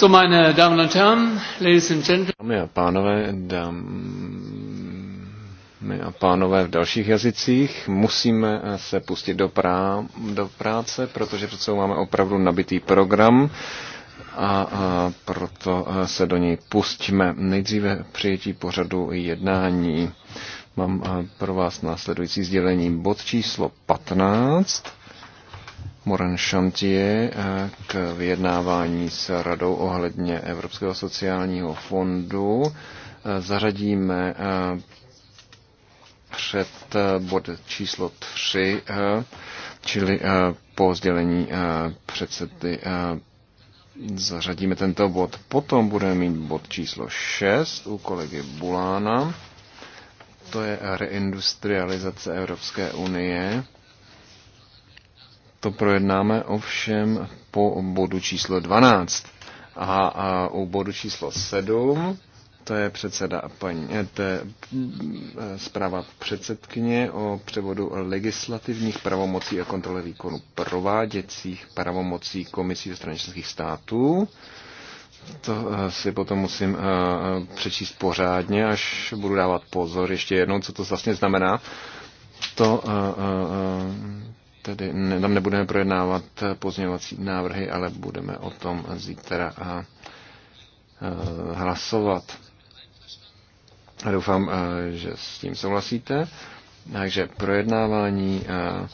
So, meine Damen und Herren, Ladies and Gentlemen. Dámy a pánové, dámy a pánové v dalších jazycích, musíme se pustit do, prá, do práce, protože před sebou máme opravdu nabitý program a, a proto se do něj pustíme. Nejdříve přijetí pořadu jednání. Mám pro vás následující sdělení bod číslo 15 Moran Chantier eh, k vyjednávání s radou ohledně Evropského sociálního fondu. Eh, zařadíme eh, před bod číslo 3, čili po sdělení předsedy zařadíme tento bod. Potom budeme mít bod číslo 6 u kolegy Bulána. To je reindustrializace Evropské unie to projednáme ovšem po bodu číslo 12. A, a u bodu číslo 7, to je předseda paní, eh, to je eh, zpráva předsedkyně o převodu legislativních pravomocí a kontrole výkonu prováděcích pravomocí komisí ze členských států. To eh, si potom musím přečíst pořádně, až budu dávat pozor ještě jednou, co to vlastně znamená. To tedy ne, tam nebudeme projednávat eh, pozměňovací návrhy, ale budeme o tom zítra a, eh, a eh, hlasovat. A doufám, a, že s tím souhlasíte. Takže projednávání a,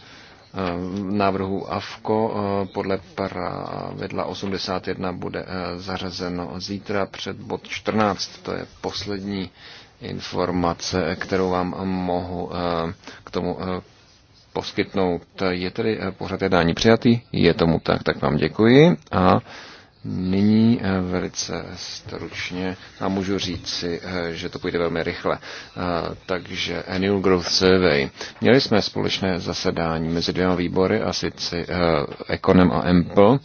návrhu AFKO podle pravidla 81 bude zařazeno zítra před bod 14. To je poslední informace, kterou vám mohu k tomu poskytnout. Je tedy eh, pořad jednání přijatý? Je tomu tak, tak vám děkuji. A Nyní eh, velice stručně a můžu říci, eh, že to půjde velmi rychle. Takže Annual Growth Survey. Měli jsme společné zasedání mezi dvěma výbory, a sice Econem a Empl.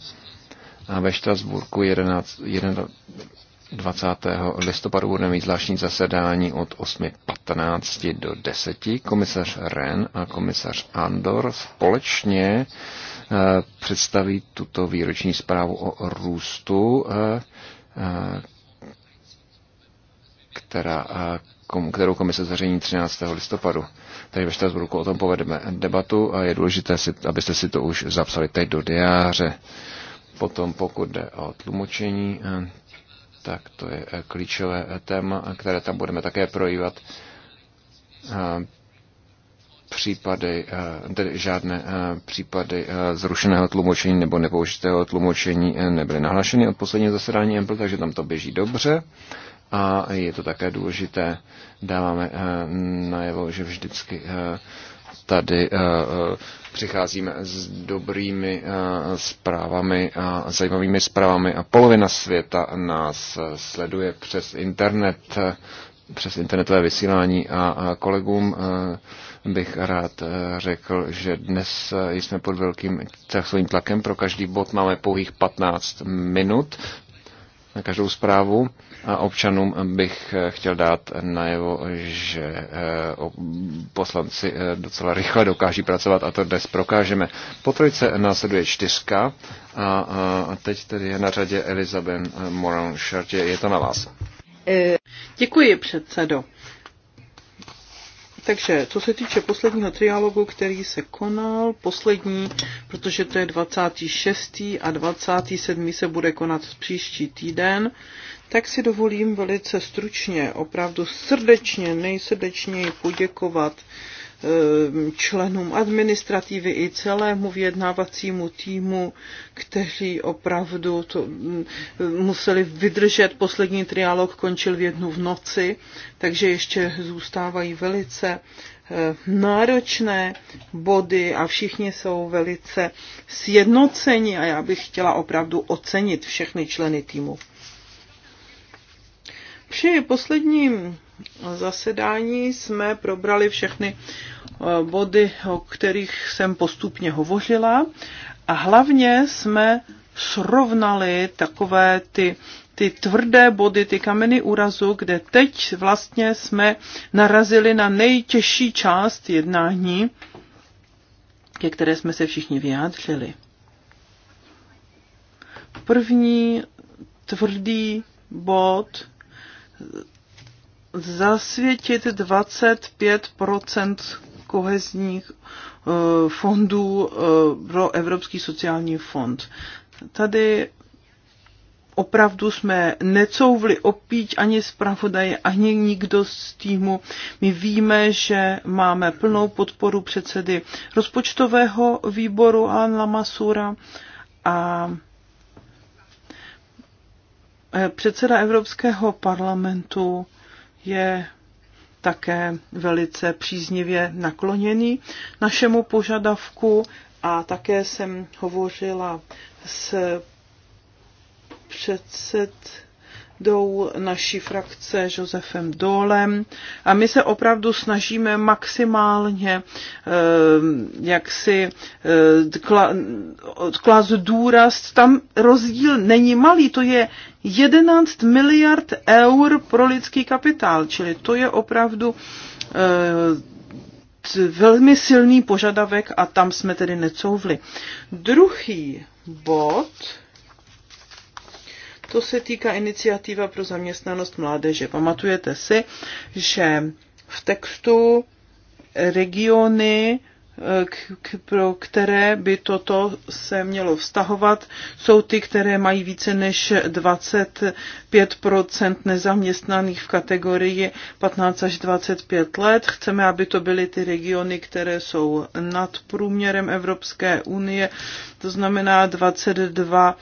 A ve Štrasburku 11, 11, 20. listopadu budeme mít zvláštní zasedání od 8.15 do 10. Komisař Ren a komisař Andor společně eh, představí tuto výroční zprávu o růstu, eh, eh, která, kterou komise zveřejní 13. listopadu. Tady ve Štrasburku o tom povedeme debatu a je důležité, abyste si to už zapsali teď do diáře. Potom pokud jde o tlumočení, tak to je eh, klíčové eh, téma, eh, které tam budeme také projívat. Případy, tedy žádné případy zrušeného tlumočení nebo nepoužitého tlumočení nebyly nahlašeny od posledního zasedání Ample, takže tam to běží dobře. A je to také důležité, dáváme najevo, že vždycky tady eh, eh, přicházíme s dobrými eh, zprávami a zajímavými zprávami a polovina světa nás sleduje přes internet, přes internetové vysílání a kolegům bych rád řekl, že dnes jsme pod velkým časovým tlakem. Pro každý bod máme pouhých 15 minut na každou zprávu. A občanům bych eh, chtěl dát najevo, že eh, poslanci eh, docela rychle dokáží pracovat a to dnes prokážeme. Po trojce následuje čtyřka a teď tedy je na řadě Elizabeth Moran Šartě. Je to na vás. Děkuji, předsedo. Takže co se týče posledního triálogu, který se konal, poslední, protože to je 26. a 27. se bude konat příští týden, tak si dovolím velice stručně, opravdu srdečně, nejsrdečněji poděkovat ehm, členům administrativy i celému vyjednávacímu týmu, kteří opravdu to mm, museli vydržet. Poslední trialog končil v jednu v noci, takže ještě zůstávají velice ehm, náročné body a všichni jsou velice sjednoceni a já bych chtěla opravdu ocenit všechny členy týmu. Při posledním zasedání jsme probrali všechny eh, body, o kterých jsem postupně hovořila a hlavně jsme srovnali takové ty, ty tvrdé body, ty kameny úrazu, kde teď vlastně jsme narazili na nejtěžší část jednání, ke které jsme se všichni vyjádřili. První tvrdý bod zasvětit 25 kohezních eh, fondů eh, pro Evropský sociální fond. Tady opravdu jsme necouvli opíč ani zpravodaje, ani nikdo z týmu. My víme, že máme plnou podporu předsedy rozpočtového výboru Alan Lamasura a Eh, předseda Evropského parlamentu je také velice příznivě nakloněný našemu požadavku a také jsem hovořila s předsedou předsedou naší frakce Josefem Dolem a my se opravdu snažíme maximálně eh, jak si eh, klas důraz. Tam rozdíl není malý, to je 11 miliard eur pro lidský kapitál, čili to je opravdu eh, velmi silný požadavek a tam jsme tedy necouvli. Druhý bod to se týká iniciativa pro zaměstnanost mládeže. Pamatujete si, že v textu regiony k, k, pro které by toto se mělo vztahovat, jsou ty, které mají více než 25 nezaměstnaných v kategorii 15 až 25 let. Chceme, aby to byly ty regiony, které jsou nad průměrem Evropské unie, to znamená 22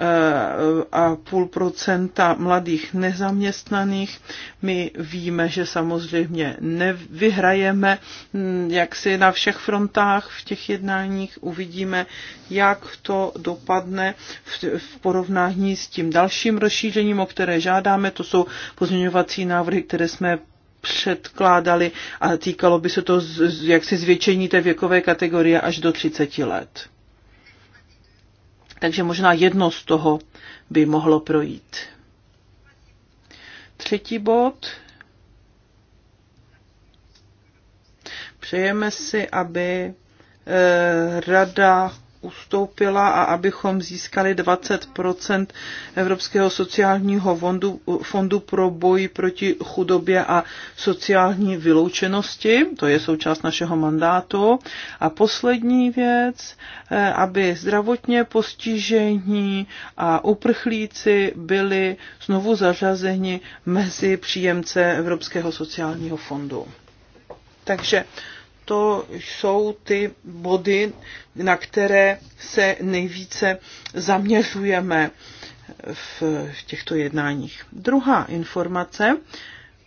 Eh, a půl procenta mladých nezaměstnaných. My víme, že samozřejmě nevyhrajeme hm, jak si na všech frontách v těch jednáních. Uvidíme, jak to dopadne v porovnání s tím dalším rozšířením, o které žádáme. To jsou pozměňovací návrhy, které jsme předkládali a týkalo by se to jaksi zvětšení té věkové kategorie až do 30 let takže možná jedno z toho by mohlo projít. Třetí bod. Přejeme si, aby eh, Rada ustoupila a abychom získali 20 Evropského sociálního fondu, fondu pro boj proti chudobě a sociální vyloučenosti. To je součást našeho mandátu. A poslední věc, eh, aby zdravotně postižení a uprchlíci byli znovu zařazeni mezi příjemce Evropského sociálního fondu. Takže to jsou ty body, na které se nejvíce zaměřujeme v těchto jednáních. Druhá informace.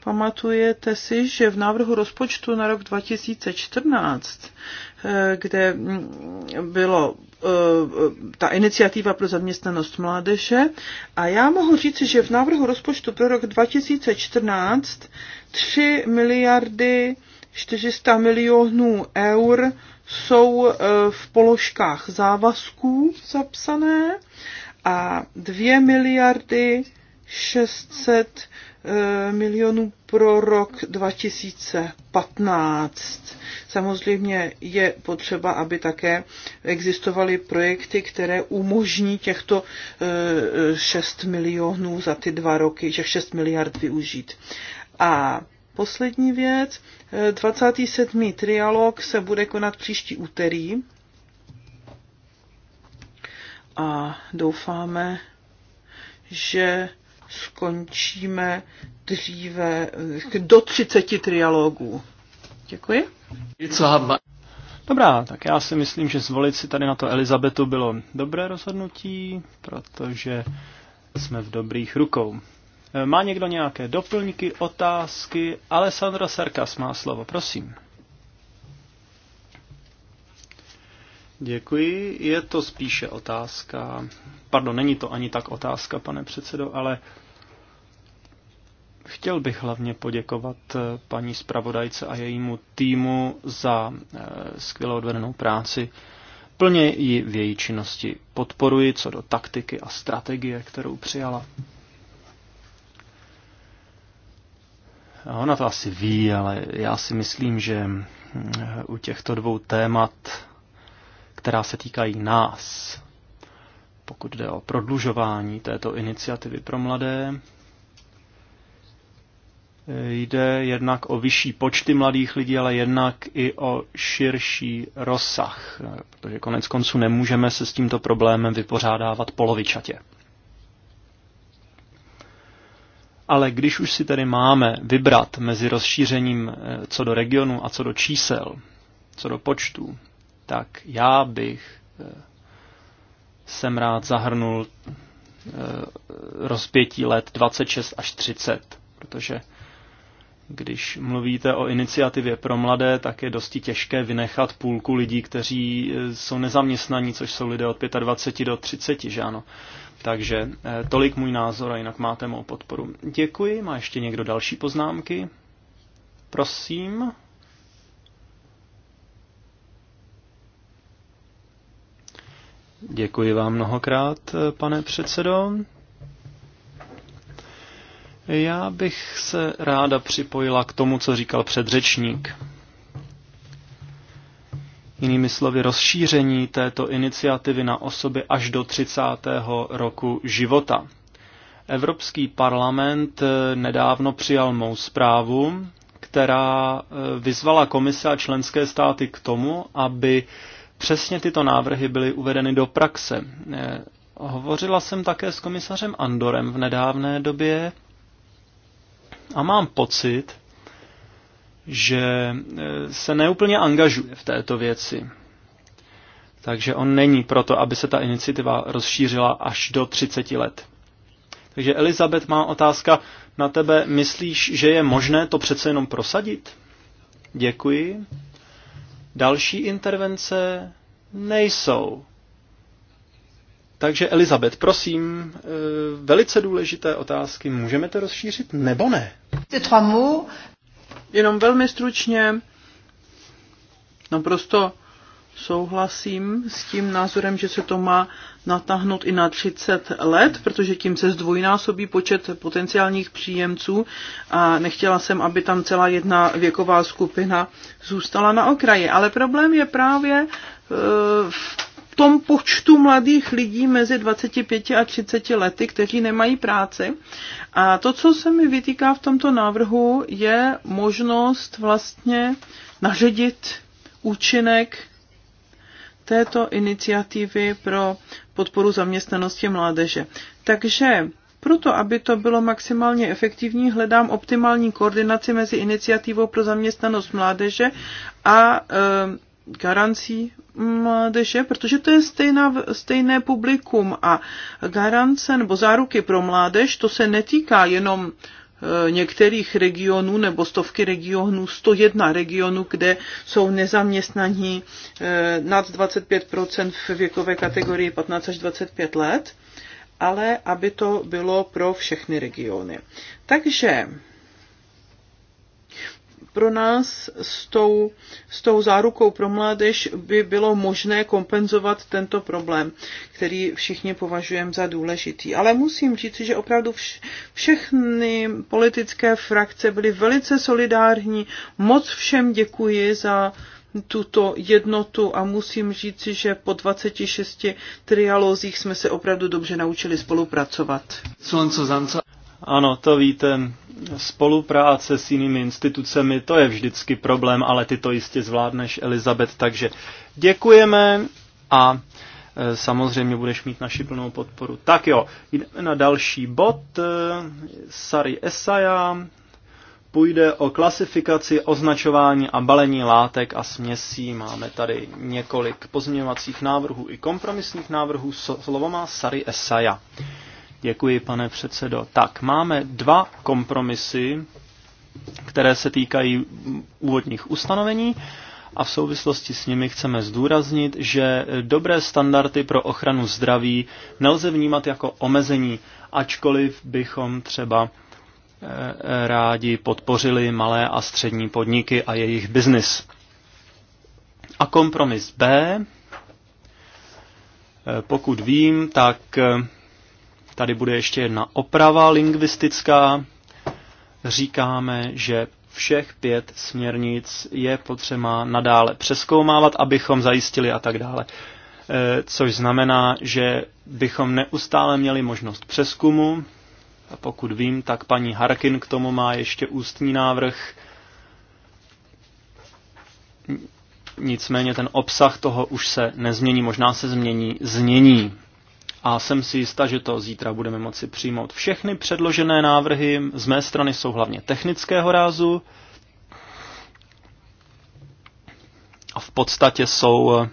Pamatujete si, že v návrhu rozpočtu na rok 2014, eh, kde mm, bylo eh, ta iniciativa pro zaměstnanost mládeže, a já mohu říct, že v návrhu rozpočtu pro rok 2014 3 miliardy 400 milionů eur jsou e, v položkách závazků zapsané a 2 miliardy 600 e, milionů pro rok 2015. Samozřejmě je potřeba, aby také existovaly projekty, které umožní těchto 6 e, milionů za ty dva roky, těch 6 miliard využít. A poslední věc. 27. Eh, trialog se bude konat příští úterý a doufáme, že skončíme dříve eh, do 30 trialogů. Děkuji. Dobrá, tak já si myslím, že zvolit si tady na to Elizabetu bylo dobré rozhodnutí, protože jsme v dobrých rukou. Eh, má někdo nějaké doplňky, otázky? Alessandro Serkas má slovo, prosím. Děkuji. Je to spíše otázka. Pardon, není to ani tak otázka, pane předsedo, ale chtěl bych hlavně poděkovat eh, paní zpravodajce a jejímu týmu za eh, skvěle odvedenou práci. Plně ji v její činnosti podporuji co do taktiky a strategie, kterou přijala. ona to asi ví, ale já si myslím, že hm, u těchto dvou témat, která se týkají nás, pokud jde o prodlužování této iniciativy pro mladé, jde jednak o vyšší počty mladých lidí, ale jednak i o širší rozsah, protože konec konců nemůžeme se s tímto problémem vypořádávat polovičatě. Ale když už si tedy máme vybrat mezi rozšířením eh, co do regionu a co do čísel, co do počtu, tak já bych eh, jsem rád zahrnul eh, rozpětí let 26 až 30, protože když mluvíte o iniciativě pro mladé, tak je dosti těžké vynechat půlku lidí, kteří e, jsou nezaměstnaní, což jsou lidé od 25 do 30, že ano. Takže e, tolik můj názor a jinak máte mou podporu. Děkuji. Má ještě někdo další poznámky? Prosím. Děkuji vám mnohokrát, e, pane předsedo. Já bych se ráda připojila k tomu, co říkal předřečník. Jinými slovy, rozšíření této iniciativy na osoby až do 30. roku života. Evropský parlament eh, nedávno přijal mou zprávu, která eh, vyzvala komise a členské státy k tomu, aby přesně tyto návrhy byly uvedeny do praxe. Eh, hovořila jsem také s komisařem Andorem v nedávné době a mám pocit, že eh, se neúplně angažuje v této věci. Takže on není proto, aby se ta iniciativa rozšířila až do 30 let. Takže Elizabeth má otázka na tebe. Myslíš, že je možné to přece jenom prosadit? Děkuji. Další intervence nejsou. Takže Elizabet, prosím, eh, velice důležité otázky. Můžeme to rozšířit nebo ne? Jenom velmi stručně, naprosto souhlasím s tím názorem, že se to má natáhnout i na 30 let, protože tím se zdvojnásobí počet potenciálních příjemců a nechtěla jsem, aby tam celá jedna věková skupina zůstala na okraji. Ale problém je právě eh, v tom počtu mladých lidí mezi 25 a 30 lety, kteří nemají práci. A to, co se mi vytýká v tomto návrhu, je možnost vlastně naředit účinek této iniciativy pro podporu zaměstnanosti mládeže. Takže proto, aby to bylo maximálně efektivní, hledám optimální koordinaci mezi iniciativou pro zaměstnanost mládeže a garancí mládeže, protože to je stejná, stejné publikum a garance nebo záruky pro mládež, to se netýká jenom e, některých regionů nebo stovky regionů, 101 regionů, kde jsou nezaměstnaní e, nad 25% v věkové kategorii 15 až 25 let, ale aby to bylo pro všechny regiony. Takže pro nás s tou, s tou zárukou pro mládež by bylo možné kompenzovat tento problém, který všichni považujeme za důležitý. Ale musím říct, že opravdu vš, všechny politické frakce byly velice solidární. Moc všem děkuji za tuto jednotu a musím říci, že po 26 trialozích jsme se opravdu dobře naučili spolupracovat. Ano, to víte, spolupráce s jinými institucemi, to je vždycky problém, ale ty to jistě zvládneš, Elizabet, takže děkujeme a e, samozřejmě budeš mít naši plnou podporu. Tak jo, jdeme na další bod. E, Sari Esaja půjde o klasifikaci, označování a balení látek a směsí. Máme tady několik pozměňovacích návrhů i kompromisních návrhů. Slovo má Sari Esaja. Děkuji, pane předsedo. Tak, máme dva kompromisy, které se týkají úvodních ustanovení a v souvislosti s nimi chceme zdůraznit, že dobré standardy pro ochranu zdraví nelze vnímat jako omezení, ačkoliv bychom třeba eh, rádi podpořili malé a střední podniky a jejich biznis. A kompromis B, eh, pokud vím, tak eh, Tady bude ještě jedna oprava lingvistická. Říkáme, že všech pět směrnic je potřeba nadále přeskoumávat, abychom zajistili a tak dále. E, což znamená, že bychom neustále měli možnost přeskumu. A pokud vím, tak paní Harkin k tomu má ještě ústní návrh. Nicméně ten obsah toho už se nezmění, možná se změní znění a jsem si jista, že to zítra budeme moci přijmout. Všechny předložené návrhy z mé strany jsou hlavně technického rázu a v podstatě jsou eh,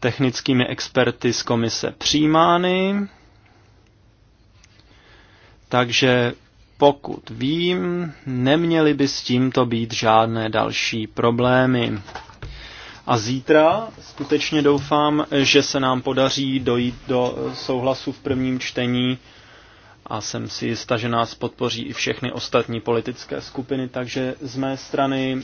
technickými experty z komise přijímány. Takže pokud vím, neměly by s tímto být žádné další problémy. A zítra skutečně doufám, že se nám podaří dojít do eh, souhlasu v prvním čtení a jsem si jista, že nás podpoří i všechny ostatní politické skupiny, takže z mé strany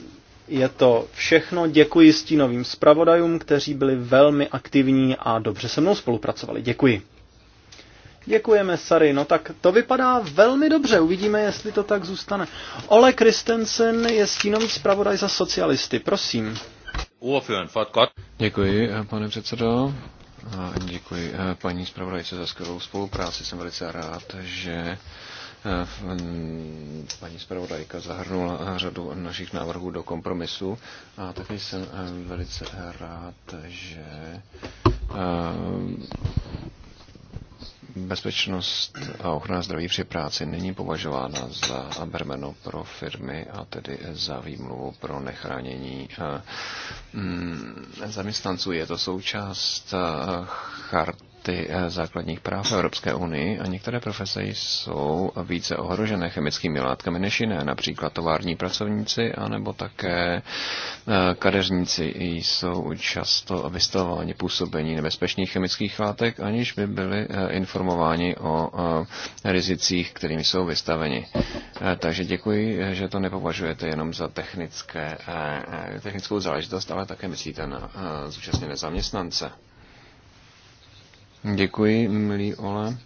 je to všechno. Děkuji stínovým zpravodajům, kteří byli velmi aktivní a dobře se mnou spolupracovali. Děkuji. Děkujeme, Sary. No tak to vypadá velmi dobře. Uvidíme, jestli to tak zůstane. Ole Kristensen je stínový zpravodaj za socialisty. Prosím. Děkuji, eh, pane předsedo. A děkuji eh, paní zpravodajce za skvělou spolupráci. Jsem velice rád, že eh, paní zpravodajka zahrnula řadu našich návrhů do kompromisu a taky jsem velice rád, že bezpečnost a ochrana zdraví při práci není považována za bermeno pro firmy a tedy za výmluvu pro nechránění eh, mm, zaměstnanců. Je to součást eh, chart charty eh, základních práv Evropské unii a některé profese jsou více ohrožené chemickými látkami než jiné, například tovární pracovníci anebo také eh, kadeřníci jsou často vystavováni působení nebezpečných chemických látek, aniž by byli eh, informováni o rizicích, kterými jsou vystaveni. Takže děkuji, že to nepovažujete jenom za technické, technickou záležitost, ale také myslíte na zúčastněné zaměstnance. Děkuji, milý Ole,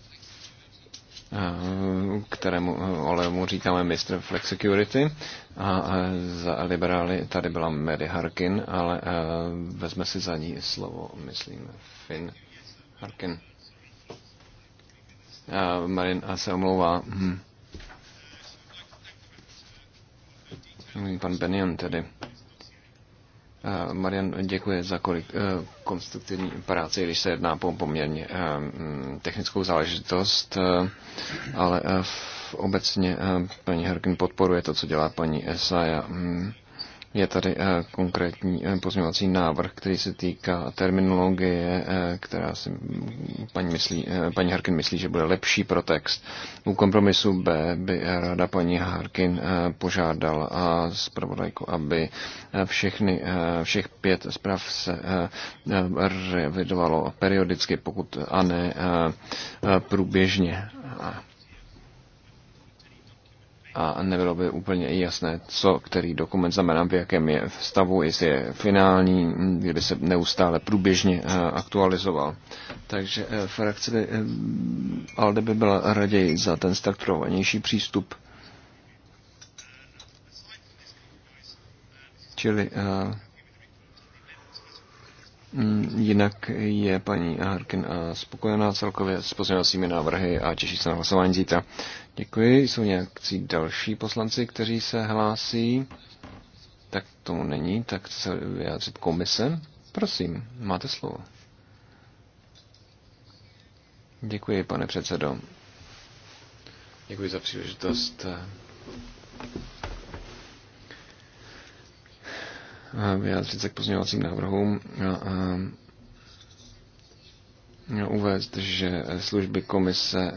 kterému ole mu říkáme mistr Security. A za liberály tady byla Mary Harkin, ale vezme si za ní slovo, myslím, Finn Harkin. A Marin a se omlouvá. Hm. Pan Benion tedy. Eh, Marian, děkuji za kolik eh, konstruktivní práci, když se jedná po poměrně eh, mm, technickou záležitost, ale v obecně paní Herkin podporuje to, co dělá paní Esaja. Mm. Je tady eh, konkrétní eh, pozměňovací návrh, který se týká terminologie, eh, která si paní, myslí, paní Harkin myslí, že bude lepší pro text. U kompromisu B by rada paní Harkin požádal a zpravodajku, aby všechny, všech pět zpráv se revidovalo periodicky, pokud a ne průběžně a nebylo by úplně jasné, co který dokument znamená, v jakém je v stavu, jestli je finální, kdyby se neustále průběžně eh, aktualizoval. Takže eh, frakce by, eh, ALDE by byla raději za ten strukturovanější přístup. Čili uh, Mm, jinak je paní Harkin eh, spokojená celkově s pozměňovacími návrhy a těší se na hlasování zítra. Děkuji. Jsou nějakcí další poslanci, kteří se hlásí? Tak tomu není, tak se vyjádřit komise. Prosím, máte slovo. Děkuji, pane předsedo. Děkuji za příležitost eh, Eh, vyjádřit se k pozměňovacím návrhům a uvést, že služby komise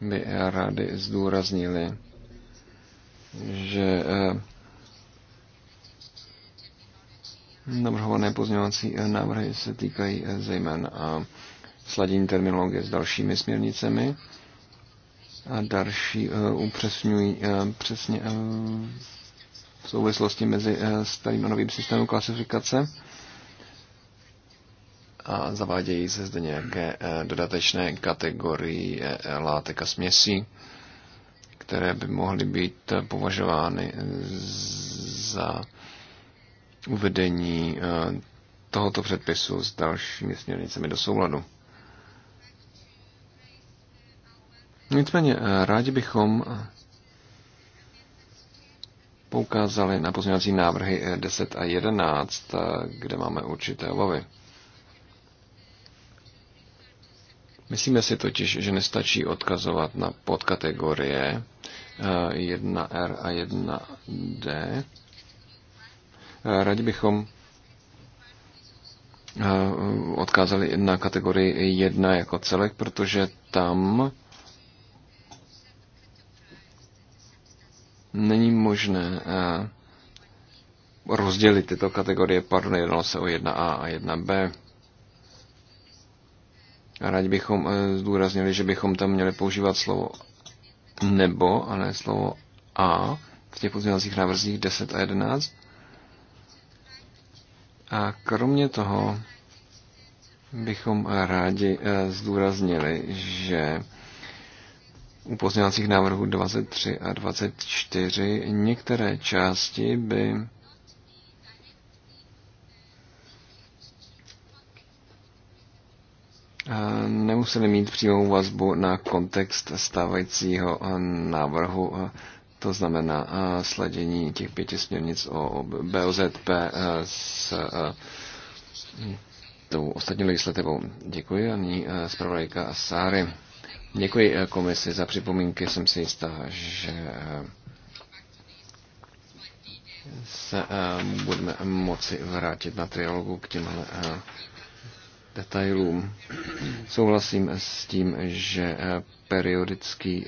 by rády zdůraznili, že eh, navrhované pozměňovací návrhy se týkají eh, zejména sladění terminologie s dalšími směrnicemi a další upřesňují přesně souvislosti mezi eh, starým a novým systémem klasifikace a zavádějí se zde nějaké eh, dodatečné kategorie eh, látek a směsí, které by mohly být považovány za uvedení tohoto předpisu s dalšími směrnicemi do souladu. Nicméně rádi bychom poukázali na pozměňovací návrhy 10 eh, a 11, eh, kde máme určité obavy. Myslíme si totiž, že nestačí odkazovat na podkategorie 1R eh, a 1D. Rádi bychom odkázali na kategorii 1 jako celek, protože tam není možné eh, rozdělit tyto kategorie, pardon, jednalo se o 1A a 1B. Rádi bychom eh, zdůraznili, že bychom tam měli používat slovo nebo, a ne slovo a v těch pozměňovacích návrzích 10 a 11. A kromě toho bychom rádi eh, zdůraznili, že u pozměňovacích návrhů 23 a 24 některé části by nemuseli mít přímou vazbu na kontext stávajícího návrhu, to znamená sladění těch pěti směrnic o BOZP s tou ostatní legislativou. Děkuji a nyní zpravodajka Sáry. Děkuji eh, komisi za připomínky. Jsem si jistá, že eh, se eh, budeme moci vrátit na trialogu k těm detailům. Souhlasím s tím, že periodický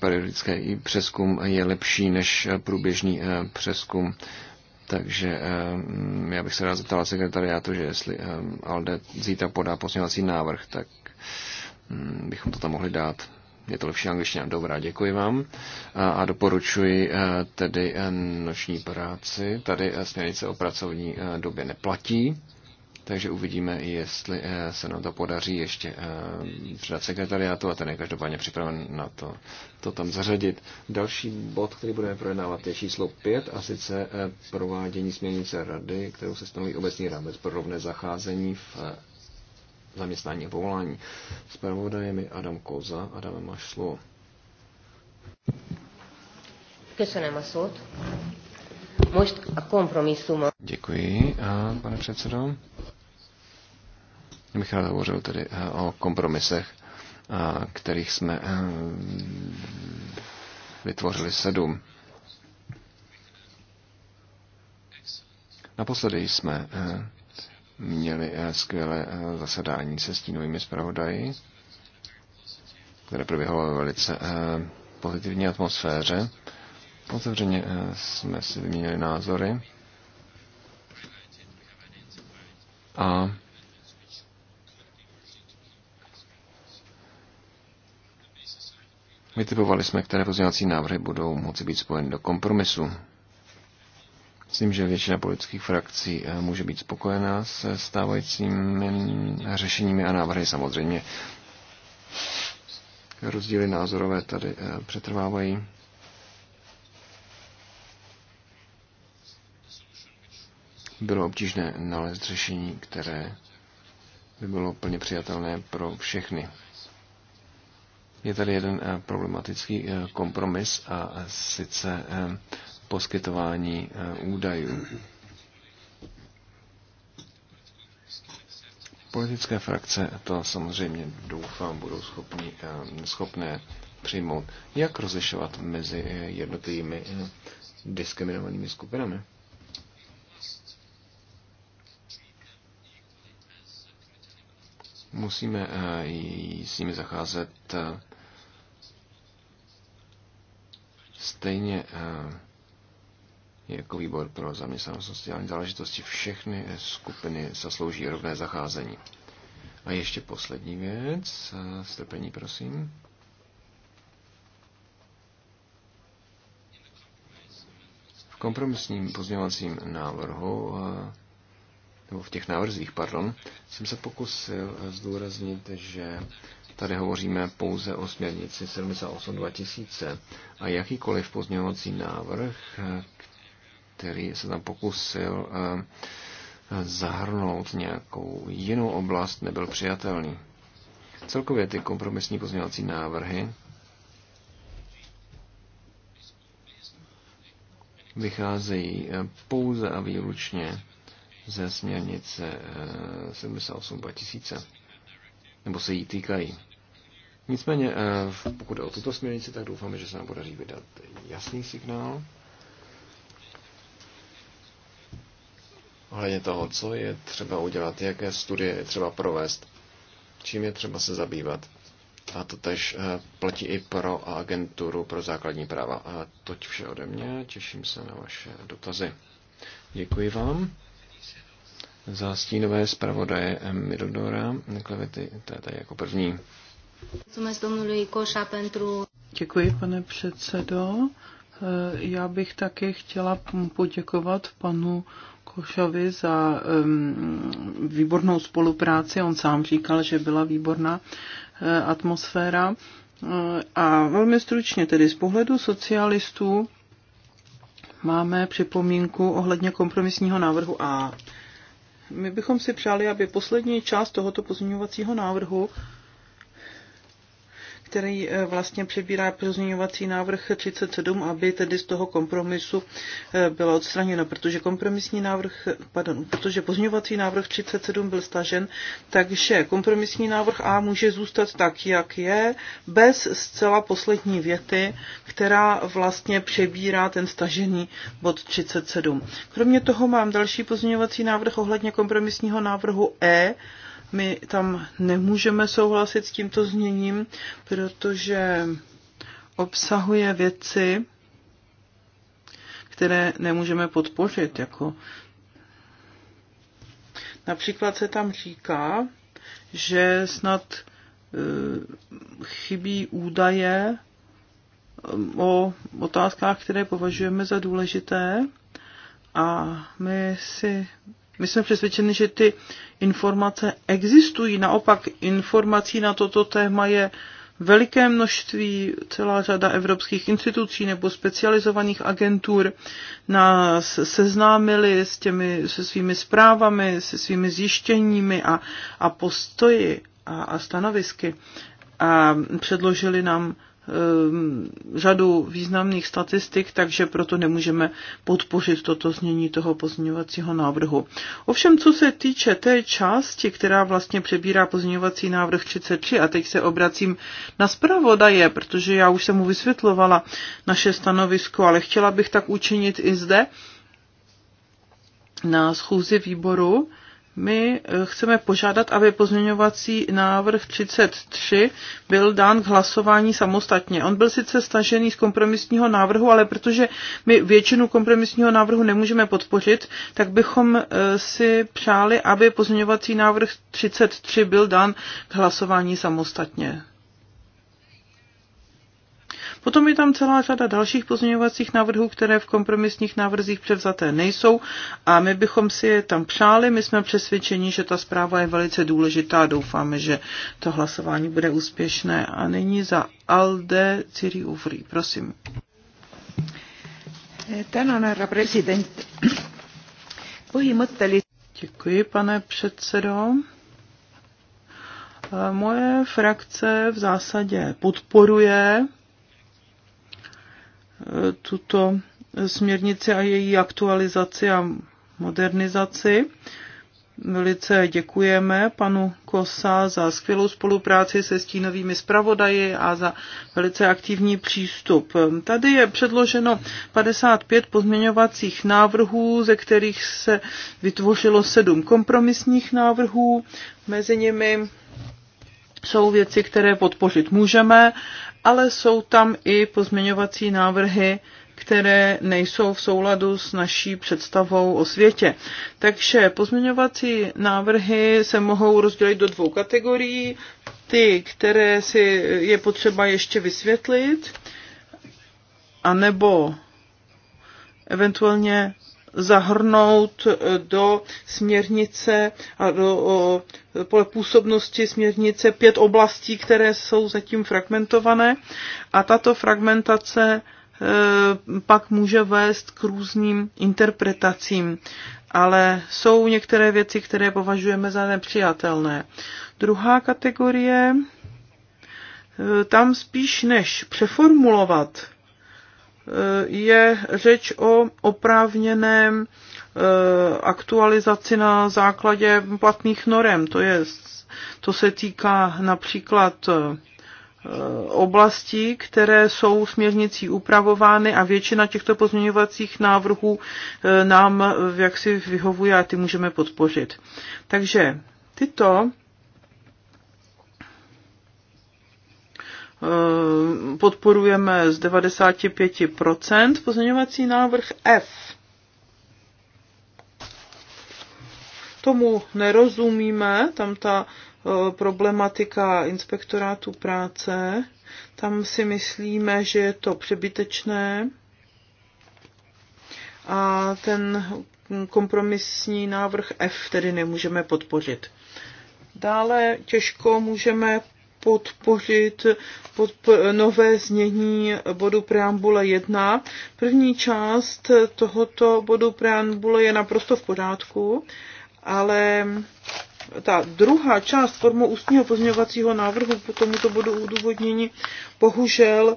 periodický přeskum je lepší než průběžný přeskum. Takže já bych se rád zeptal sekretariátu, že jestli Alde zítra podá posměvací návrh, tak Mm, bychom to tam mohli dát. Je to lepší angličtina. Dobrá, děkuji vám. A, a doporučuji e, tedy e, noční práci. Tady e, směrnice o pracovní době neplatí takže uvidíme, jestli se nám to podaří ještě předat sekretariátu a ten je každopádně připraven na to, to tam zařadit. Další bod, který budeme projednávat, je číslo 5 a sice provádění směrnice rady, kterou se stanoví obecný rámec pro rovné zacházení v zaměstnání a povolání. Zpravodajem je Adam Koza. Adam, máš slovo. Děkuji, a, eh, pane předsedo. Já bych rád hovořil tedy eh, o kompromisech, eh, kterých jsme vytvořili sedm. Naposledy jsme měli eh, skvělé eh, zasedání se stínovými zpravodaji, které proběhlo ve velice eh, pozitivní atmosféře. Otevřeně jsme si vyměnili názory a Vytipovali jsme, které pozměňovací návrhy budou moci být spojeny do kompromisu. Myslím, že většina politických frakcí eh, může být spokojená se stávajícími mm, řešeními a návrhy samozřejmě. Rozdíly názorové tady eh, přetrvávají. Bylo obtížné nalézt řešení, které by bylo plně přijatelné pro všechny. Je tady jeden eh, problematický kompromis a sice poskytování eh, údajů. Politické frakce to samozřejmě doufám budou schopni, eh, schopné přijmout. Jak rozlišovat mezi eh, jednotlivými diskriminovanými skupinami? Musíme s nimi zacházet stejně jako výbor pro zaměstnanost sociální záležitosti všechny skupiny zaslouží rovné zacházení. A ještě poslední věc, strpení prosím. V kompromisním pozměvacím návrhu nebo v těch návrzích, pardon, jsem se pokusil zdůraznit, že tady hovoříme pouze o směrnici 78 2000 a jakýkoliv pozměňovací návrh, který se tam pokusil eh, zahrnout nějakou jinou oblast, nebyl přijatelný. Celkově ty kompromisní pozměňovací návrhy vycházejí eh, pouze a výlučně ze směrnice 78-2000, eh, nebo se jí týkají. Nicméně, pokud jde o tuto směrnici, tak doufáme, že se nám podaří vydat jasný signál. ohledně toho, co je třeba udělat, jaké studie je třeba provést, čím je třeba se zabývat. A to tež eh, platí i pro agenturu pro základní práva. A toť vše ode mě, těším se na vaše dotazy. Děkuji vám za stínové zpravodaje Midodora Klevety, to je tady jako první. Děkuji, pane předsedo. Eh, já bych také chtěla poděkovat panu Kušovi za um, výbornou spolupráci. On sám říkal, že byla výborná uh, atmosféra. Uh, a velmi stručně, tedy z pohledu socialistů, máme připomínku ohledně kompromisního návrhu A. My bychom si přáli, aby poslední část tohoto pozměňovacího návrhu který eh, vlastně přebírá pozměňovací návrh 37, aby tedy z toho kompromisu eh, bylo odstraněno, protože kompromisní návrh, pardon, protože pozměňovací návrh 37 byl stažen, takže kompromisní návrh A může zůstat tak, jak je, bez zcela poslední věty, která vlastně přebírá ten stažený bod 37. Kromě toho mám další pozměňovací návrh ohledně kompromisního návrhu E, my tam nemůžeme souhlasit s tímto zněním, protože obsahuje věci, které nemůžeme podpořit. Jako například se tam říká, že snad eh, chybí údaje eh, o otázkách, které považujeme za důležité. A my si my jsme přesvědčeni, že ty informace existují. Naopak informací na toto téma je veliké množství, celá řada evropských institucí nebo specializovaných agentur nás seznámili s těmi, se svými zprávami, se svými zjištěními a, a postoji a, a stanovisky a předložili nám Ehm, řadu významných statistik, takže proto nemůžeme podpořit toto znění toho pozměňovacího návrhu. Ovšem, co se týče té části, která vlastně přebírá pozměňovací návrh 33, a teď se obracím na zpravodaje, protože já už jsem mu vysvětlovala naše stanovisko, ale chtěla bych tak učinit i zde na schůzi výboru my eh, chceme požádat, aby pozměňovací návrh 33 byl dán k hlasování samostatně. On byl sice stažený z kompromisního návrhu, ale protože my většinu kompromisního návrhu nemůžeme podpořit, tak bychom eh, si přáli, aby pozměňovací návrh 33 byl dán k hlasování samostatně. Potom je tam celá řada dalších pozměňovacích návrhů, které v kompromisních návrzích převzaté nejsou a my bychom si je tam přáli. My jsme přesvědčeni, že ta zpráva je velice důležitá a doufáme, že to hlasování bude úspěšné. A nyní za Alde Ciri Uvry. Prosím. Děkuji, pane předsedo. Moje frakce v zásadě podporuje tuto směrnici a její aktualizaci a modernizaci. Velice děkujeme panu Kosa za skvělou spolupráci se stínovými zpravodaji a za velice aktivní přístup. Tady je předloženo 55 pozměňovacích návrhů, ze kterých se vytvořilo sedm kompromisních návrhů. Mezi nimi jsou věci, které podpořit můžeme ale jsou tam i pozměňovací návrhy, které nejsou v souladu s naší představou o světě. Takže pozměňovací návrhy se mohou rozdělit do dvou kategorií. Ty, které si je potřeba ještě vysvětlit, anebo eventuálně zahrnout eh, do směrnice a do pole působnosti směrnice pět oblastí, které jsou zatím fragmentované a tato fragmentace eh, pak může vést k různým interpretacím. Ale jsou některé věci, které považujeme za nepřijatelné. Druhá kategorie, eh, tam spíš než přeformulovat je řeč o oprávněném e, aktualizaci na základě platných norem. To, je, to se týká například e, oblastí, které jsou směrnicí upravovány a většina těchto pozměňovacích návrhů e, nám jaksi vyhovuje a ty můžeme podpořit. Takže tyto Ehm, podporujeme z 95%. Pozměňovací návrh F. Tomu nerozumíme, tam ta e, problematika inspektorátu práce, tam si myslíme, že je to přebytečné a ten kompromisní návrh F tedy nemůžeme podpořit. Dále těžko můžeme podpořit nové znění bodu preambule 1. První část tohoto bodu preambule je naprosto v pořádku, ale ta druhá část formou ústního pozměňovacího návrhu po tomuto bodu udůvodnění bohužel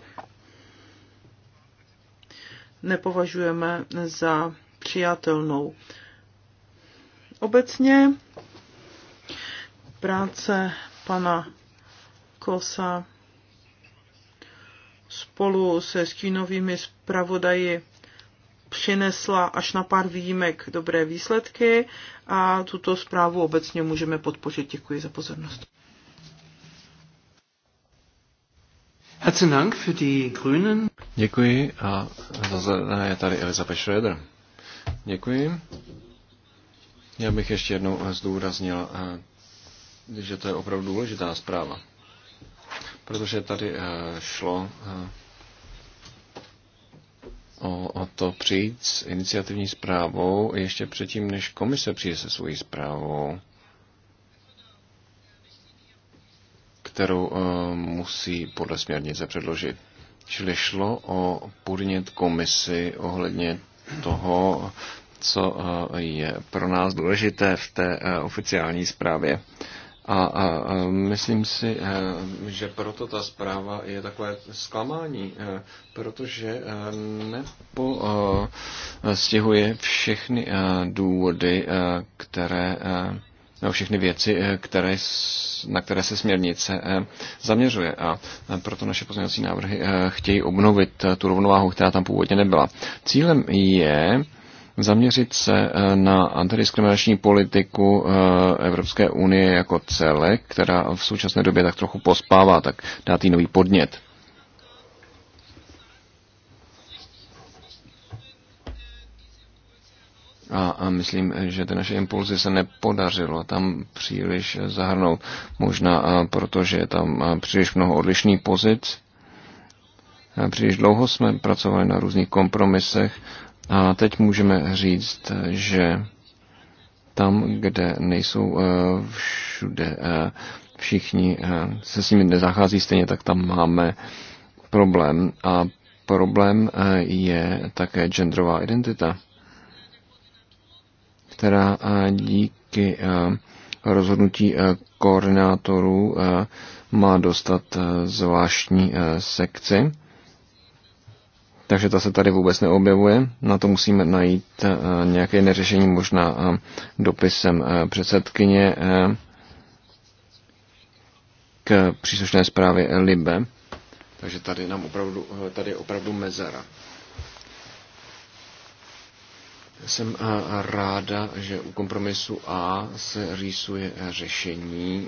nepovažujeme za přijatelnou. Obecně práce pana Klosa spolu se stínovými zpravodaji přinesla až na pár výjimek dobré výsledky a tuto zprávu obecně můžeme podpořit. Děkuji za pozornost. Herzlichen Dank für die Grünen. Děkuji a za zelené je tady Elizabeth Schroeder. Děkuji. Já bych ještě jednou zdůraznil, eh, že to je opravdu důležitá zpráva protože tady eh, šlo eh, o, o to přijít s iniciativní zprávou ještě předtím, než komise přijde se svojí zprávou, kterou eh, musí podle směrnice předložit. Čili šlo o podnět komisi ohledně toho, co je pro nás důležité v té oficiální zprávě. A, a, a myslím si, eh, že proto ta zpráva je takové zklamání, eh, protože eh, nepostihuje všechny důvody, které, všechny věci, které, na které se směrnice zaměřuje. A proto naše pozměňovací návrhy chtějí obnovit tu rovnováhu, která tam původně nebyla. Cílem je zaměřit se eh, na antidiskriminační politiku eh, Evropské unie jako celek, která v současné době tak trochu pospává, tak dát jí nový podnět. A, a myslím, že ty naše impulzy se nepodařilo tam příliš zahrnout. Možná eh, proto, že je tam příliš mnoho odlišných pozic. Příliš dlouho jsme pracovali na různých kompromisech a teď můžeme říct, že tam, kde nejsou eh, všude eh, všichni, eh, se s nimi nezachází stejně, tak tam máme problém. A problém je také genderová identita, která díky rozhodnutí koordinátorů má dostat zvláštní sekci takže ta se tady vůbec neobjevuje. Na to musíme najít eh, nějaké neřešení, možná eh, dopisem eh, předsedkyně k příslušné zprávě Libe. Takže tady, nám opravdu, tady je opravdu mezera. Jsem ráda, že u kompromisu A se rýsuje řešení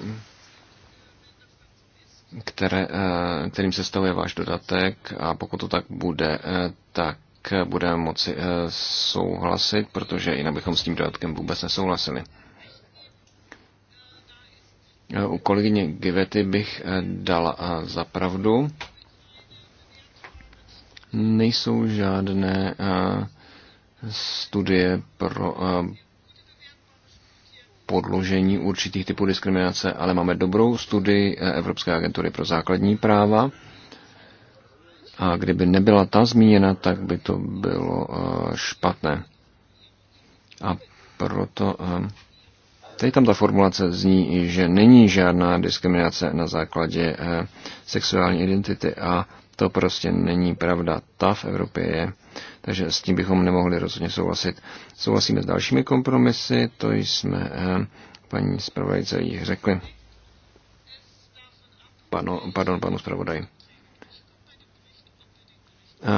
které, eh, kterým se stavuje váš dodatek a pokud to tak bude, eh, tak budeme moci eh, souhlasit, protože jinak bychom s tím dodatkem vůbec nesouhlasili. U kolegyně Givety bych dal za pravdu. Nejsou žádné studie pro podložení určitých typů diskriminace, ale máme dobrou studii Evropské agentury pro základní práva. A kdyby nebyla ta zmíněna, tak by to bylo eh, špatné. A proto eh, teď tam ta formulace zní, že není žádná diskriminace na základě eh, sexuální identity a to prostě není pravda. Ta v Evropě je takže s tím bychom nemohli rozhodně souhlasit. Souhlasíme s dalšími kompromisy, to jsme eh, paní zpravodajce jich řekli. Pano, pardon, panu zpravodaj. Eh,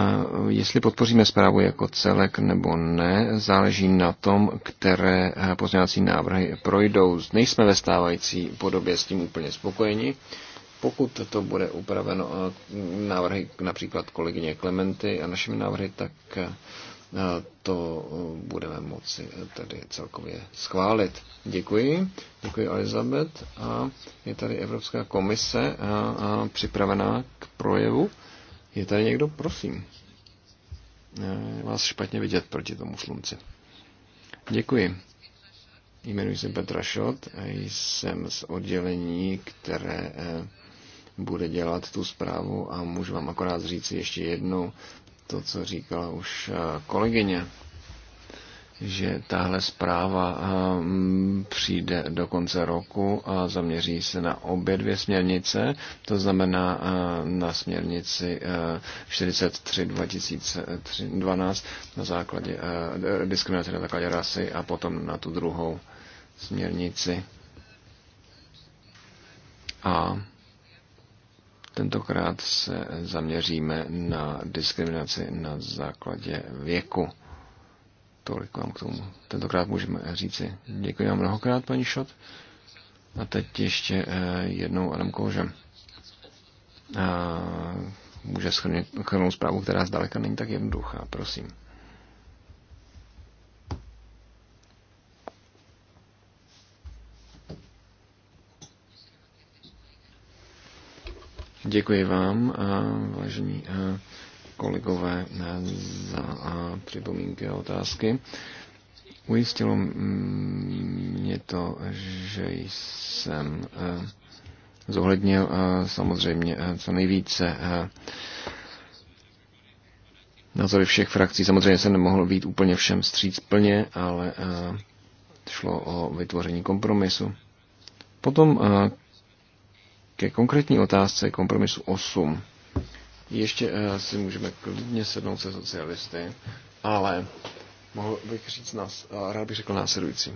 jestli podpoříme zprávu jako celek nebo ne, záleží na tom, které eh, pozměňovací návrhy projdou. Nejsme ve stávající podobě s tím úplně spokojeni pokud to bude upraveno návrhy například kolegyně Klementy a našimi návrhy, tak to budeme moci tedy celkově schválit. Děkuji, děkuji Elizabeth a je tady Evropská komise a, a připravená k projevu. Je tady někdo? Prosím. E, je vás špatně vidět proti tomu slunci. Děkuji. Jmenuji se Petra Šot, jsem z oddělení, které e, bude dělat tu zprávu a můžu vám akorát říct ještě jednou to, co říkala už eh, kolegyně, že tahle zpráva eh, přijde do konce roku a zaměří se na obě dvě směrnice, to znamená eh, na směrnici 43-2012 na základě diskriminace na základě rasy a potom na tu druhou směrnici. A Tentokrát se zaměříme na diskriminaci na základě věku. Tolik vám k tomu. Tentokrát můžeme říci. Děkuji vám mnohokrát, paní Šot. A teď ještě eh, jednou Adam A Může schrnout zprávu, která zdaleka není tak jednoduchá. Prosím. Děkuji vám, eh, vážení eh, kolegové, eh, za připomínky a otázky. Ujistilo mě to, že jsem zohlednil samozřejmě co nejvíce názory všech frakcí. Samozřejmě jsem nemohl být úplně všem stříc plně, ale šlo o vytvoření kompromisu. Potom ke konkrétní otázce kompromisu 8. Ještě eh, si můžeme klidně sednout se socialisty, ale mohl bych říct nás, eh, rád bych řekl následující.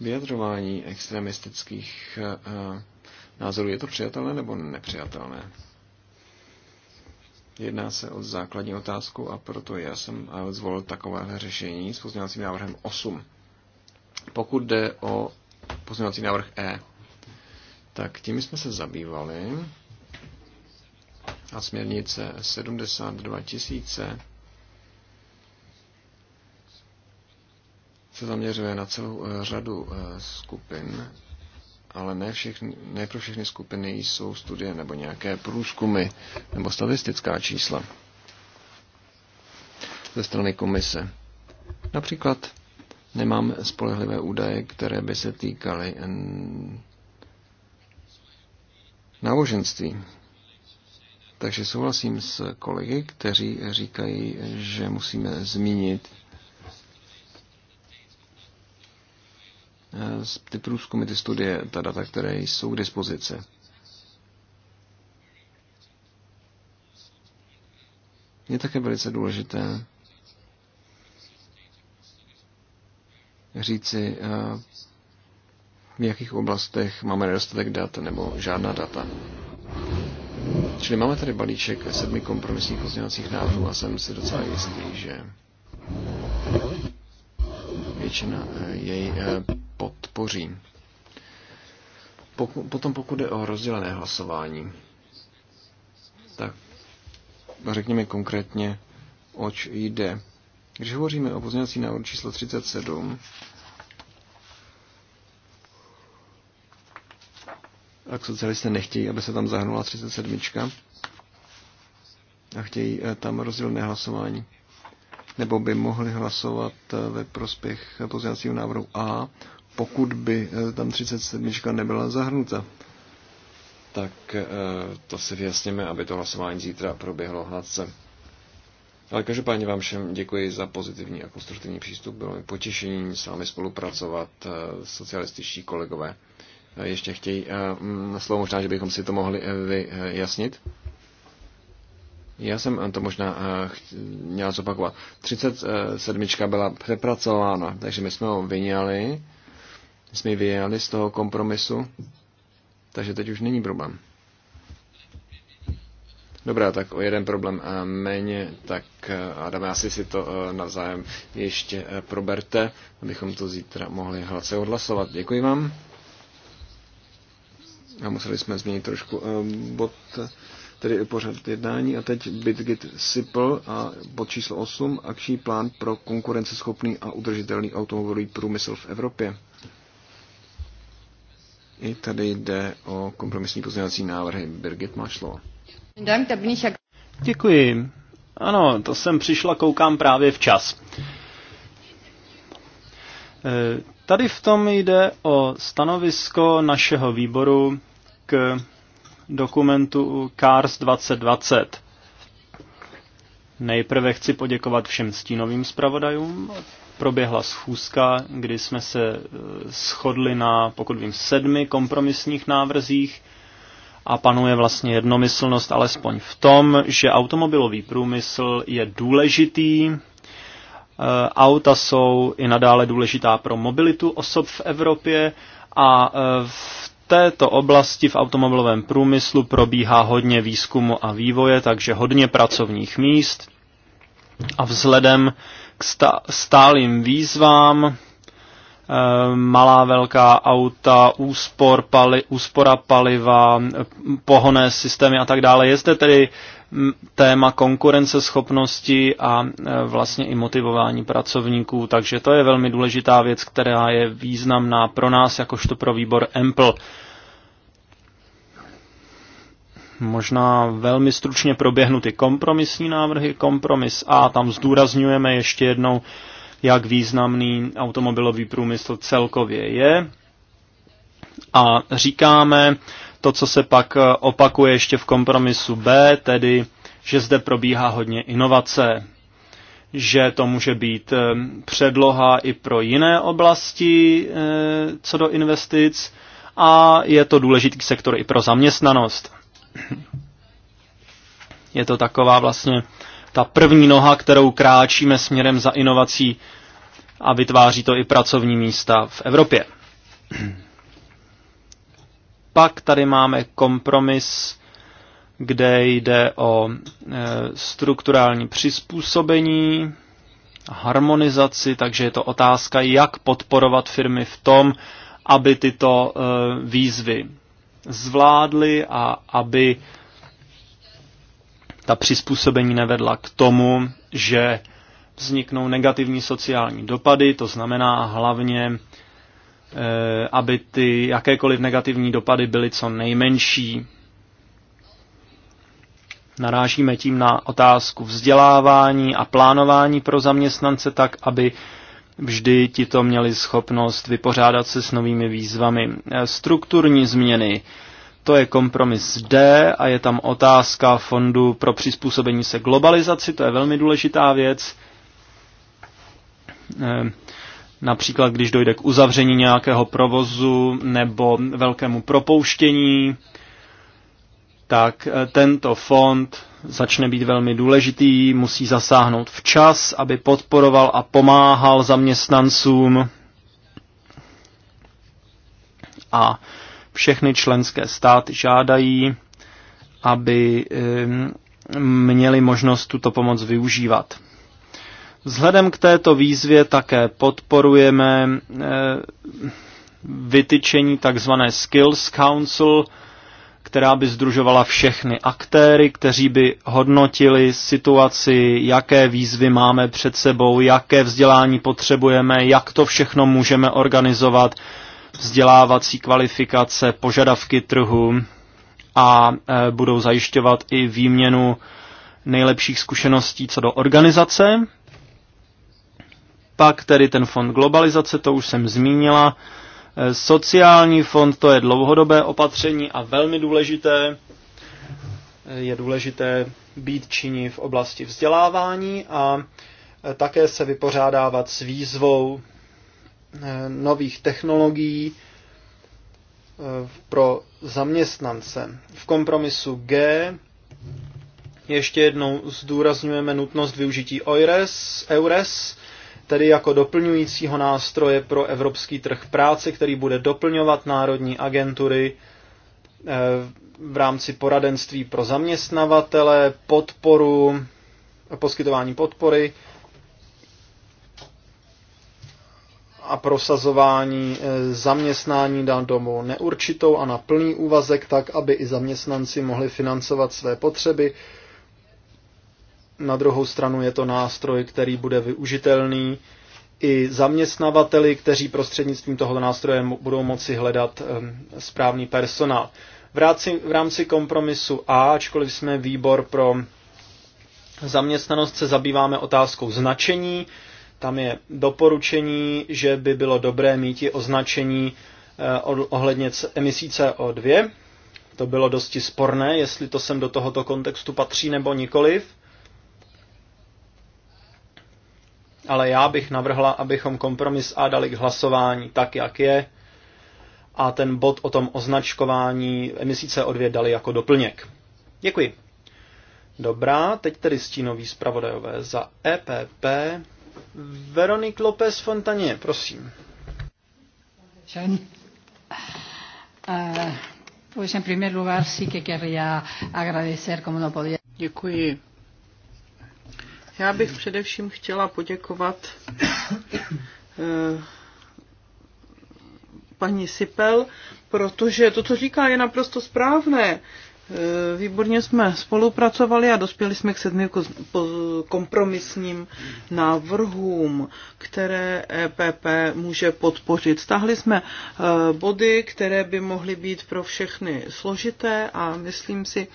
Vyjadřování extremistických eh, názorů, je to přijatelné nebo nepřijatelné? Jedná se o základní otázku a proto já jsem zvolil takové řešení s pozměňovacím návrhem 8. Pokud jde o pozměňovací návrh E. Tak tím jsme se zabývali a směrnice 72 tisíce se zaměřuje na celou eh, řadu eh, skupin, ale ne, všechny, ne pro všechny skupiny jsou studie nebo nějaké průzkumy nebo statistická čísla ze strany komise. Například Nemám spolehlivé údaje, které by se týkaly náboženství. Takže souhlasím s kolegy, kteří říkají, že musíme zmínit eh, ty průzkumy, ty studie, ta data, které jsou k dispozici. Je také velice důležité říci, eh, v jakých oblastech máme nedostatek dat nebo žádná data. Čili máme tady balíček sedmi kompromisních pozměňovacích návrhů a jsem si docela jistý, že většina eh, jej eh, podpoří. Poku, potom pokud jde o rozdělené hlasování, tak řekněme konkrétně, oč jde. Když hovoříme o pozměňovací návrhu číslo 37, tak socialisté nechtějí, aby se tam zahrnula 37. A chtějí eh, tam rozdílné hlasování. Nebo by mohli hlasovat eh, ve prospěch pozměňovacího návrhu A, pokud by eh, tam 37. nebyla zahrnuta. Tak to si vyjasněme, aby to hlasování zítra proběhlo hladce. Ale každopádně vám všem děkuji za pozitivní a konstruktivní přístup. Bylo mi potěšením s vámi spolupracovat, eh, socialističtí kolegové. Eh, ještě chtějí eh, mm, slovo možná, že bychom si to mohli vyjasnit. Já jsem to možná měla zopakovat. 37 byla přepracována, takže my jsme ho vyňali. My jsme ji vyjali z toho kompromisu, takže teď už není problém. Dobrá, tak o jeden problém eh, méně, tak eh, Adam, asi si to eh, navzájem ještě proberte, abychom to zítra mohli hladce odhlasovat. Děkuji vám. A museli jsme změnit trošku bod, tedy pořad jednání. A teď Bitgit Sipl a bod číslo 8, akční plán pro konkurenceschopný a udržitelný automobilový průmysl v Evropě. I tady jde o kompromisní pozměňovací návrhy. Birgit, máš slovo. Děkuji. Ano, to jsem přišla, koukám právě včas. Eh, tady v tom jde o stanovisko našeho výboru k dokumentu CARS 2020. Nejprve chci poděkovat všem stínovým zpravodajům. Proběhla schůzka, kdy jsme se eh, shodli na, pokud vím, sedmi kompromisních návrzích a panuje vlastně jednomyslnost alespoň v tom, že automobilový průmysl je důležitý, e, auta jsou i nadále důležitá pro mobilitu osob v Evropě a e, v této oblasti v automobilovém průmyslu probíhá hodně výzkumu a vývoje, takže hodně pracovních míst a vzhledem k stálým výzvám Eh, malá velká auta, úspor, pali, úspora paliva, pohoné systémy a tak dále. Je zde tedy mm, téma konkurenceschopnosti a eh, vlastně i motivování pracovníků, takže to je velmi důležitá věc, která je významná pro nás, jakožto pro výbor EMPL. Možná velmi stručně proběhnu ty kompromisní návrhy. Kompromis A, tam zdůrazňujeme ještě jednou jak významný automobilový průmysl celkově je. A říkáme to, co se pak eh, opakuje ještě v kompromisu B, tedy, že zde probíhá hodně inovace, že to může být eh, předloha i pro jiné oblasti eh, co do investic a je to důležitý sektor i pro zaměstnanost. Je to taková vlastně ta první noha, kterou kráčíme směrem za inovací a vytváří to i pracovní místa v Evropě. Pak tady máme kompromis, kde jde o e, strukturální přizpůsobení, harmonizaci, takže je to otázka, jak podporovat firmy v tom, aby tyto e, výzvy zvládly a aby ta přizpůsobení nevedla k tomu, že vzniknou negativní sociální dopady, to znamená hlavně, eh, aby ty jakékoliv negativní dopady byly co nejmenší. Narážíme tím na otázku vzdělávání a plánování pro zaměstnance tak, aby vždy tito měli schopnost vypořádat se s novými výzvami. Eh, strukturní změny, to je kompromis D a je tam otázka fondu pro přizpůsobení se globalizaci, to je velmi důležitá věc. Ehm, například, když dojde k uzavření nějakého provozu nebo velkému propouštění, tak eh, tento fond začne být velmi důležitý, musí zasáhnout včas, aby podporoval a pomáhal zaměstnancům a všechny členské státy žádají, aby měli možnost tuto pomoc využívat. Vzhledem k této výzvě také podporujeme eh, vytyčení tzv. Skills Council, která by združovala všechny aktéry, kteří by hodnotili situaci, jaké výzvy máme před sebou, jaké vzdělání potřebujeme, jak to všechno můžeme organizovat, vzdělávací kvalifikace, požadavky trhu a e, budou zajišťovat i výměnu nejlepších zkušeností co do organizace. Pak tedy ten fond globalizace, to už jsem zmínila. E, sociální fond, to je dlouhodobé opatření a velmi důležité. E, je důležité být činí v oblasti vzdělávání a také se vypořádávat s výzvou Eh, nových technologií eh, pro zaměstnance. V kompromisu G ještě jednou zdůrazňujeme nutnost využití EURES, EURES tedy jako doplňujícího nástroje pro evropský trh práce, který bude doplňovat národní agentury eh, v rámci poradenství pro zaměstnavatele, podporu, poskytování podpory, a prosazování e, zaměstnání na domu neurčitou a na plný úvazek, tak aby i zaměstnanci mohli financovat své potřeby. Na druhou stranu je to nástroj, který bude využitelný i zaměstnavateli, kteří prostřednictvím tohoto nástroje budou moci hledat e, správný personál. V rámci, v rámci kompromisu A, ačkoliv jsme výbor pro zaměstnanost, se zabýváme otázkou značení, tam je doporučení, že by bylo dobré mít i označení eh, ohledně emisí CO2. To bylo dosti sporné, jestli to sem do tohoto kontextu patří nebo nikoliv. Ale já bych navrhla, abychom kompromis A dali k hlasování tak, jak je, a ten bod o tom označkování emisí CO2 dali jako doplněk. Děkuji. Dobrá, teď tedy stínový zpravodajové za EPP Veronik López Fontaně, prosím. Žen. Uh, eh, pues en primer lugar sí que querría agradecer como no podía. Děkuji. Já bych především chtěla poděkovat eh, paní Sipel, protože to, co říká, je naprosto správné. Eh, výborně jsme spolupracovali a dospěli jsme k sedmi kompromisním návrhům, které EPP může podpořit. Stáhli jsme eh, body, které by mohly být pro všechny složité a myslím si,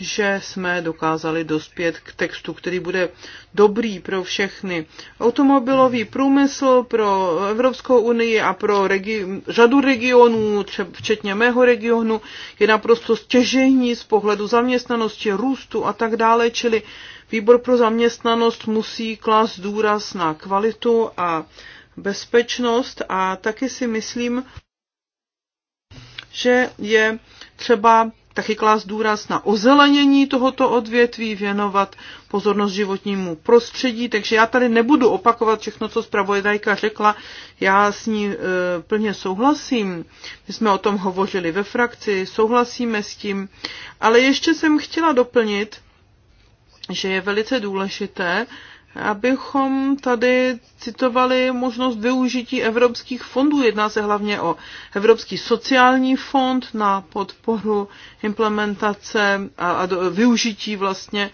že jsme dokázali dospět k textu, který bude dobrý pro všechny. Automobilový průmysl pro Evropskou unii a pro regi- řadu regionů, včetně mého regionu, je naprosto stěžejní z pohledu zaměstnanosti, růstu a tak dále, čili výbor pro zaměstnanost musí klást důraz na kvalitu a bezpečnost a taky si myslím, že je třeba taky klást důraz na ozelenění tohoto odvětví, věnovat pozornost životnímu prostředí, takže já tady nebudu opakovat všechno, co zpravodajka řekla, já s ní e, plně souhlasím, my jsme o tom hovořili ve frakci, souhlasíme s tím, ale ještě jsem chtěla doplnit, že je velice důležité, abychom tady citovali možnost využití evropských fondů. Jedná se hlavně o Evropský sociální fond na podporu implementace a, a do, využití vlastně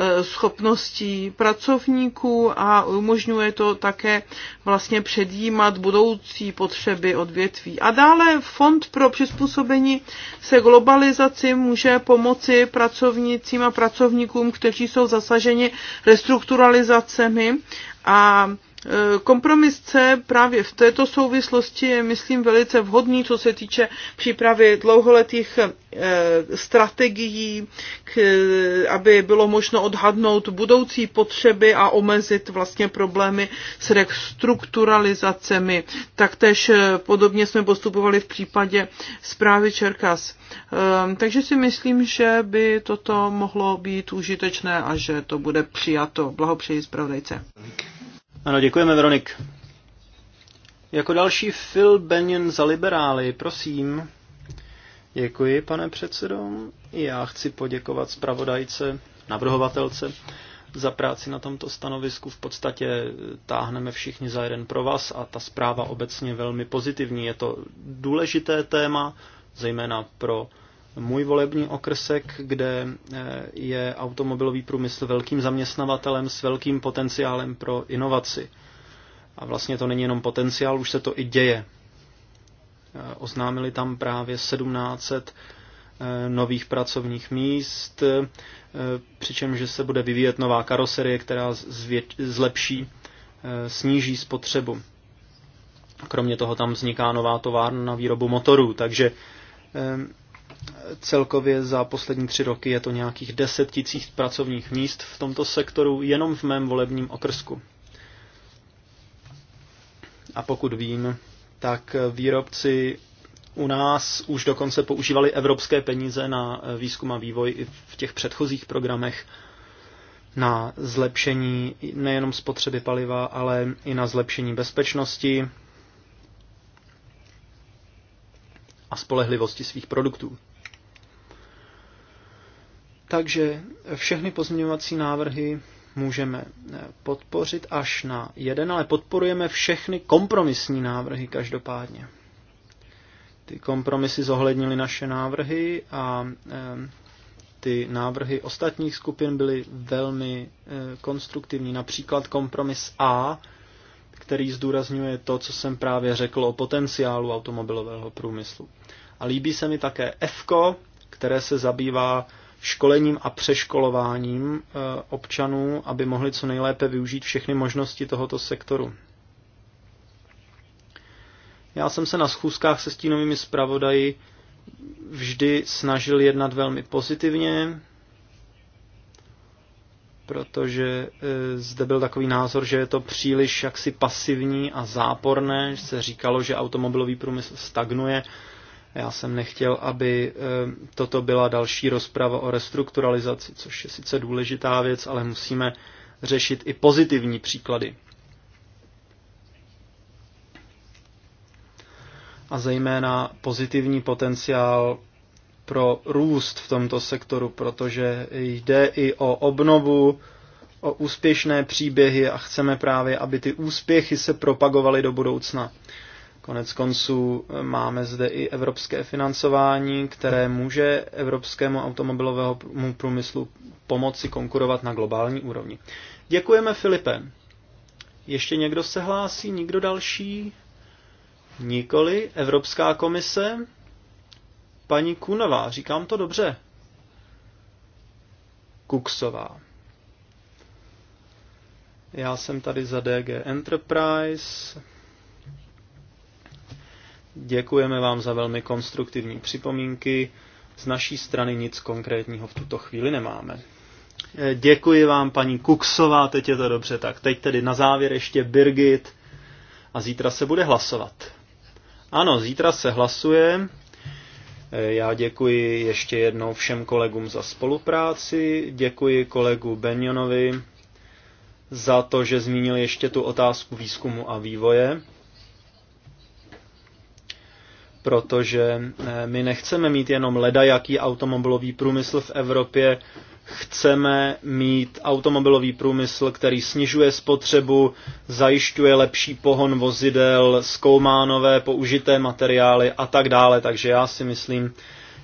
Eh, schopností pracovníků a umožňuje to také vlastně předjímat budoucí potřeby odvětví. A dále Fond pro přizpůsobení se globalizaci může pomoci pracovnicím a pracovníkům, kteří jsou zasaženi restrukturalizacemi a Kompromis C právě v této souvislosti je, myslím, velice vhodný, co se týče přípravy dlouholetých eh, strategií, aby bylo možno odhadnout budoucí potřeby a omezit vlastně problémy s restrukturalizacemi. Taktéž eh, podobně jsme postupovali v případě zprávy Čerkas. Ehm, takže si myslím, že by toto mohlo být užitečné a že to bude přijato. Blahopřeji zpravodajce. Ano, děkujeme, Veronik. Jako další Phil Benyon za liberály, prosím. Děkuji, pane předsedo. Já chci poděkovat zpravodajce, navrhovatelce za práci na tomto stanovisku. V podstatě táhneme všichni za jeden pro vás a ta zpráva obecně velmi pozitivní. Je to důležité téma, zejména pro můj volební okrsek, kde eh, je automobilový průmysl velkým zaměstnavatelem s velkým potenciálem pro inovaci. A vlastně to není jenom potenciál, už se to i děje. Eh, oznámili tam právě 1700 eh, nových pracovních míst, přičemž se bude vyvíjet nová karoserie, která zlepší, sníží spotřebu. Kromě toho tam vzniká nová továrna na výrobu motorů, takže Celkově za poslední tři roky je to nějakých 10 tisíc pracovních míst v tomto sektoru jenom v mém volebním okrsku. A pokud vím, tak výrobci u nás už dokonce používali evropské peníze na eh, výzkum a vývoj i v těch předchozích programech na zlepšení nejenom spotřeby paliva, ale i na zlepšení bezpečnosti a spolehlivosti svých produktů. Takže všechny pozměňovací návrhy můžeme eh, podpořit až na jeden, ale podporujeme všechny kompromisní návrhy každopádně. Ty kompromisy zohlednily naše návrhy a eh, ty návrhy ostatních skupin byly velmi eh, konstruktivní. Například kompromis A, který zdůrazňuje to, co jsem právě řekl o potenciálu automobilového průmyslu. A líbí se mi také F, které se zabývá školením a přeškolováním eh, občanů, aby mohli co nejlépe využít všechny možnosti tohoto sektoru. Já jsem se na schůzkách se stínovými zpravodaji vždy snažil jednat velmi pozitivně, protože eh, zde byl takový názor, že je to příliš jaksi pasivní a záporné, že se říkalo, že automobilový průmysl stagnuje já jsem nechtěl, aby eh, toto byla další rozprava o restrukturalizaci, což je sice důležitá věc, ale musíme řešit i pozitivní příklady. A zejména pozitivní potenciál pro růst v tomto sektoru, protože jde i o obnovu, o úspěšné příběhy a chceme právě, aby ty úspěchy se propagovaly do budoucna. Konec konců eh, máme zde i evropské financování, které může evropskému automobilovému průmyslu pomoci konkurovat na globální úrovni. Děkujeme, Filipe. Ještě někdo se hlásí? Nikdo další? Nikoli. Evropská komise? Paní Kunová, říkám to dobře. Kuksová. Já jsem tady za DG Enterprise Děkujeme vám za velmi konstruktivní připomínky. Z naší strany nic konkrétního v tuto chvíli nemáme. Eh, děkuji vám, paní Kuksová, teď je to dobře. Tak teď tedy na závěr ještě Birgit a zítra se bude hlasovat. Ano, zítra se hlasuje. Eh, já děkuji ještě jednou všem kolegům za spolupráci, děkuji kolegu Benjonovi za to, že zmínil ještě tu otázku výzkumu a vývoje protože eh, my nechceme mít jenom ledajaký automobilový průmysl v Evropě, chceme mít automobilový průmysl, který snižuje spotřebu, zajišťuje lepší pohon vozidel, zkoumá nové použité materiály a tak dále. Takže já si myslím,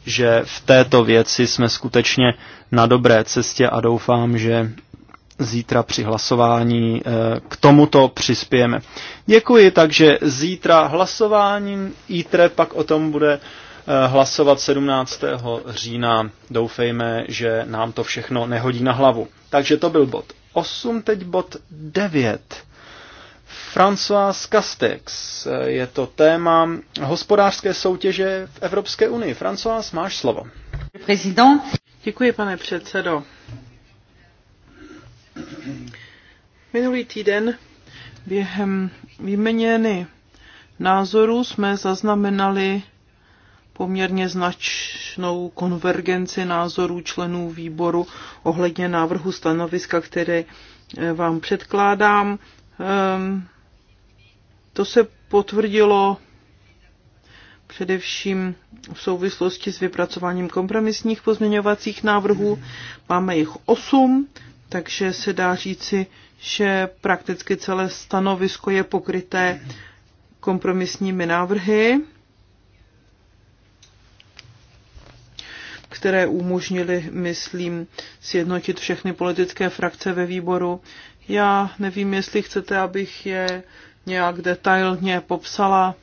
že v této věci jsme skutečně na dobré cestě a doufám, že zítra při hlasování eh, k tomuto přispějeme. Děkuji, takže zítra hlasováním ITRE pak o tom bude eh, hlasovat 17. října. Doufejme, že nám to všechno nehodí na hlavu. Takže to byl bod 8, teď bod 9. François Castex. Eh, je to téma hospodářské soutěže v Evropské unii. François, máš slovo. Děkuji, pane předsedo. Minulý týden během výměněny názorů jsme zaznamenali poměrně značnou konvergenci názorů členů výboru ohledně návrhu stanoviska, které eh, vám předkládám. Ehm, to se potvrdilo především v souvislosti s vypracováním kompromisních pozměňovacích návrhů. Máme jich osm, takže se dá říci, že prakticky celé stanovisko je pokryté kompromisními návrhy, které umožnily, myslím, sjednotit všechny politické frakce ve výboru. Já nevím, jestli chcete, abych je nějak detailně popsala.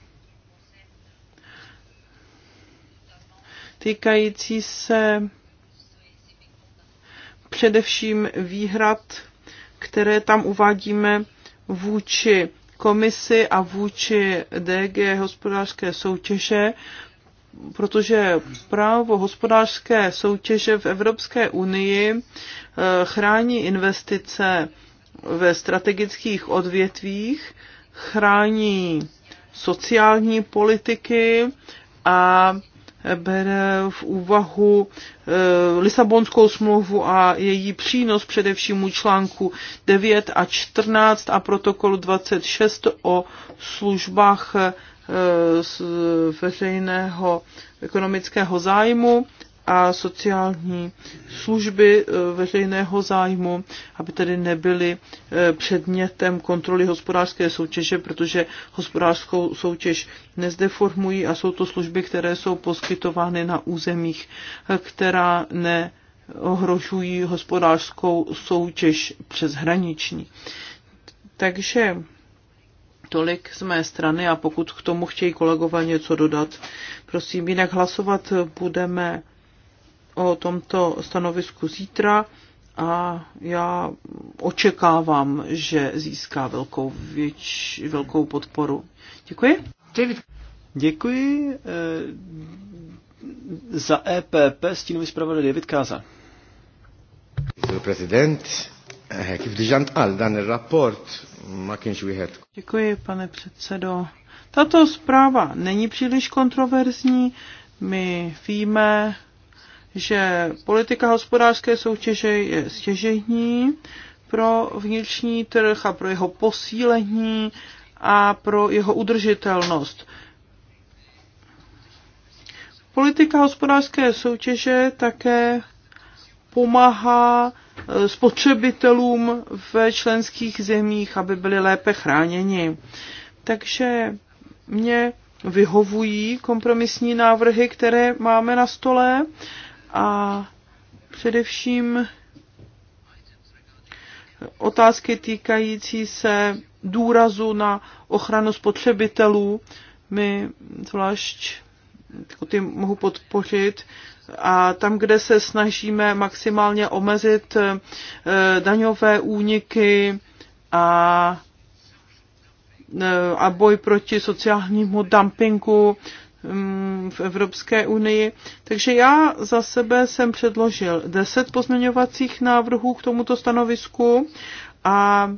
Týkající se především výhrad, které tam uvádíme vůči komisi a vůči DG hospodářské soutěže, protože právo hospodářské soutěže v Evropské unii eh, chrání investice ve strategických odvětvích, chrání sociální politiky a bere v úvahu eh, Lisabonskou smlouvu a její přínos především u článku 9 a 14 a protokolu 26 o službách eh, veřejného ekonomického zájmu a sociální služby eh, veřejného zájmu, aby tedy nebyly eh, předmětem kontroly hospodářské soutěže, protože hospodářskou soutěž nezdeformují a jsou to služby, které jsou poskytovány na územích, eh, která ne ohrožují hospodářskou soutěž přeshraniční. Takže tolik z mé strany a pokud k tomu chtějí kolegové něco dodat, prosím, jinak hlasovat budeme o tomto stanovisku zítra a já očekávám, že získá velkou, věč, velkou podporu. Děkuji. David. Děkuji Eh, za EPP stínový zpravodaj David Káza. Prezident, eh, Děkuji, pane předsedo. Tato zpráva není příliš kontroverzní. My víme, že politika hospodářské soutěže je stěžení pro vnitřní trh a pro jeho posílení a pro jeho udržitelnost. Politika hospodářské soutěže také pomáhá eh, spotřebitelům ve členských zemích, aby byli lépe chráněni. Takže mě vyhovují kompromisní návrhy, které máme na stole a především otázky týkající se důrazu na ochranu spotřebitelů. My zvlášť ty mohu podpořit a tam, kde se snažíme maximálně omezit eh, daňové úniky a eh, a boj proti sociálnímu dumpingu, Mm, v Evropské unii. Takže já za sebe jsem předložil deset pozměňovacích návrhů k tomuto stanovisku a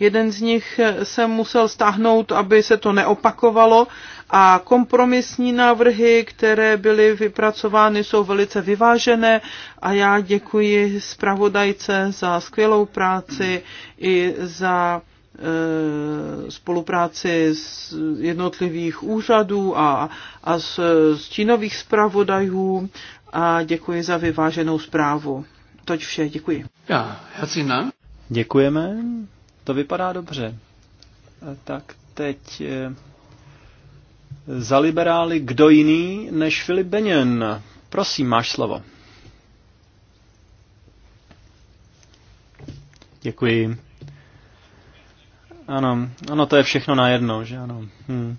jeden z nich jsem musel stáhnout, aby se to neopakovalo a kompromisní návrhy, které byly vypracovány, jsou velice vyvážené a já děkuji zpravodajce za skvělou práci i za Eh, spolupráci z jednotlivých úřadů a, a z čínových zpravodajů a děkuji za vyváženou zprávu. Toť vše, děkuji. Já, Hacina. Děkujeme, to vypadá dobře. Eh, tak teď eh, za liberály kdo jiný než Filip Beněn. Prosím, máš slovo. Děkuji. Ano, ano, to je všechno najednou, že ano. Hm.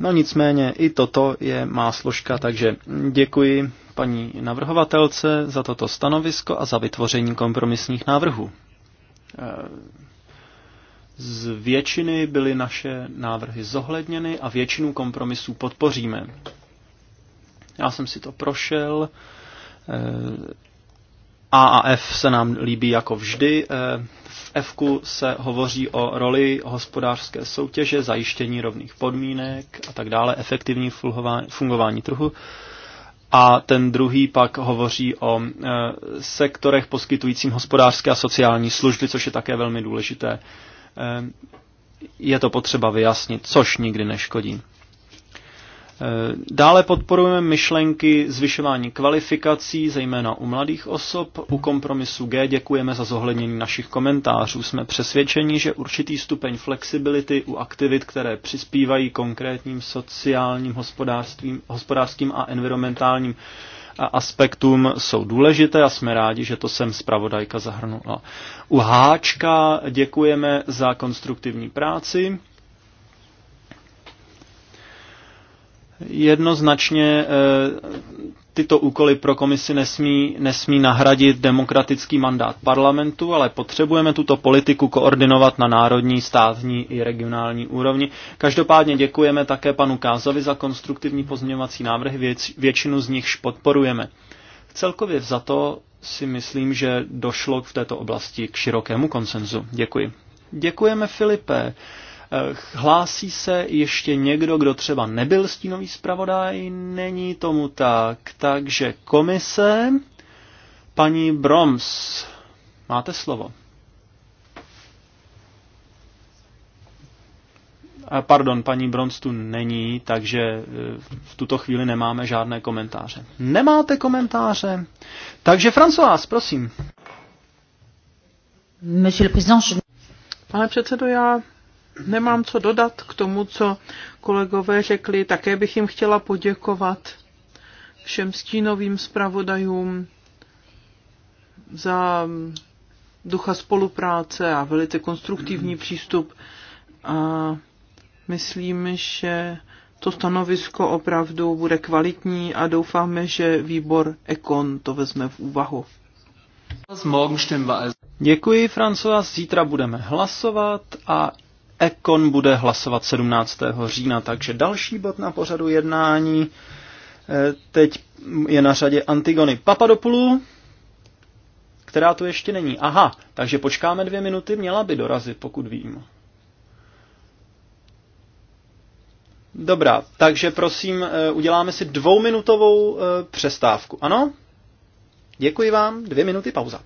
No nicméně i toto je má složka, takže děkuji paní navrhovatelce za toto stanovisko a za vytvoření kompromisních návrhů. Eh, z většiny byly naše návrhy zohledněny a většinu kompromisů podpoříme. Já jsem si to prošel, eh, a a F se nám líbí jako vždy. Eh, v F se hovoří o roli hospodářské soutěže, zajištění rovných podmínek a tak dále, efektivní fungování trhu. A ten druhý pak hovoří o eh, sektorech poskytujícím hospodářské a sociální služby, což je také velmi důležité. Eh, je to potřeba vyjasnit, což nikdy neškodí. Eh, dále podporujeme myšlenky zvyšování kvalifikací, zejména u mladých osob. U kompromisu G děkujeme za zohlednění našich komentářů. Jsme přesvědčeni, že určitý stupeň flexibility u aktivit, které přispívají konkrétním sociálním, hospodářským, hospodářským a environmentálním aspektům jsou důležité a jsme rádi, že to sem zpravodajka zahrnula. U Háčka děkujeme za konstruktivní práci Jednoznačně eh, tyto úkoly pro komisi nesmí, nesmí nahradit demokratický mandát parlamentu, ale potřebujeme tuto politiku koordinovat na národní, státní i regionální úrovni. Každopádně děkujeme také panu Kázovi za konstruktivní pozměňovací návrhy, věc, většinu z nichž podporujeme. Celkově za to si myslím, že došlo v této oblasti k širokému konsenzu. Děkuji. Děkujeme Filipe. Eh, hlásí se ještě někdo, kdo třeba nebyl stínový zpravodaj? Není tomu tak. Takže komise, paní Broms, máte slovo. Eh, pardon, paní Bronz tu není, takže eh, v tuto chvíli nemáme žádné komentáře. Nemáte komentáře? Takže François, prosím. Pane předsedo, já nemám co dodat k tomu, co kolegové řekli. Také bych jim chtěla poděkovat všem stínovým zpravodajům za ducha spolupráce a velice konstruktivní přístup. A myslím, že to stanovisko opravdu bude kvalitní a doufáme, že výbor Ekon to vezme v úvahu. Děkuji, Francois. Zítra budeme hlasovat a Ekon bude hlasovat 17. října, takže další bod na pořadu jednání. Eh, teď je na řadě Antigony Papadopoulou, která tu ještě není. Aha, takže počkáme dvě minuty, měla by dorazit, pokud vím. Dobrá, takže prosím, eh, uděláme si dvouminutovou eh, přestávku. Ano? Děkuji vám, dvě minuty pauza.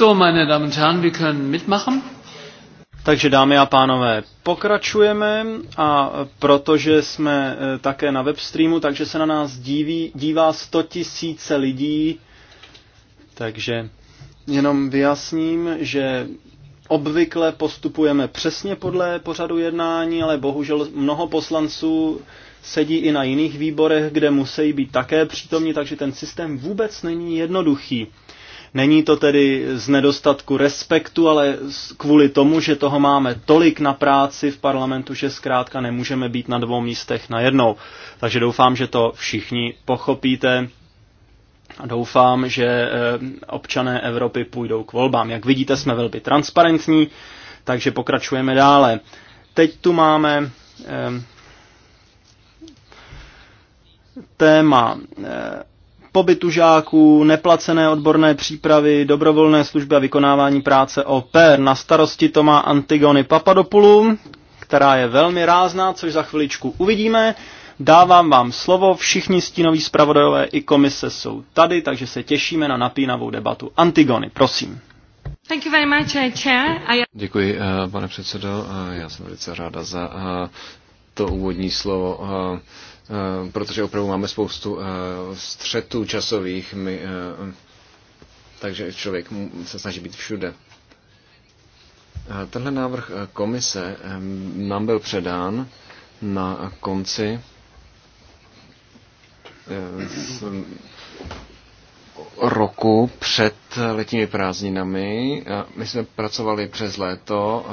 So, meine Damen und Herren, wir können mitmachen. Takže dámy a pánové, pokračujeme a protože jsme eh, také na webstreamu, takže se na nás díví, dívá 100 000 lidí, takže jenom vyjasním, že obvykle postupujeme přesně podle pořadu jednání, ale bohužel mnoho poslanců sedí i na jiných výborech, kde musí být také přítomní, takže ten systém vůbec není jednoduchý. Není to tedy z nedostatku respektu, ale kvůli tomu, že toho máme tolik na práci v parlamentu, že zkrátka nemůžeme být na dvou místech na jednou. Takže doufám, že to všichni pochopíte. A doufám, že eh, občané Evropy půjdou k volbám. Jak vidíte, jsme velmi transparentní, takže pokračujeme dále. Teď tu máme eh, téma eh, pobytu žáků, neplacené odborné přípravy, dobrovolné služby a vykonávání práce OP. Na starosti to má Antigony Papadopoulou, která je velmi rázná, což za chviličku uvidíme. Dávám vám slovo, všichni stínoví zpravodajové i komise jsou tady, takže se těšíme na napínavou debatu. Antigony, prosím. Thank you very much, uh, chair. I... Děkuji, uh, pane předsedo. Uh, já jsem velice ráda za to úvodní slovo. Eh, protože opravdu máme spoustu eh, střetů časových, my, eh, takže člověk se snaží být všude. Tenhle návrh komise nám byl předán na konci roku před letními prázdninami. My jsme pracovali přes léto,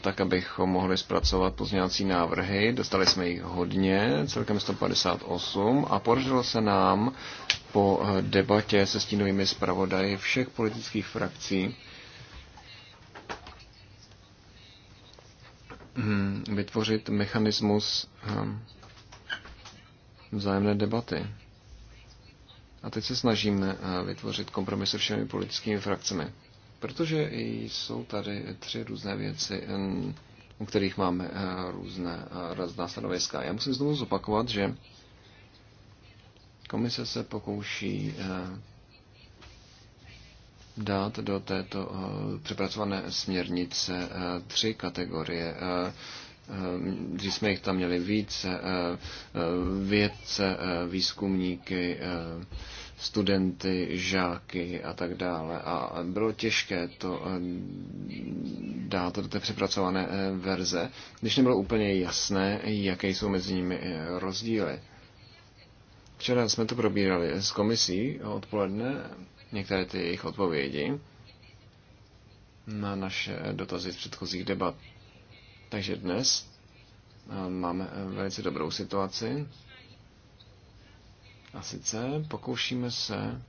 tak abychom mohli zpracovat pozměňovací návrhy. Dostali jsme jich hodně, celkem 158 a podařilo se nám po eh, debatě se stínovými zpravodaji všech politických frakcí hm, vytvořit mechanismus hm, vzájemné debaty. A teď se snažíme eh, vytvořit kompromis se všemi politickými frakcemi. Protože jsou tady tři různé věci, u kterých máme eh, různé eh, razná stanoviska. Já musím znovu zopakovat, že komise se pokouší dát do této přepracované směrnice tři kategorie Eh, dřív jsme jich tam měli víc, eh, eh, vědce, výzkumníky, studenty, žáky a tak dále. A bylo těžké to dát do té přepracované verze, když nebylo úplně jasné, jaké jsou mezi nimi rozdíly. Včera jsme to probírali s komisí odpoledne, některé ty jejich odpovědi na naše dotazy z předchozích debat. Takže dnes eh, máme eh, velice dobrou situaci. A sice pokoušíme se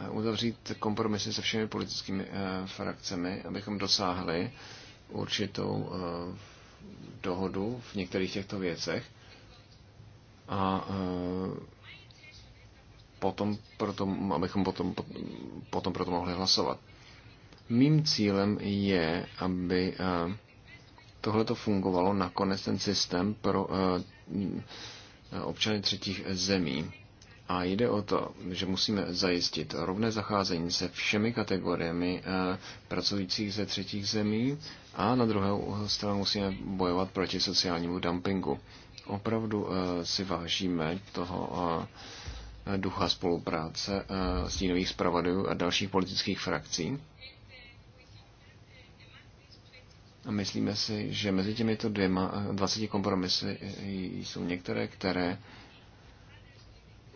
eh, uzavřít kompromisy se všemi politickými frakcemi, abychom dosáhli určitou dohodu v některých těchto věcech. A potom, proto, abychom potom, potom proto mohli hlasovat. Mým cílem je, aby eh, tohle to fungovalo nakonec ten systém pro eh, eh, občany třetích zemí. A jde o to, že musíme zajistit rovné zacházení se všemi kategoriemi pracujících ze třetích zemí a na druhou stranu musíme bojovat proti sociálnímu dumpingu. Opravdu si vážíme toho ducha spolupráce stínových zpravodajů a dalších politických frakcí A myslíme si, že mezi těmito dvěma, 20 eh, kompromisy eh, jsou některé, které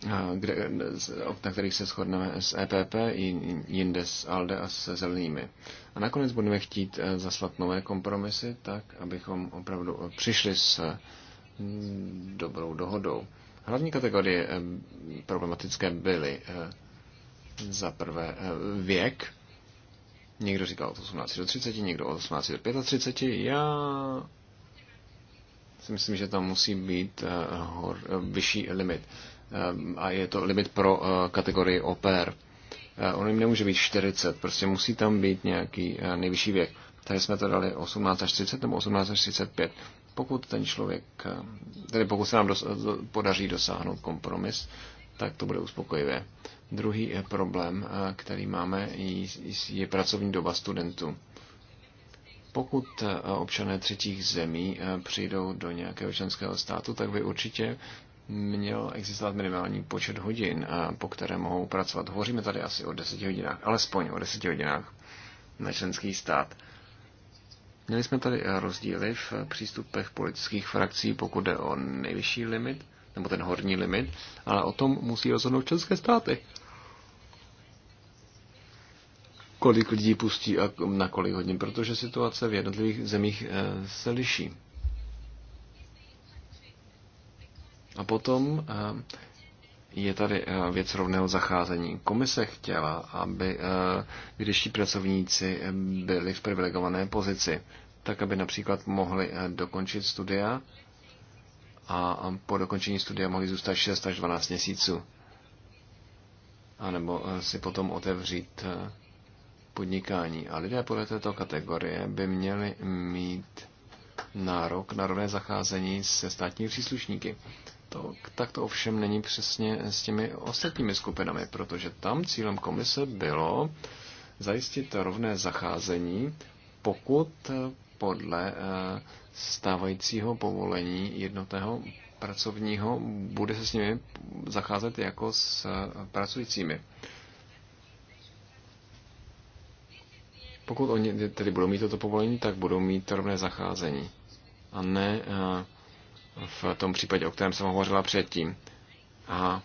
eh, kde, na kterých se shodneme s EPP, jinde s ALDE a se zelenými. A nakonec budeme chtít zaslat nové kompromisy, tak abychom opravdu přišli s dobrou dohodou. Hlavní kategorie problematické byly za prvé věk, Někdo říkal od 18 do 30, někdo od 18 do 35. Já si myslím, že tam musí být eh, hor, eh, vyšší limit. Eh, a je to limit pro kategorii oper. On jim nemůže být 40, prostě musí tam být nějaký nejvyšší věk. Tady jsme to dali 18 až 30 nebo 18 až 35. Pokud ten člověk, tedy pokud se nám dos, podaří dosáhnout kompromis, tak to bude uspokojivé. Druhý eh, problém, eh, který máme, je pracovní doba studentů. Pokud eh, občané třetích zemí přijdou do nějakého členského státu, tak by určitě měl existovat minimální počet hodin, po které mohou pracovat. Hovoříme tady asi o 10 hodinách, alespoň o 10 hodinách na členský stát. Měli jsme tady rozdíly v přístupech politických frakcí, pokud jde o nejvyšší limit, nebo ten horní limit, ale o tom musí rozhodnout členské státy kolik lidí pustí a na kolik hodin, protože situace v jednotlivých zemích eh, se liší. A potom eh, je tady eh, věc rovného zacházení. Komise chtěla, aby vědeští pracovníci byli v privilegované pozici, tak aby například mohli dokončit studia a po dokončení studia mohli zůstat 6 až 12 měsíců. A nebo si potom otevřít podnikání. A lidé podle této kategorie by měli mít nárok na rovné zacházení se státními příslušníky. To, tak to ovšem není přesně s těmi ostatními skupinami, protože tam cílem komise bylo zajistit rovné zacházení, pokud podle eh, stávajícího povolení jednotného pracovního bude se s nimi zacházet jako s eh, pracujícími. Pokud oni tedy budou mít toto povolení, tak budou mít rovné zacházení. A ne eh, v tom případě, o kterém jsem hovořila předtím. A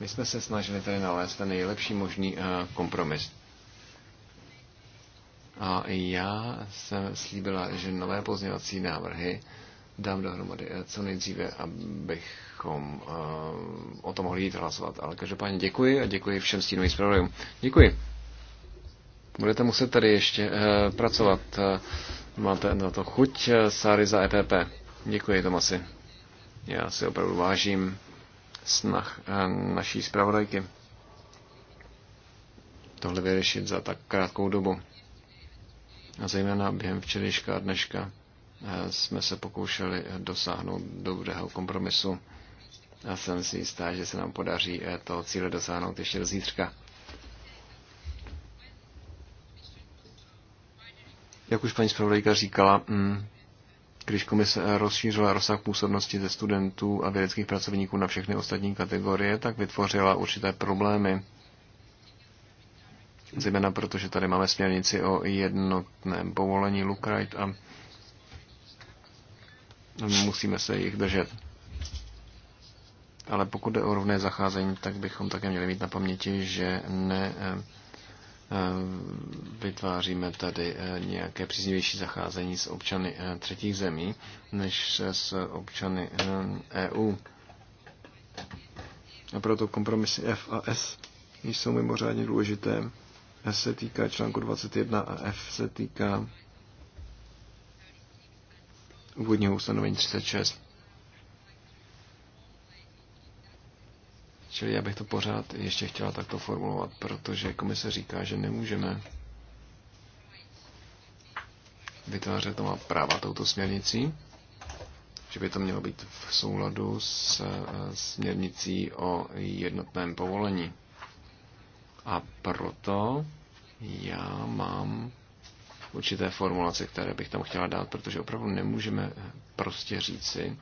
my jsme se snažili tady nalézt ten nejlepší možný eh, kompromis. A já jsem slíbila, že nové pozměňovací návrhy dám dohromady eh, co nejdříve, abychom o tom mohli jít hlasovat. Ale každopádně děkuji a děkuji všem stínovým zpravodajům. Děkuji. Budete muset tady ještě eh, pracovat. Eh, máte na to chuť, eh, Sáry za EPP. Děkuji, Tomasi. Já si opravdu vážím snah naší zpravodajky tohle vyřešit za tak krátkou dobu. A zejména během včerejška a dneška jsme se pokoušeli dosáhnout dobrého kompromisu a jsem si jistá, že se nám podaří toho cíle dosáhnout ještě do zítřka. Jak už paní zpravodajka říkala, mm, když komise rozšířila rozsah působnosti ze studentů a vědeckých pracovníků na všechny ostatní kategorie, tak vytvořila určité problémy. Zejména protože tady máme směrnici o jednotném povolení Lukrajt a musíme se jich držet. Ale pokud jde o rovné zacházení, tak bychom také měli mít na paměti, že ne, eh, Eh, vytváříme tady eh, nějaké příznivější zacházení s občany eh, třetích zemí než s občany EU. E a proto kompromisy F a S jsou mimořádně důležité. S se týká článku 21 a F se týká úvodního ustanovení 36. Čili já bych to pořád ještě chtěla takto formulovat, protože komise říká, že nemůžeme vytvářet to má práva touto směrnicí, že by to mělo být v souladu s eh, směrnicí o jednotném povolení. A proto já mám určité formulace, které bych tam chtěla dát, protože opravdu nemůžeme prostě říci,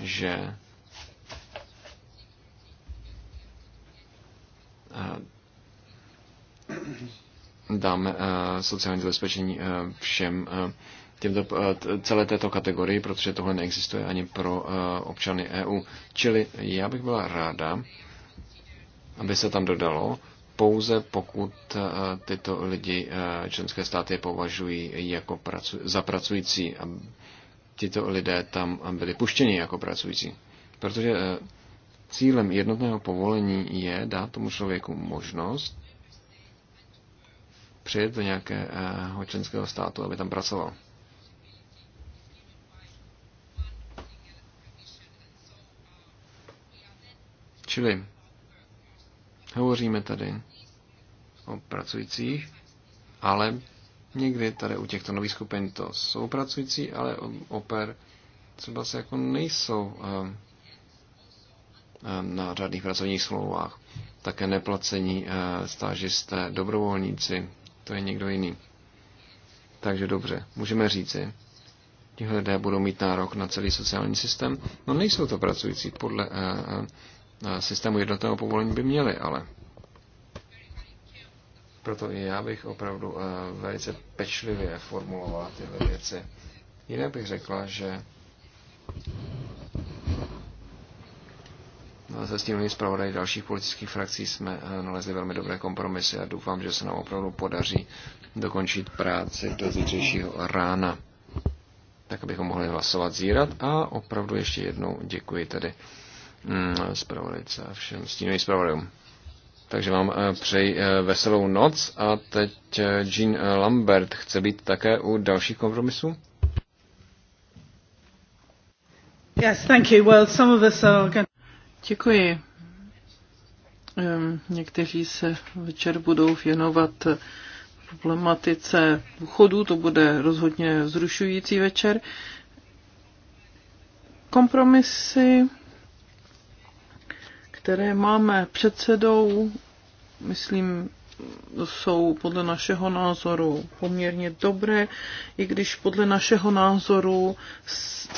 že Eh, dáme eh, sociální zabezpečení eh, všem těmto, celé této kategorii, protože tohle neexistuje ani pro občany EU. Čili já bych byla ráda, aby se tam dodalo, pouze pokud tyto lidi členské státy považují jako pracu, za pracující a tyto lidé tam byli puštěni jako pracující. Protože Cílem jednotného povolení je dát tomu člověku možnost přijet do nějakého členského státu, aby tam pracoval. Čili hovoříme tady o pracujících, ale někdy tady u těchto nových skupin to jsou pracující, ale oper třeba se jako nejsou eh, Eh, na řádných pracovních smlouvách, také neplacení eh, stážisté, dobrovolníci, to je někdo jiný. Takže dobře, můžeme říci, tihle lidé budou mít nárok na celý sociální systém. No nejsou to pracující podle eh, systému jednotného povolení by měli, ale proto i já bych opravdu velice pečlivě formulovala tyhle věci. Jinak bych řekla, že No, se tím zpravodaj dalších politických frakcí jsme eh, nalezli velmi dobré kompromisy a doufám, že se nám opravdu podaří dokončit práci do zítřejšího rána, tak abychom mohli hlasovat zírat a opravdu ještě jednou děkuji tedy mm, zpravodajce a všem stínovým zpravodajům. Takže vám eh, přeji eh, veselou noc a teď Jean Lambert chce být také u dalších kompromisů? Yes, thank you. Well, some of us are going Děkuji. Ehm, někteří se večer budou věnovat problematice důchodu, to bude rozhodně zrušující večer. Kompromisy, které máme před myslím, jsou podle našeho názoru poměrně dobré, i když podle našeho názoru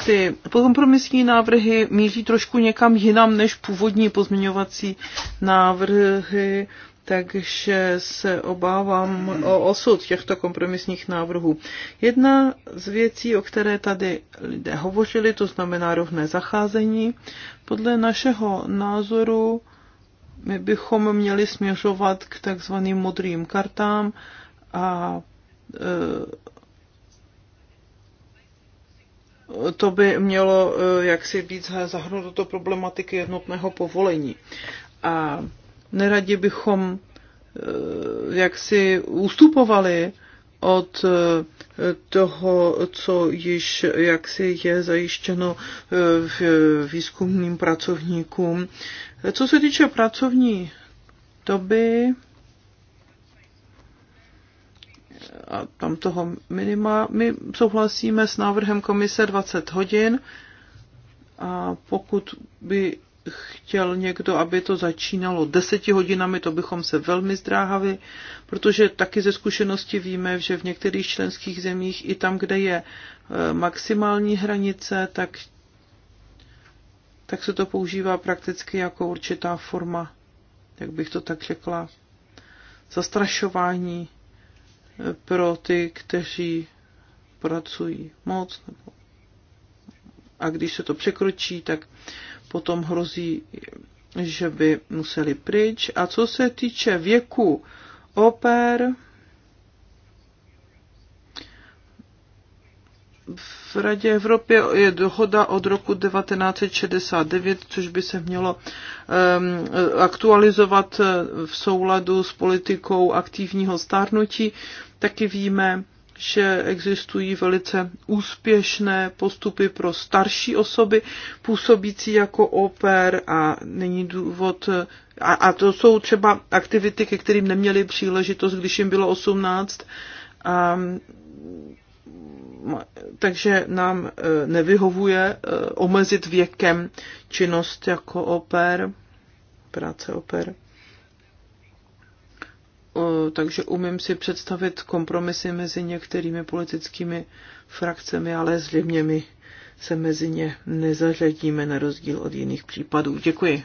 ty kompromisní návrhy míří trošku někam jinam než původní pozměňovací návrhy, takže se obávám o osud těchto kompromisních návrhů. Jedna z věcí, o které tady lidé hovořili, to znamená rovné zacházení, podle našeho názoru my bychom měli směřovat k takzvaným modrým kartám a e, to by mělo e, jaksi být zahrnuto do problematiky jednotného povolení. A neradi bychom e, jaksi ustupovali od toho, co již jaksi je zajištěno výzkumným pracovníkům co se týče pracovní doby, a tam toho minima, my souhlasíme s návrhem komise 20 hodin a pokud by chtěl někdo, aby to začínalo deseti hodinami, to bychom se velmi zdráhali, protože taky ze zkušenosti víme, že v některých členských zemích i tam, kde je eh, maximální hranice, tak tak se to používá prakticky jako určitá forma, jak bych to tak řekla, zastrašování eh, pro ty, kteří pracují moc. A když se to překročí, tak potom hrozí, že by museli pryč. A co se týče věku oper, v v Radě Evropy je dohoda od roku 1969, což by se mělo um, aktualizovat eh, v souladu s politikou aktivního stárnutí. Taky víme, že existují velice úspěšné postupy pro starší osoby působící jako oper a není důvod a, a to jsou třeba aktivity, ke kterým neměli příležitost, když jim bylo 18 a takže nám e, nevyhovuje e, omezit věkem činnost jako oper, práce oper. E, takže umím si představit kompromisy mezi některými politickými frakcemi, ale zřejmě my se mezi ně nezařadíme na rozdíl od jiných případů. Děkuji.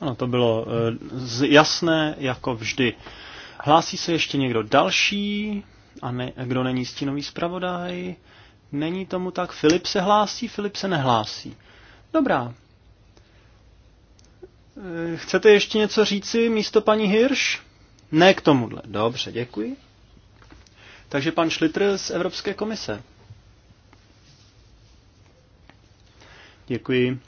Ano, to bylo jasné jako vždy. Hlásí se ještě někdo další? A ne, kdo není stínový zpravodaj? Není tomu tak. Filip se hlásí, Filip se nehlásí. Dobrá. Eh, chcete ještě něco říci místo paní Hirš? Ne k tomuhle. Dobře, děkuji. Takže pan Šlitr z Evropské komise. Děkuji.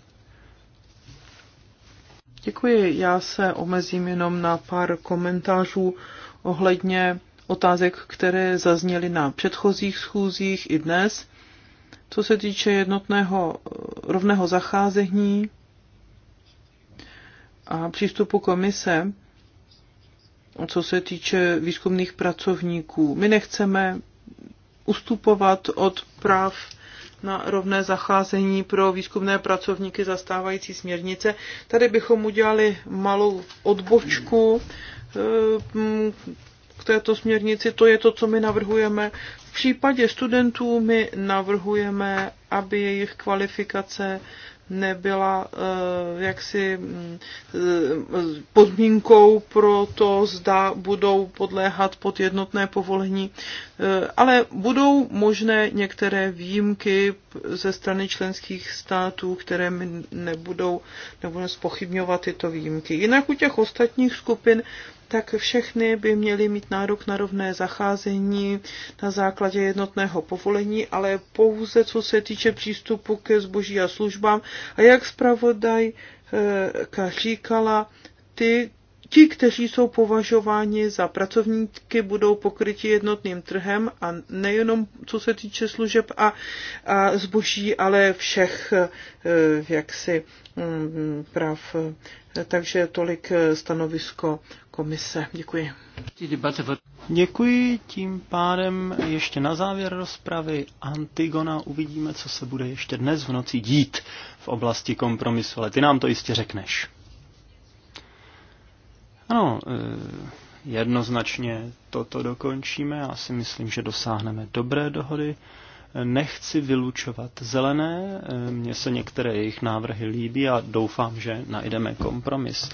Děkuji. Já se omezím jenom na pár komentářů ohledně otázek, které zazněly na předchozích schůzích i dnes. Co se týče jednotného rovného zacházení a přístupu komise, co se týče výzkumných pracovníků. My nechceme ustupovat od práv na rovné zacházení pro výzkumné pracovníky zastávající směrnice. Tady bychom udělali malou odbočku, k této směrnici, to je to, co my navrhujeme. V případě studentů my navrhujeme, aby jejich kvalifikace nebyla eh, jaksi mm, eh, podmínkou pro to, zda budou podléhat pod jednotné povolení, eh, ale budou možné některé výjimky ze strany členských států, které nebudou, nebudou spochybňovat tyto výjimky. Jinak u těch ostatních skupin tak všechny by měly mít nárok na rovné zacházení na základě jednotného povolení, ale pouze co se týče přístupu ke zboží a službám. A jak zpravodaj eh, říkala, ty, ti, kteří jsou považováni za pracovníky, budou pokryti jednotným trhem a nejenom co se týče služeb a, a zboží, ale všech eh, jaksi mm, práv eh, takže tolik eh, stanovisko komise. Děkuji. Děkuji, tím pádem ještě na závěr rozpravy Antigona uvidíme, co se bude ještě dnes v noci dít v oblasti kompromisu, ale ty nám to jistě řekneš. Ano, eh, jednoznačně toto dokončíme. Já si myslím, že dosáhneme dobré dohody. Nechci vylučovat zelené, eh, mně se některé jejich návrhy líbí a doufám, že najdeme kompromis.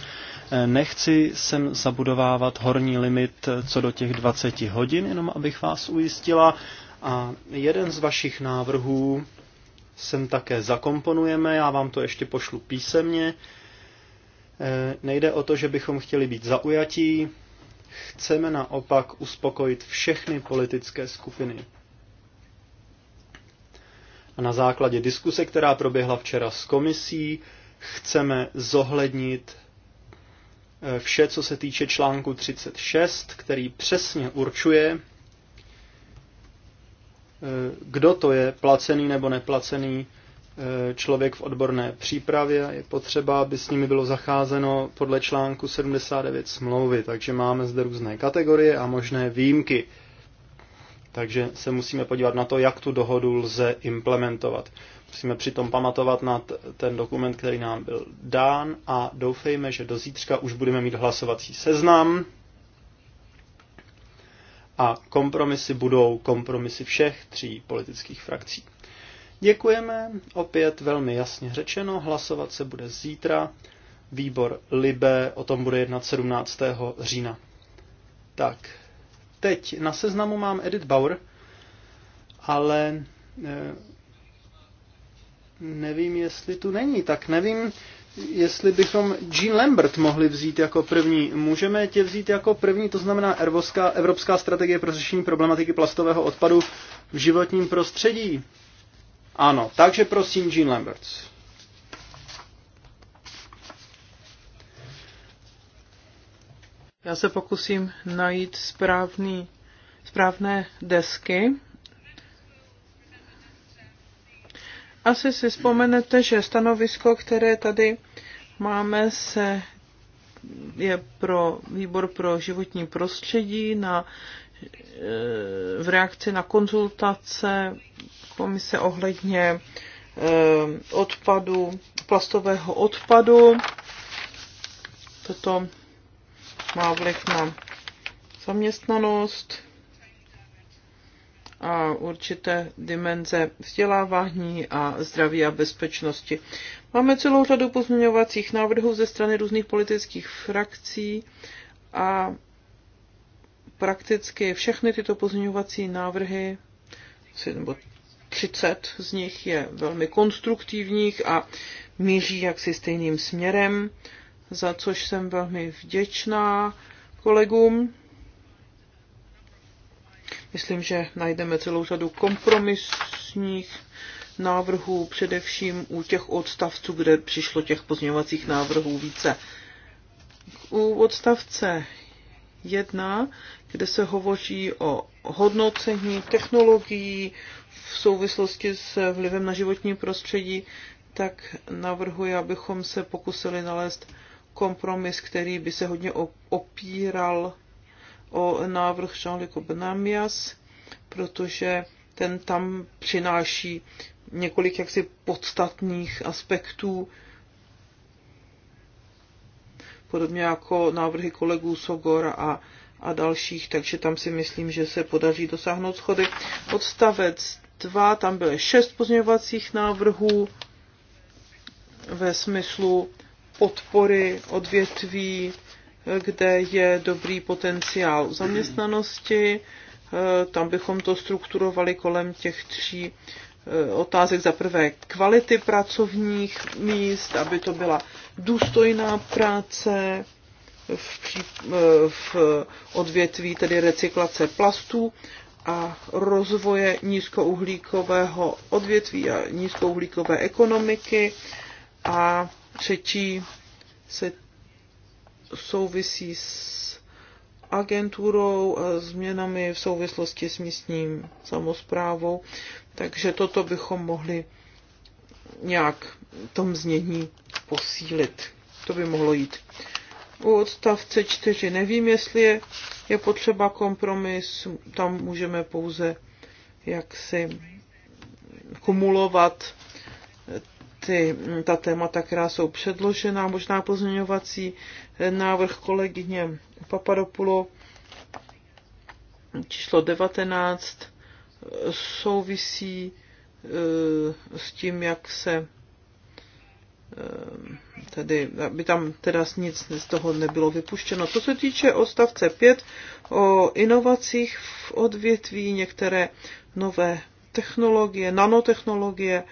Eh, nechci sem zabudovávat horní limit eh, co do těch 20 hodin, jenom abych vás ujistila. A jeden z vašich návrhů sem také zakomponujeme, já vám to ještě pošlu písemně. Nejde o to, že bychom chtěli být zaujatí, chceme naopak uspokojit všechny politické skupiny. A na základě diskuse, která proběhla včera s komisí, chceme zohlednit eh, vše, co se týče článku 36, který přesně určuje, eh, kdo to je placený nebo neplacený eh, člověk v odborné přípravě je potřeba, aby s nimi bylo zacházeno podle článku 79 smlouvy, takže máme zde různé kategorie a možné výjimky. Takže se musíme podívat na to, jak tu dohodu lze implementovat. Musíme přitom pamatovat na ten dokument, který nám byl dán a doufejme, že do zítřka už budeme mít hlasovací seznam a kompromisy budou kompromisy všech tří politických frakcí. Děkujeme, opět velmi jasně řečeno, hlasovat se bude zítra, výbor Libe o tom bude jednat 17. října. Tak, teď na seznamu mám Edith Bauer, ale eh, nevím, jestli tu není, tak nevím, jestli bychom Jean Lambert mohli vzít jako první. Můžeme tě vzít jako první, to znamená Evropská, Evropská strategie pro řešení problematiky plastového odpadu v životním prostředí. Ano, takže prosím Jean Lambert. Já se pokusím najít správný, správné desky. Asi si vzpomenete, že stanovisko, které tady máme, se je pro výbor pro životní prostředí na, eh, v reakci na konzultace komise ohledně eh, odpadu, plastového odpadu. Toto má vliv na zaměstnanost a určité dimenze vzdělávání a zdraví a bezpečnosti. Máme celou řadu pozměňovacích návrhů ze strany různých politických frakcí a prakticky všechny tyto pozměňovací návrhy, nebo 30 z nich je velmi konstruktivních a míří jaksi stejným směrem za což jsem velmi vděčná kolegům. Myslím, že najdeme celou řadu kompromisních návrhů, především u těch odstavců, kde přišlo těch pozměňovacích návrhů více. U odstavce 1, kde se hovoří o hodnocení technologií v souvislosti s vlivem na životní prostředí, tak navrhuji, abychom se pokusili nalézt kompromis, který by se hodně opíral o návrh Jean-Luc Benamias, protože ten tam přináší několik jaksi podstatných aspektů, podobně jako návrhy kolegů Sogor a, a dalších, takže tam si myslím, že se podaří dosáhnout schody. Odstavec 2, tam byly šest pozměňovacích návrhů ve smyslu podpory odvětví, kde je dobrý potenciál zaměstnanosti. Eh, tam bychom to strukturovali kolem těch tří eh, otázek. Za prvé kvality pracovních míst, aby to byla důstojná práce v, eh, v odvětví tedy recyklace plastů a rozvoje nízkouhlíkového odvětví a nízkouhlíkové ekonomiky a Třetí se souvisí s agenturou a změnami v souvislosti s místním samozprávou, takže toto bychom mohli nějak v tom znění posílit. To by mohlo jít. U odstavce 4 nevím, jestli je, je potřeba kompromis, tam můžeme pouze jaksi kumulovat ty, ta témata, která jsou předložena, možná pozměňovací návrh kolegyně Papadopulo číslo 19 souvisí eh, s tím, jak se eh, tedy, aby tam teda nic z toho nebylo vypuštěno. Co se týče odstavce 5 o inovacích v odvětví, některé nové technologie, nanotechnologie,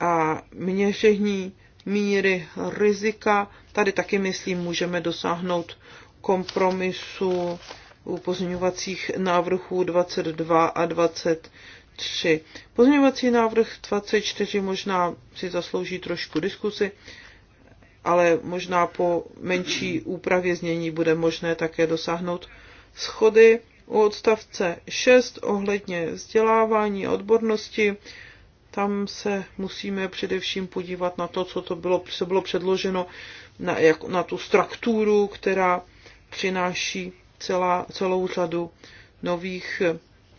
a měření míry rizika. Tady taky, myslím, můžeme dosáhnout kompromisu u pozměňovacích návrhů 22 a 23. Pozměňovací návrh 24 možná si zaslouží trošku diskusy, ale možná po menší úpravě znění bude možné také dosáhnout schody u odstavce 6 ohledně vzdělávání odbornosti tam se musíme především podívat na to, co to bylo, co bylo předloženo, na, jak, na tu strukturu, která přináší celá, celou řadu nových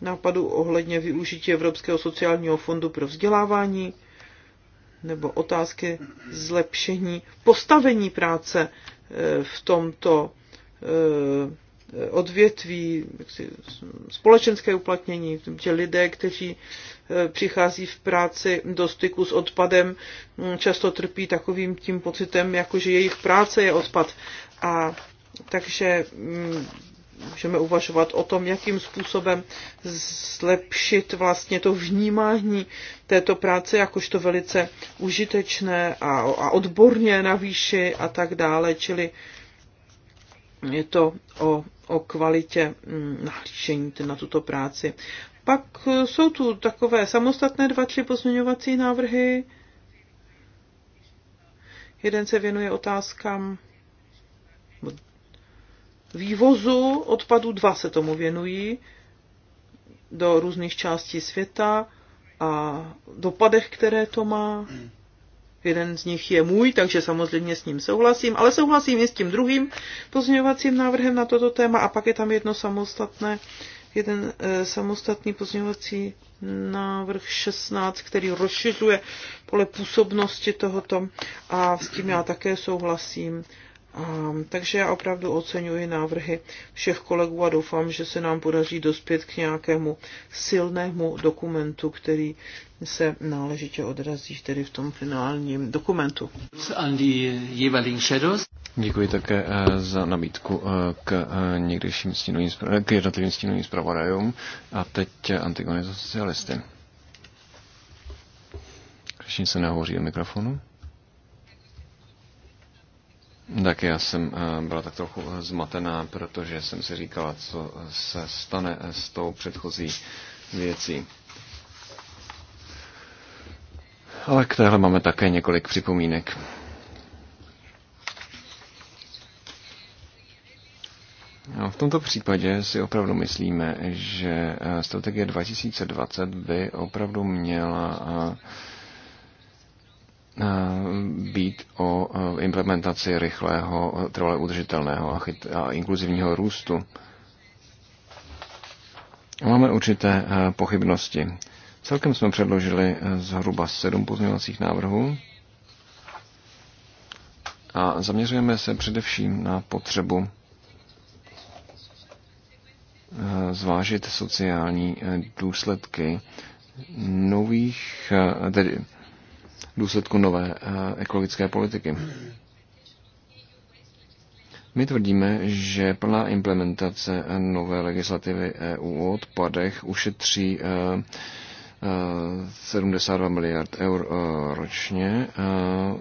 nápadů ohledně využití Evropského sociálního fondu pro vzdělávání nebo otázky zlepšení postavení práce eh, v tomto eh, odvětví, společenské uplatnění, že lidé, kteří eh, přichází v práci do styku s odpadem, mm, často trpí takovým tím pocitem, jako že jejich práce je odpad. A takže mm, můžeme uvažovat o tom, jakým způsobem zlepšit vlastně to vnímání této práce jakožto velice užitečné a, a odborně na výši a tak dále, čili je to o, o kvalitě mm, nahlížení na tuto práci. Pak e, jsou tu takové samostatné dva, tři pozměňovací návrhy. Jeden se věnuje otázkám vývozu odpadu, dva se tomu věnují do různých částí světa a dopadech, které to má. Hmm. Jeden z nich je můj, takže samozřejmě s ním souhlasím, ale souhlasím i s tím druhým pozměňovacím návrhem na toto téma a pak je tam jedno samostatné, jeden eh, samostatný pozměňovací návrh 16, který rozšiřuje pole působnosti tohoto a s tím já také souhlasím. A, ehm, takže já opravdu oceňuji návrhy všech kolegů a doufám, že se nám podaří dospět k nějakému silnému dokumentu, který se náležitě odrazí tedy v tom finálním dokumentu. Děkuji také eh, za nabídku eh, k, eh, někdejším stínovým, k jednotlivým stínovým zpravodajům a teď Antigonizu socialisty. Řešení se nehovoří o mikrofonu. Tak já jsem eh, byla tak trochu eh, zmatená, protože jsem si říkala, co se stane eh, s tou předchozí věcí. Ale k téhle máme také několik připomínek. No, v tomto případě si opravdu myslíme, že strategie 2020 by opravdu měla Eh, být o eh, implementaci rychlého, eh, trvale udržitelného a, chyt, a inkluzivního růstu. Máme určité pochybnosti. Celkem jsme předložili zhruba sedm pozměňovacích návrhů a zaměřujeme se především na potřebu zvážit sociální důsledky nových, tedy důsledku nové eh, ekologické politiky. My tvrdíme, že plná implementace eh, nové legislativy EU o odpadech ušetří 72 eh, miliard eur ročně,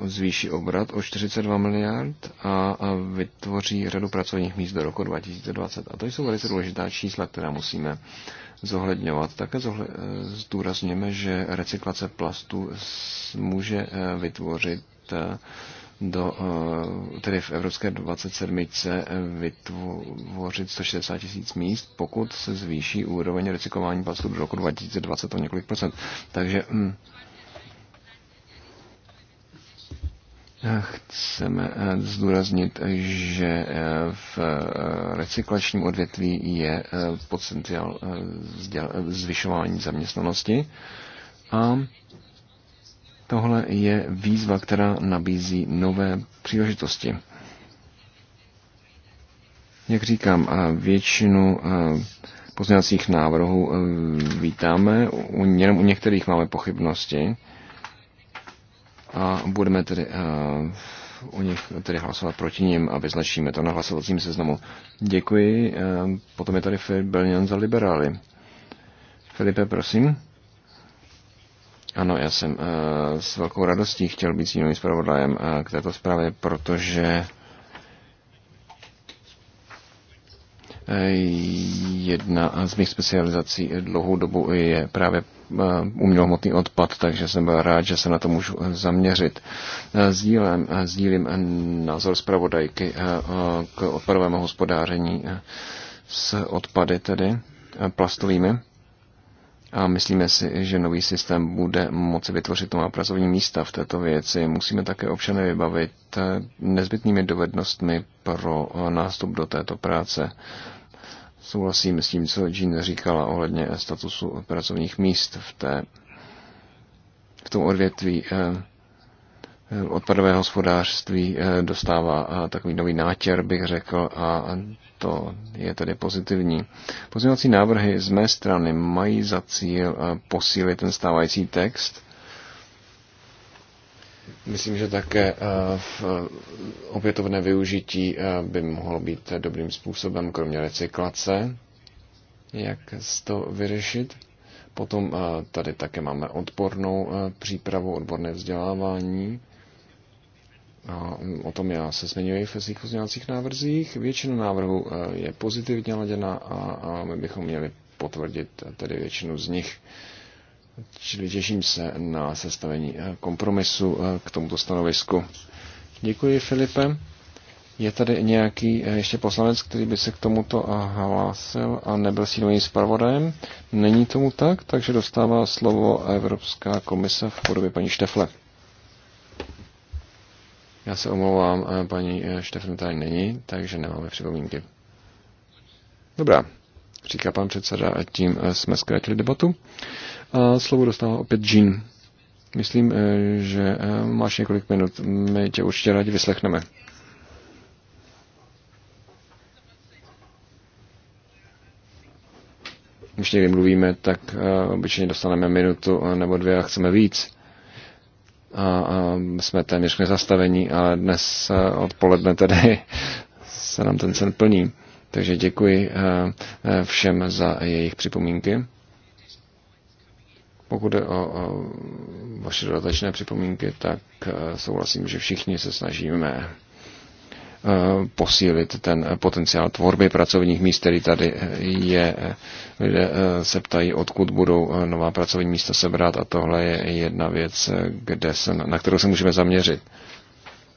zvýší obrat o 42 miliard a vytvoří řadu pracovních míst do roku 2020. A to jsou velice důležitá čísla, která musíme zohledňovat. Také eh, zdůrazněme, že recyklace plastu může eh, vytvořit eh, do, tedy v Evropské 27. vytvořit 160 tisíc míst, pokud se zvýší úroveň recyklování plastu do roku 2020 o několik procent. Takže hm, Chceme eh, zdůraznit, že eh, v eh, recyklačním odvětví je potenciál zvyšování zaměstnanosti a tohle je výzva, která nabízí nové příležitosti. Jak říkám, většinu pozměňovacích návrhů vítáme, jenom u některých máme pochybnosti a budeme tedy o eh, nich tedy hlasovat proti ním a vyznačíme to na hlasovacím seznamu. Děkuji. Eh, potom je tady Filip Belnian za liberály. Filipe, prosím. Ano, já jsem eh, s velkou radostí chtěl být s stínovým zpravodajem k této zprávě, protože jedna z mých specializací dlouhou dobu je právě umělohmotný odpad, takže jsem byl rád, že se na to můžu zaměřit. Sdílem, sdílím názor zpravodajky eh, k odpadovému hospodáření eh, s odpady tedy eh, plastovými a myslíme si, že nový systém bude moci vytvořit nová pracovní místa v této věci. Musíme také občany vybavit nezbytnými dovednostmi pro nástup do této práce souhlasím s tím, co Jean říkala ohledně statusu pracovních míst v, té, v tom odvětví eh, odpadové hospodářství eh, dostává eh, takový nový nátěr, bych řekl, a to je tedy pozitivní. Pozměňovací návrhy z mé strany mají za cíl posílit ten stávající text Myslím, že také eh, v eh, opětovné využití eh, by mohlo být dobrým způsobem, kromě recyklace, jak to vyřešit. Potom tady také máme odbornou přípravu, odborné vzdělávání. A mm, o tom já se zmiňuji v svých pozměňovacích návrzích. Většina návrhů je pozitivně laděna a my bychom měli potvrdit tedy většinu z nich. Čili těším se na sestavení eh, kompromisu eh, k tomuto stanovisku. Děkuji, Filipe. Je tady nějaký eh, ještě poslanec, který by se k tomuto hlásil a nebyl s jiným zpravodajem? Není tomu tak, takže dostává slovo Evropská komise v podobě paní Štefle. Já se omlouvám, paní Štefle tady není, takže nemáme připomínky. Dobrá, říká pan předseda a tím jsme zkrátili debatu. A slovo dostává opět Jean. Myslím, eh, že eh, máš několik minut. My tě určitě rádi vyslechneme. Když někdy mluvíme, tak eh, obyčejně dostaneme minutu nebo dvě a chceme víc. A, jsme téměř k nezastavení, ale dnes odpoledne tedy se nám ten sen plní. Takže děkuji všem za jejich připomínky. Pokud o, o vaše dodatečné připomínky, tak eh, souhlasím, že všichni se snažíme eh, posílit ten potenciál tvorby pracovních míst, který tady eh, je. Lidé se ptají, odkud budou nová pracovní místa sebrat a tohle je jedna věc, kde se, na kterou se můžeme zaměřit.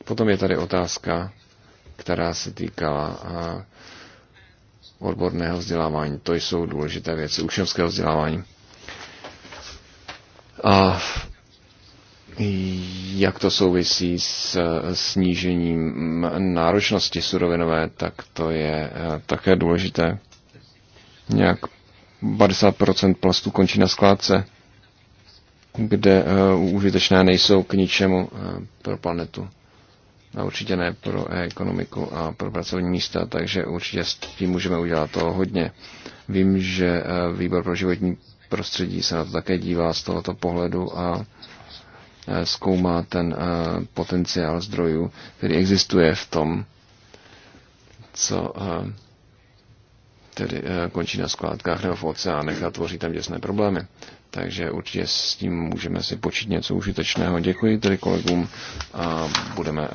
Potom je tady otázka, která se týkala odborného vzdělávání. To jsou důležité věci, učňovského vzdělávání. A jak to souvisí s snížením náročnosti surovinové, tak to je eh, také důležité. Nějak 50% plastů končí na skládce, kde eh, užitečné nejsou k ničemu eh, pro planetu. A určitě ne pro ekonomiku a pro pracovní místa, takže určitě s tím můžeme udělat toho hodně. Vím, že výbor pro životní prostředí se na to také dívá z tohoto pohledu a e, zkoumá ten e, potenciál zdrojů, který existuje v tom, co e, tedy končí na skládkách nebo v oceánech a tvoří tam děsné problémy. Takže určitě s tím můžeme si počít něco užitečného. Děkuji tedy kolegům a budeme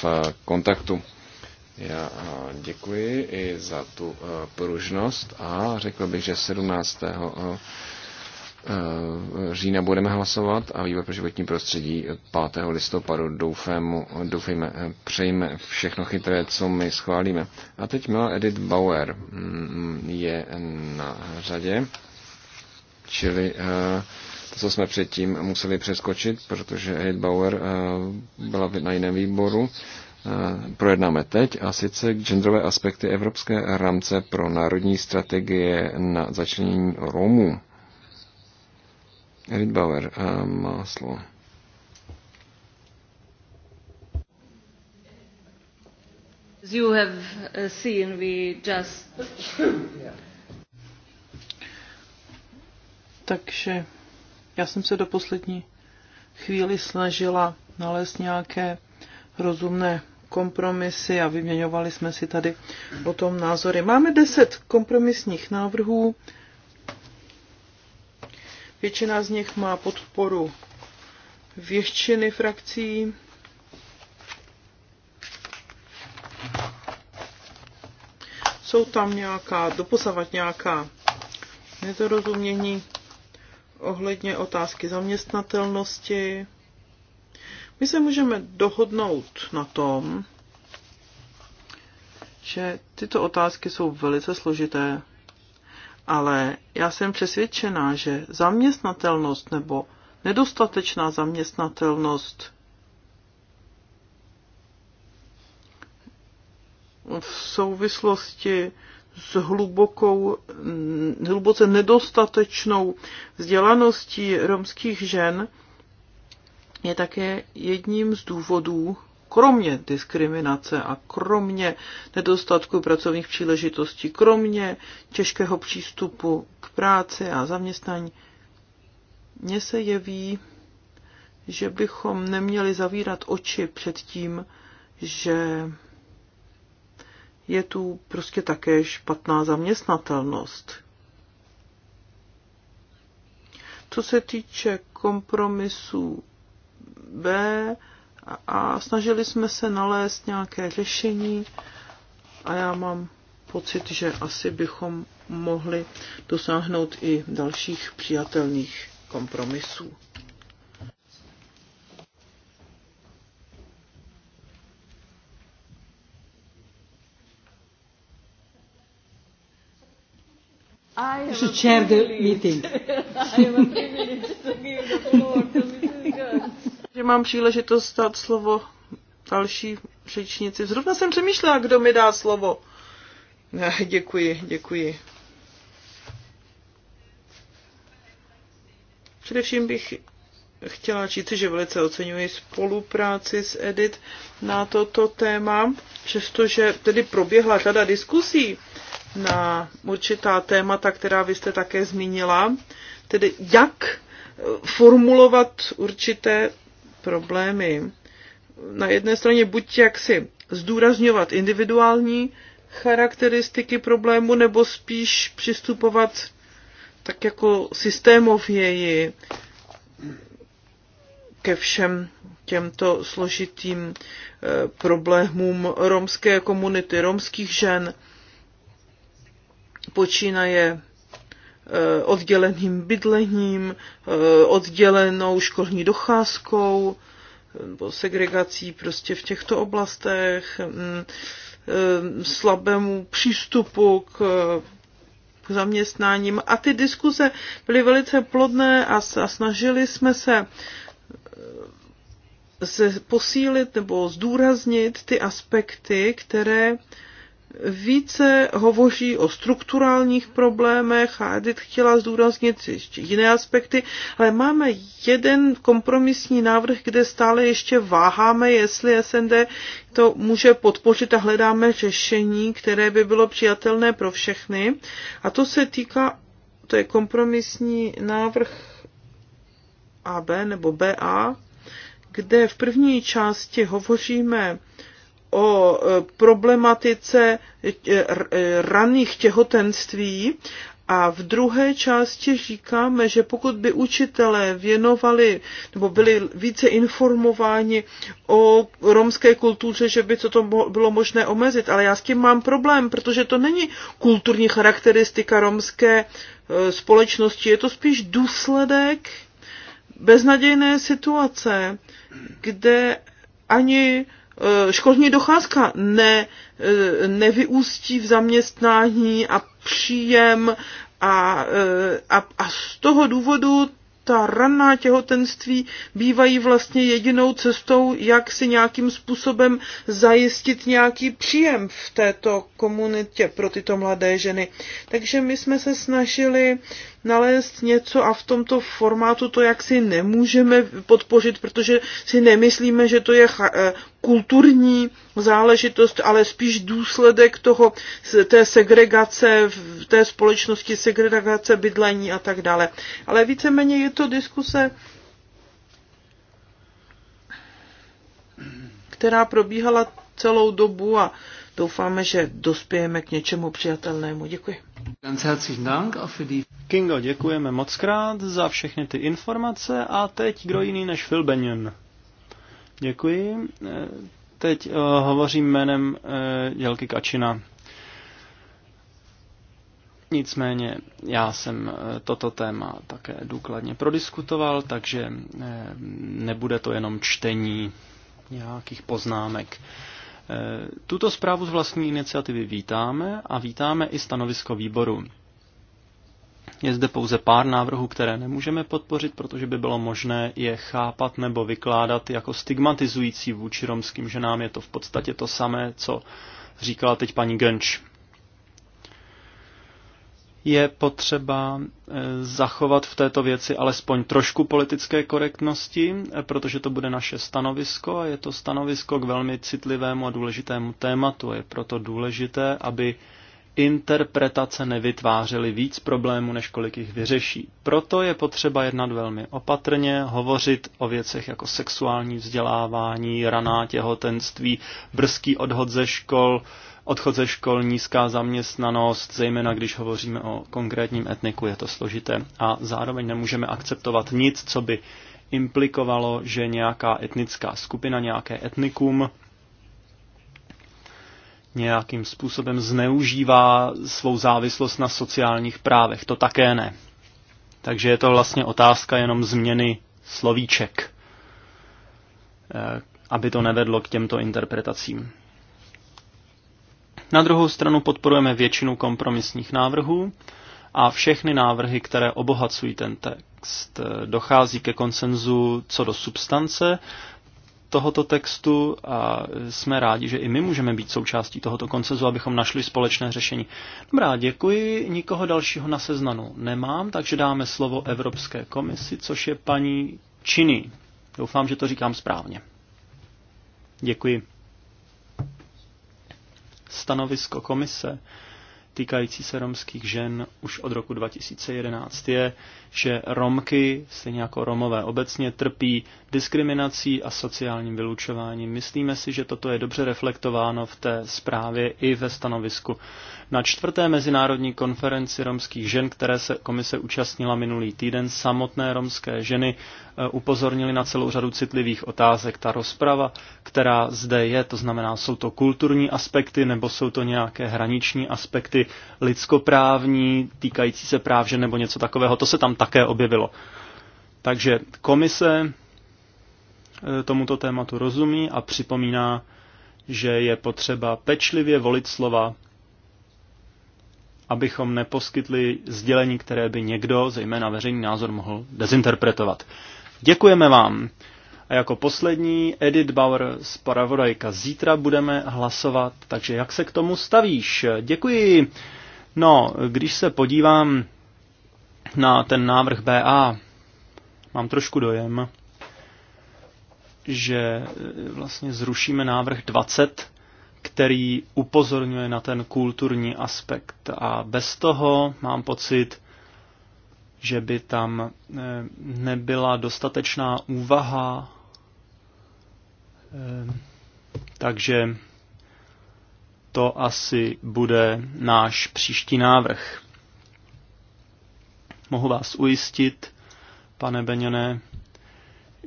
v kontaktu. Já děkuji i za tu pružnost a řekl bych, že 17. října budeme hlasovat a výbor pro životní prostředí 5. listopadu doufáme, doufejme, přejme všechno chytré, co my schválíme. A teď měla Edith Bauer mm, je na řadě, čili to, co jsme předtím museli přeskočit, protože Edith Bauer byla na jiném výboru Eh, projednáme teď, a sice genderové aspekty Evropské rámce pro národní strategie na začlenění Romů. Erit Bauer eh, má slovo. As you have eh, seen, we just... Takže já jsem se do poslední chvíli snažila nalézt nějaké rozumné kompromisy a vyměňovali jsme si tady o tom názory. Máme deset kompromisních návrhů. Většina z nich má podporu většiny frakcí. Jsou tam nějaká, doposavat nějaká nedorozumění ohledně otázky zaměstnatelnosti, my se můžeme dohodnout na tom, že tyto otázky jsou velice složité, ale já jsem přesvědčená, že zaměstnatelnost nebo nedostatečná zaměstnatelnost v souvislosti s hlubokou, hluboce nedostatečnou vzdělaností romských žen je také jedním z důvodů, kromě diskriminace a kromě nedostatku pracovních příležitostí, kromě těžkého přístupu k práci a zaměstnání, mně se jeví, že bychom neměli zavírat oči před tím, že je tu prostě také špatná zaměstnatelnost. Co se týče kompromisů B a snažili jsme se nalézt nějaké řešení a já mám pocit, že asi bychom mohli dosáhnout i dalších přijatelných kompromisů. I should chair the meeting. I am a privilege že mám příležitost dát slovo další řečnici. Zrovna jsem přemýšlela, kdo mi dá slovo. Ne, děkuji, děkuji. Především bych chtěla říct, že velice oceňuji spolupráci s Edit na toto téma, přestože tedy proběhla řada diskusí na určitá témata, která vy jste také zmínila, tedy jak formulovat určité problémy. Na jedné straně buď jaksi zdůrazňovat individuální charakteristiky problému, nebo spíš přistupovat tak jako systémověji ke všem těmto složitým eh, problémům romské komunity, romských žen, počínaje Eh, odděleným bydlením, eh, oddělenou školní docházkou eh, nebo segregací prostě v těchto oblastech, mm, slabému přístupu k zaměstnáním. A ty diskuze byly velice plodné a snažili jsme se posílit nebo zdůraznit ty aspekty, které více hovoří o strukturálních problémech a Edith chtěla zdůraznit ještě jiné aspekty, ale máme jeden kompromisní návrh, kde stále ještě váháme, jestli SND to může podpořit a hledáme řešení, které by bylo přijatelné pro všechny. A to se týká, to je kompromisní návrh AB nebo BA, kde v první části hovoříme o e, problematice e, e, raných těhotenství a v druhé části říkáme, že pokud by učitelé věnovali nebo byli více informováni o romské kultuře, že by to, to bylo možné omezit. Ale já s tím mám problém, protože to není kulturní charakteristika romské společnosti, je to spíš důsledek beznadějné situace, kde ani Eh, školní docházka ne, eh, nevyústí v zaměstnání a příjem a, eh, a, a z toho důvodu ta raná těhotenství bývají vlastně jedinou cestou, jak si nějakým způsobem zajistit nějaký příjem v této komunitě pro tyto mladé ženy. Takže my jsme se snažili nalézt něco a v tomto formátu to jaksi nemůžeme podpořit, protože si nemyslíme, že to je eh, kulturní záležitost, ale spíš důsledek toho, té segregace v té společnosti, segregace bydlení a tak dále. Ale víceméně je to diskuse, která probíhala celou dobu a doufáme, že dospějeme k něčemu přijatelnému. Děkuji. Kingo, děkujeme moc krát za všechny ty informace a teď kdo jiný než Phil Bennion. Děkuji. Eh, teď eh, hovořím jménem dělky eh, Kačina. Nicméně já jsem toto téma také důkladně prodiskutoval, takže nebude to jenom čtení nějakých poznámek. Tuto zprávu z vlastní iniciativy vítáme a vítáme i stanovisko výboru. Je zde pouze pár návrhů, které nemůžeme podpořit, protože by bylo možné je chápat nebo vykládat jako stigmatizující vůči romským ženám. Je to v podstatě to samé, co říkala teď paní Genč je potřeba eh, zachovat v této věci alespoň trošku politické korektnosti, eh, protože to bude naše stanovisko a je to stanovisko k velmi citlivému a důležitému tématu. Je proto důležité, aby interpretace nevytvářely víc problémů, než kolik jich vyřeší. Proto je potřeba jednat velmi opatrně, hovořit o věcech jako sexuální vzdělávání, raná těhotenství, brzký odhod ze škol, odchod ze škol, nízká zaměstnanost, zejména když hovoříme o konkrétním etniku, je to složité. A zároveň nemůžeme akceptovat nic, co by implikovalo, že nějaká etnická skupina, nějaké etnikum nějakým způsobem zneužívá svou závislost na sociálních právech. To také ne. Takže je to vlastně otázka jenom změny slovíček, eh, aby to nevedlo k těmto interpretacím. Na druhou stranu podporujeme většinu kompromisních návrhů a všechny návrhy, které obohacují ten text. Eh, dochází ke konsenzu co do substance tohoto textu a jsme rádi, že i my můžeme být součástí tohoto koncenzu, abychom našli společné řešení. Dobrá, děkuji. Nikoho dalšího na seznamu nemám, takže dáme slovo Evropské komisi, což je paní Činy. Doufám, že to říkám správně. Děkuji. Stanovisko komise týkající se romských žen už od roku 2011 je, že Romky, stejně jako Romové obecně, trpí diskriminací a sociálním vylučováním. Myslíme si, že toto je dobře reflektováno v té zprávě i ve stanovisku. Na čtvrté mezinárodní konferenci romských žen, které se komise účastnila minulý týden, samotné romské ženy eh, upozornili na celou řadu citlivých otázek. Ta rozprava, která zde je, to znamená, jsou to kulturní aspekty nebo jsou to nějaké hraniční aspekty lidskoprávní, týkající se práv žen nebo něco takového, to se tam také objevilo. Takže komise Eh, tomuto tématu rozumí a připomíná, že je potřeba pečlivě volit slova, abychom neposkytli sdělení, které by někdo, zejména veřejný názor, mohl dezinterpretovat. Děkujeme vám. A jako poslední Edith Bauer z Paravodajka. Zítra budeme hlasovat, takže jak se k tomu stavíš? Děkuji. No, když se podívám na ten návrh BA, mám trošku dojem, že e, vlastně zrušíme návrh 20, který upozorňuje na ten kulturní aspekt. A bez toho mám pocit, že by tam e, nebyla dostatečná úvaha. E, takže to asi bude náš příští návrh. Mohu vás ujistit, pane Beněné,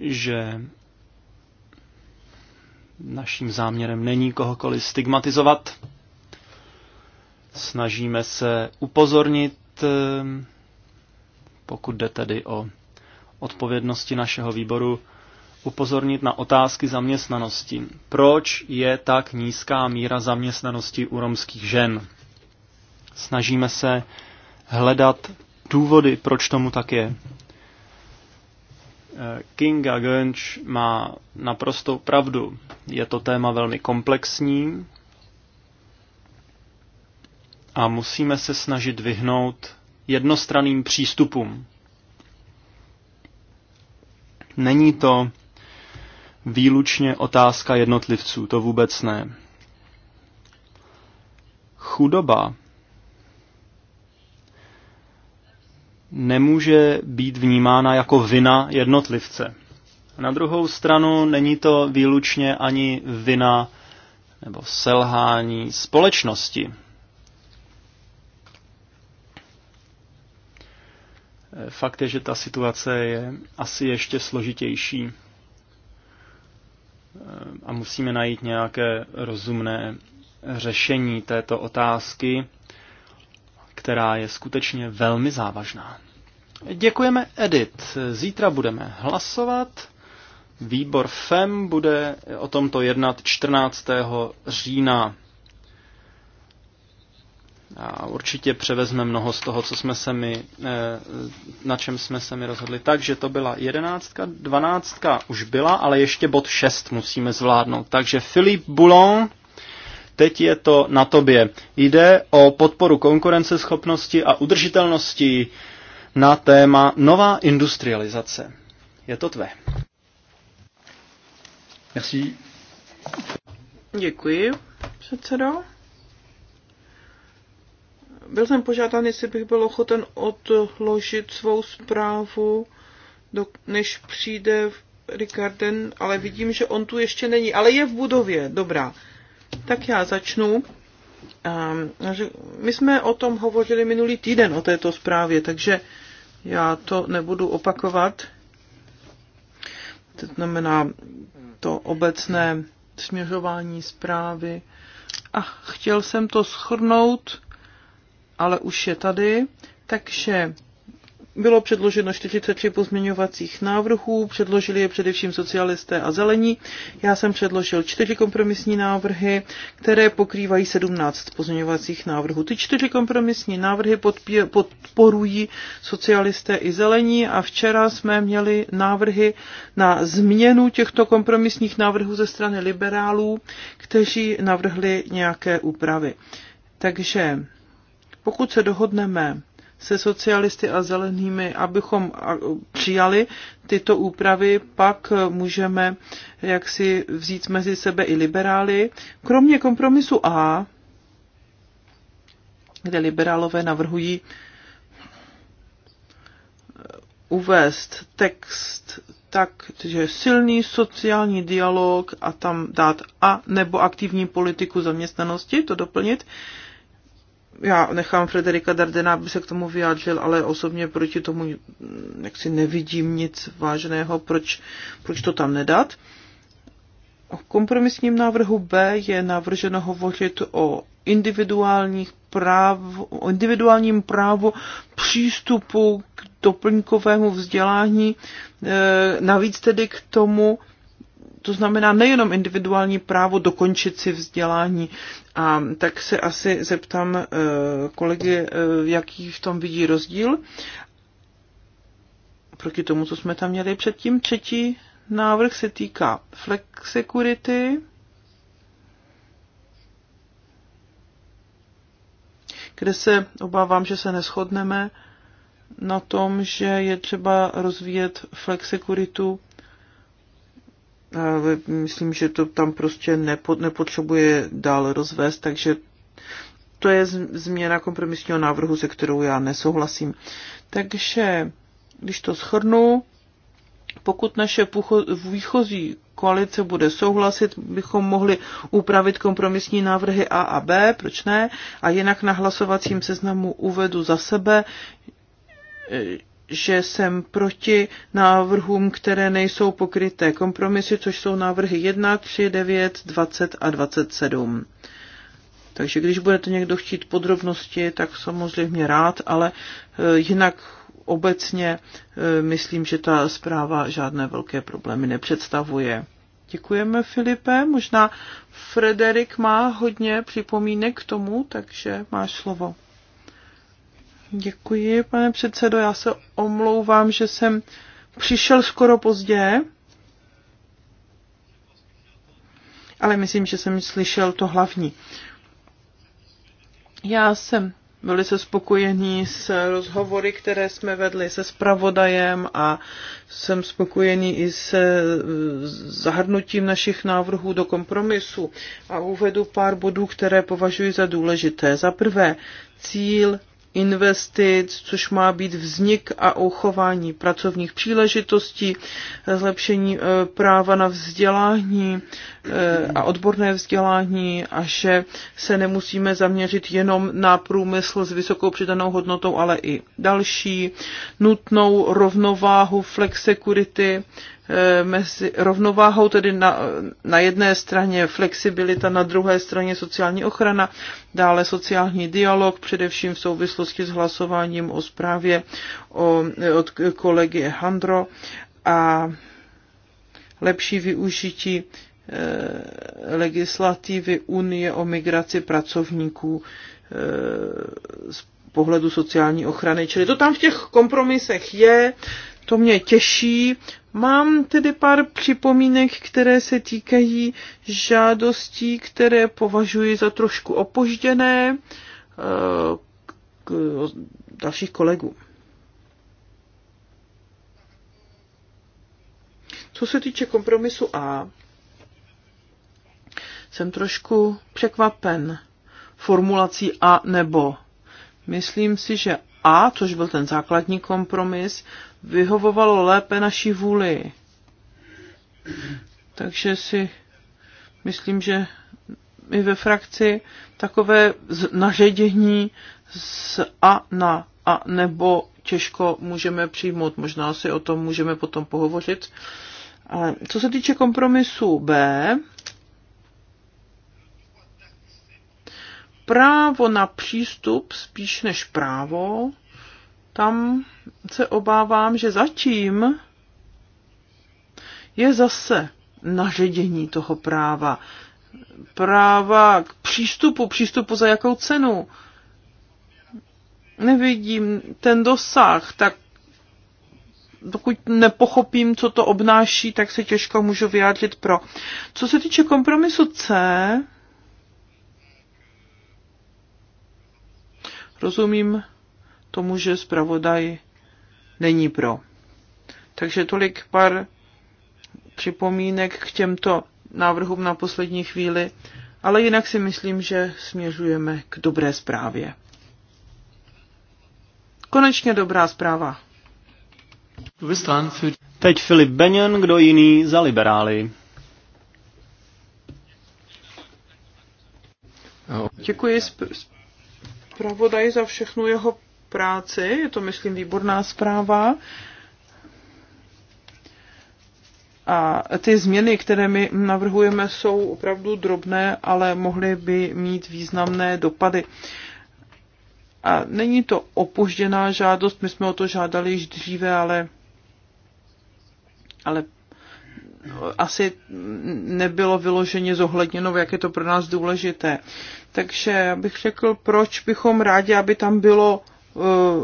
že Naším záměrem není kohokoliv stigmatizovat. Snažíme se upozornit, eh, pokud jde tedy o odpovědnosti našeho výboru, upozornit na otázky zaměstnanosti. Proč je tak nízká míra zaměstnanosti u romských žen? Snažíme se hledat důvody, proč tomu tak je. Eh, Kinga Gönč má naprostou pravdu. Je to téma velmi komplexní a musíme se snažit vyhnout jednostranným přístupům. Není to výlučně otázka jednotlivců, to vůbec ne. Chudoba nemůže být vnímána jako vina jednotlivce. Na druhou stranu není to výlučně ani vina nebo selhání společnosti. Fakt je, že ta situace je asi ještě složitější a musíme najít nějaké rozumné řešení této otázky která je skutečně velmi závažná. Děkujeme Edit. Zítra budeme hlasovat. Výbor FEM bude o tomto jednat 14. října. A určitě převezme mnoho z toho, co jsme se mi, eh, na čem jsme se mi rozhodli. Takže to byla jedenáctka, dvanáctka už byla, ale ještě bod šest musíme zvládnout. Takže Filip Boulon Teď je to na tobě. Jde o podporu konkurenceschopnosti a udržitelnosti na téma nová industrializace. Je to tvé. Merci. Děkuji, předsedo. Byl jsem požádán, jestli bych byl ochoten odložit svou zprávu, než přijde Ricarden, ale vidím, že on tu ještě není. Ale je v budově, dobrá. Tak já začnu. Ehm, my jsme o tom hovořili minulý týden, o této zprávě, takže já to nebudu opakovat. To znamená to obecné směřování zprávy. A chtěl jsem to schrnout, ale už je tady. Takže bylo předloženo 43 pozměňovacích návrhů, předložili je především socialisté a zelení. Já jsem předložil čtyři kompromisní návrhy, které pokrývají 17 pozměňovacích návrhů. Ty čtyři kompromisní návrhy podpě- podporují socialisté i zelení a včera jsme měli návrhy na změnu těchto kompromisních návrhů ze strany liberálů, kteří navrhli nějaké úpravy. Takže pokud se dohodneme se socialisty a zelenými, abychom přijali tyto úpravy, pak můžeme jaksi vzít mezi sebe i liberály. Kromě kompromisu A, kde liberálové navrhují eh, uvést text tak, že silný sociální dialog a tam dát a nebo aktivní politiku zaměstnanosti, to doplnit, já nechám Frederika Dardena, aby se k tomu vyjádřil, ale osobně proti tomu jaksi nevidím nic vážného, proč, proč to tam nedat. V kompromisním návrhu B je navrženo hovořit o individuálních právo, o individuálním právu přístupu k doplňkovému vzdělání, e, navíc tedy k tomu, to znamená nejenom individuální právo dokončit si vzdělání. A tak se asi zeptám eh, kolegy, eh, jaký v tom vidí rozdíl. Proti tomu, co jsme tam měli předtím, třetí návrh se týká flexicurity. kde se obávám, že se neschodneme na tom, že je třeba rozvíjet flexikuritu myslím, že to tam prostě nepo, nepotřebuje dál rozvést, takže to je změna kompromisního návrhu, se kterou já nesouhlasím. Takže, když to shrnu, pokud naše výchozí koalice bude souhlasit, bychom mohli upravit kompromisní návrhy A a B, proč ne? A jinak na hlasovacím seznamu uvedu za sebe, že jsem proti návrhům, které nejsou pokryté kompromisy, což jsou návrhy 1, 3, 9, 20 a 27. Takže když budete někdo chtít podrobnosti, tak samozřejmě rád, ale eh, jinak obecně eh, myslím, že ta zpráva žádné velké problémy nepředstavuje. Děkujeme, Filipe. Možná Frederik má hodně připomínek k tomu, takže máš slovo. Děkuji, pane předsedo. Já se omlouvám, že jsem přišel skoro pozdě, ale myslím, že jsem slyšel to hlavní. Já jsem velice spokojení s rozhovory, které jsme vedli se spravodajem a jsem spokojený i se zahrnutím našich návrhů do kompromisu a uvedu pár bodů, které považuji za důležité. Za prvé, cíl investic, což má být vznik a uchování pracovních příležitostí, zlepšení eh, práva na vzdělání eh, a odborné vzdělání a že se nemusíme zaměřit jenom na průmysl s vysokou přidanou hodnotou, ale i další nutnou rovnováhu flexekurity Eh, mezi rovnováhou, tedy na, na jedné straně flexibilita, na druhé straně sociální ochrana, dále sociální dialog, především v souvislosti s hlasováním o zprávě o, eh, od kolegy Handro a lepší využití eh, legislativy Unie o migraci pracovníků z pohledu sociální ochrany. Čili to tam v těch kompromisech je, to mě těší. Mám tedy pár připomínek, které se týkají žádostí, které považuji za trošku opožděné eh, k dalších kolegů. Co se týče kompromisu A, jsem trošku překvapen formulací A nebo. Myslím si, že A, což byl ten základní kompromis, vyhovovalo lépe naší vůli. Takže si myslím, že my ve frakci takové naředění z a na a nebo těžko můžeme přijmout. Možná si o tom můžeme potom pohovořit. Ale co se týče kompromisu B, právo na přístup spíš než právo tam se obávám, že zatím je zase naředění toho práva. Práva k přístupu, přístupu za jakou cenu. Nevidím ten dosah, tak dokud nepochopím, co to obnáší, tak se těžko můžu vyjádřit pro. Co se týče kompromisu C, rozumím tomu, že zpravodaj není pro. Takže tolik pár připomínek k těmto návrhům na poslední chvíli, ale jinak si myslím, že směřujeme k dobré zprávě. Konečně dobrá zpráva. Teď Filip Benjen, kdo jiný za liberály. Děkuji zpravodaji za všechnu jeho práci. Je to, myslím, výborná zpráva. A ty změny, které my navrhujeme, jsou opravdu drobné, ale mohly by mít významné dopady. A není to opožděná žádost, my jsme o to žádali již dříve, ale, ale asi nebylo vyloženě zohledněno, jak je to pro nás důležité. Takže bych řekl, proč bychom rádi, aby tam bylo Eh,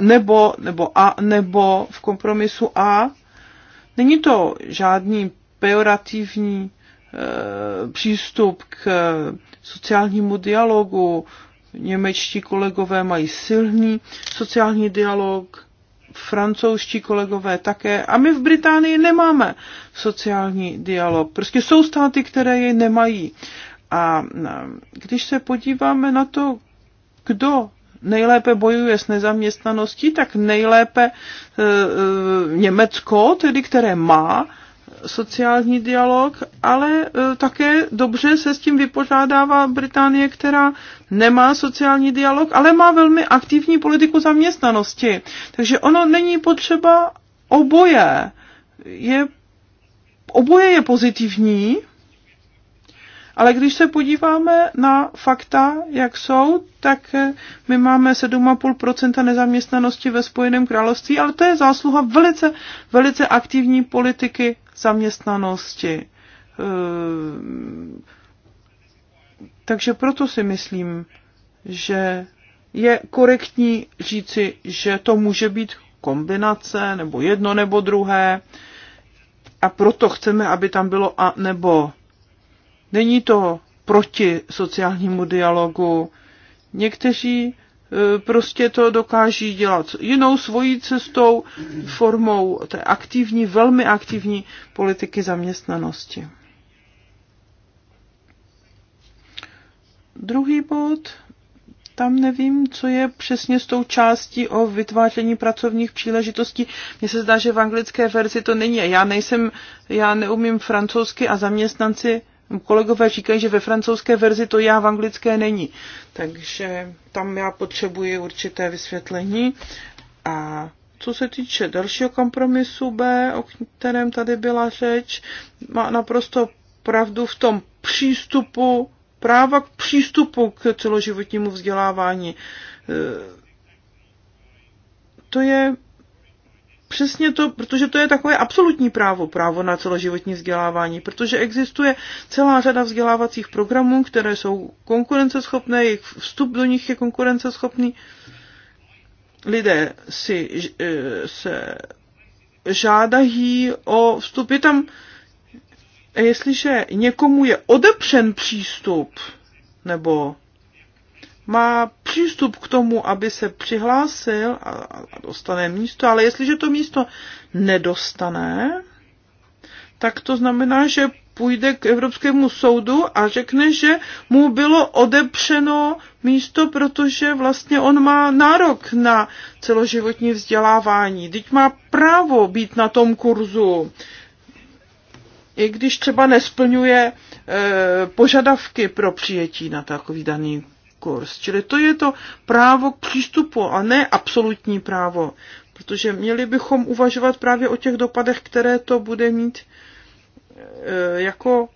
nebo, nebo a, nebo v kompromisu a. Není to žádný pejorativní eh, přístup k sociálnímu dialogu. Němečtí kolegové mají silný sociální dialog, francouzští kolegové také. A my v Británii nemáme sociální dialog. Prostě jsou státy, které jej nemají. A když se podíváme na to, kdo nejlépe bojuje s nezaměstnaností, tak nejlépe e, e, Německo, tedy které má sociální dialog, ale e, také dobře se s tím vypořádává Británie, která nemá sociální dialog, ale má velmi aktivní politiku zaměstnanosti. Takže ono není potřeba oboje. Je, oboje je pozitivní, ale když se podíváme na fakta, jak jsou, tak eh, my máme 7,5% nezaměstnanosti ve Spojeném království, ale to je zásluha velice, velice aktivní politiky zaměstnanosti. Eh, takže proto si myslím, že je korektní říci, že to může být kombinace, nebo jedno nebo druhé, a proto chceme, aby tam bylo a nebo Není to proti sociálnímu dialogu. Někteří e, prostě to dokáží dělat jinou svojí cestou, formou té aktivní, velmi aktivní politiky zaměstnanosti. Druhý bod, tam nevím, co je přesně s tou částí o vytváření pracovních příležitostí. Mně se zdá, že v anglické verzi to není. Já nejsem, já neumím francouzsky a zaměstnanci kolegové říkají, že ve francouzské verzi to já v anglické není. Takže tam já potřebuji určité vysvětlení. A co se týče dalšího kompromisu B, o kterém tady byla řeč, má naprosto pravdu v tom přístupu, práva k přístupu k celoživotnímu vzdělávání. E, to je přesně to, protože to je takové absolutní právo, právo na celoživotní vzdělávání, protože existuje celá řada vzdělávacích programů, které jsou konkurenceschopné, jejich vstup do nich je konkurenceschopný. Lidé si eh, se žádají o vstup. Je tam, jestliže někomu je odepřen přístup, nebo má přístup k tomu, aby se přihlásil a dostane místo, ale jestliže to místo nedostane, tak to znamená, že půjde k Evropskému soudu a řekne, že mu bylo odepřeno místo, protože vlastně on má nárok na celoživotní vzdělávání. Teď má právo být na tom kurzu, i když třeba nesplňuje e, požadavky pro přijetí na takový daný Kurs, Čili to je to právo k přístupu a ne absolutní právo, protože měli bychom uvažovat právě o těch dopadech, které to bude mít e, jako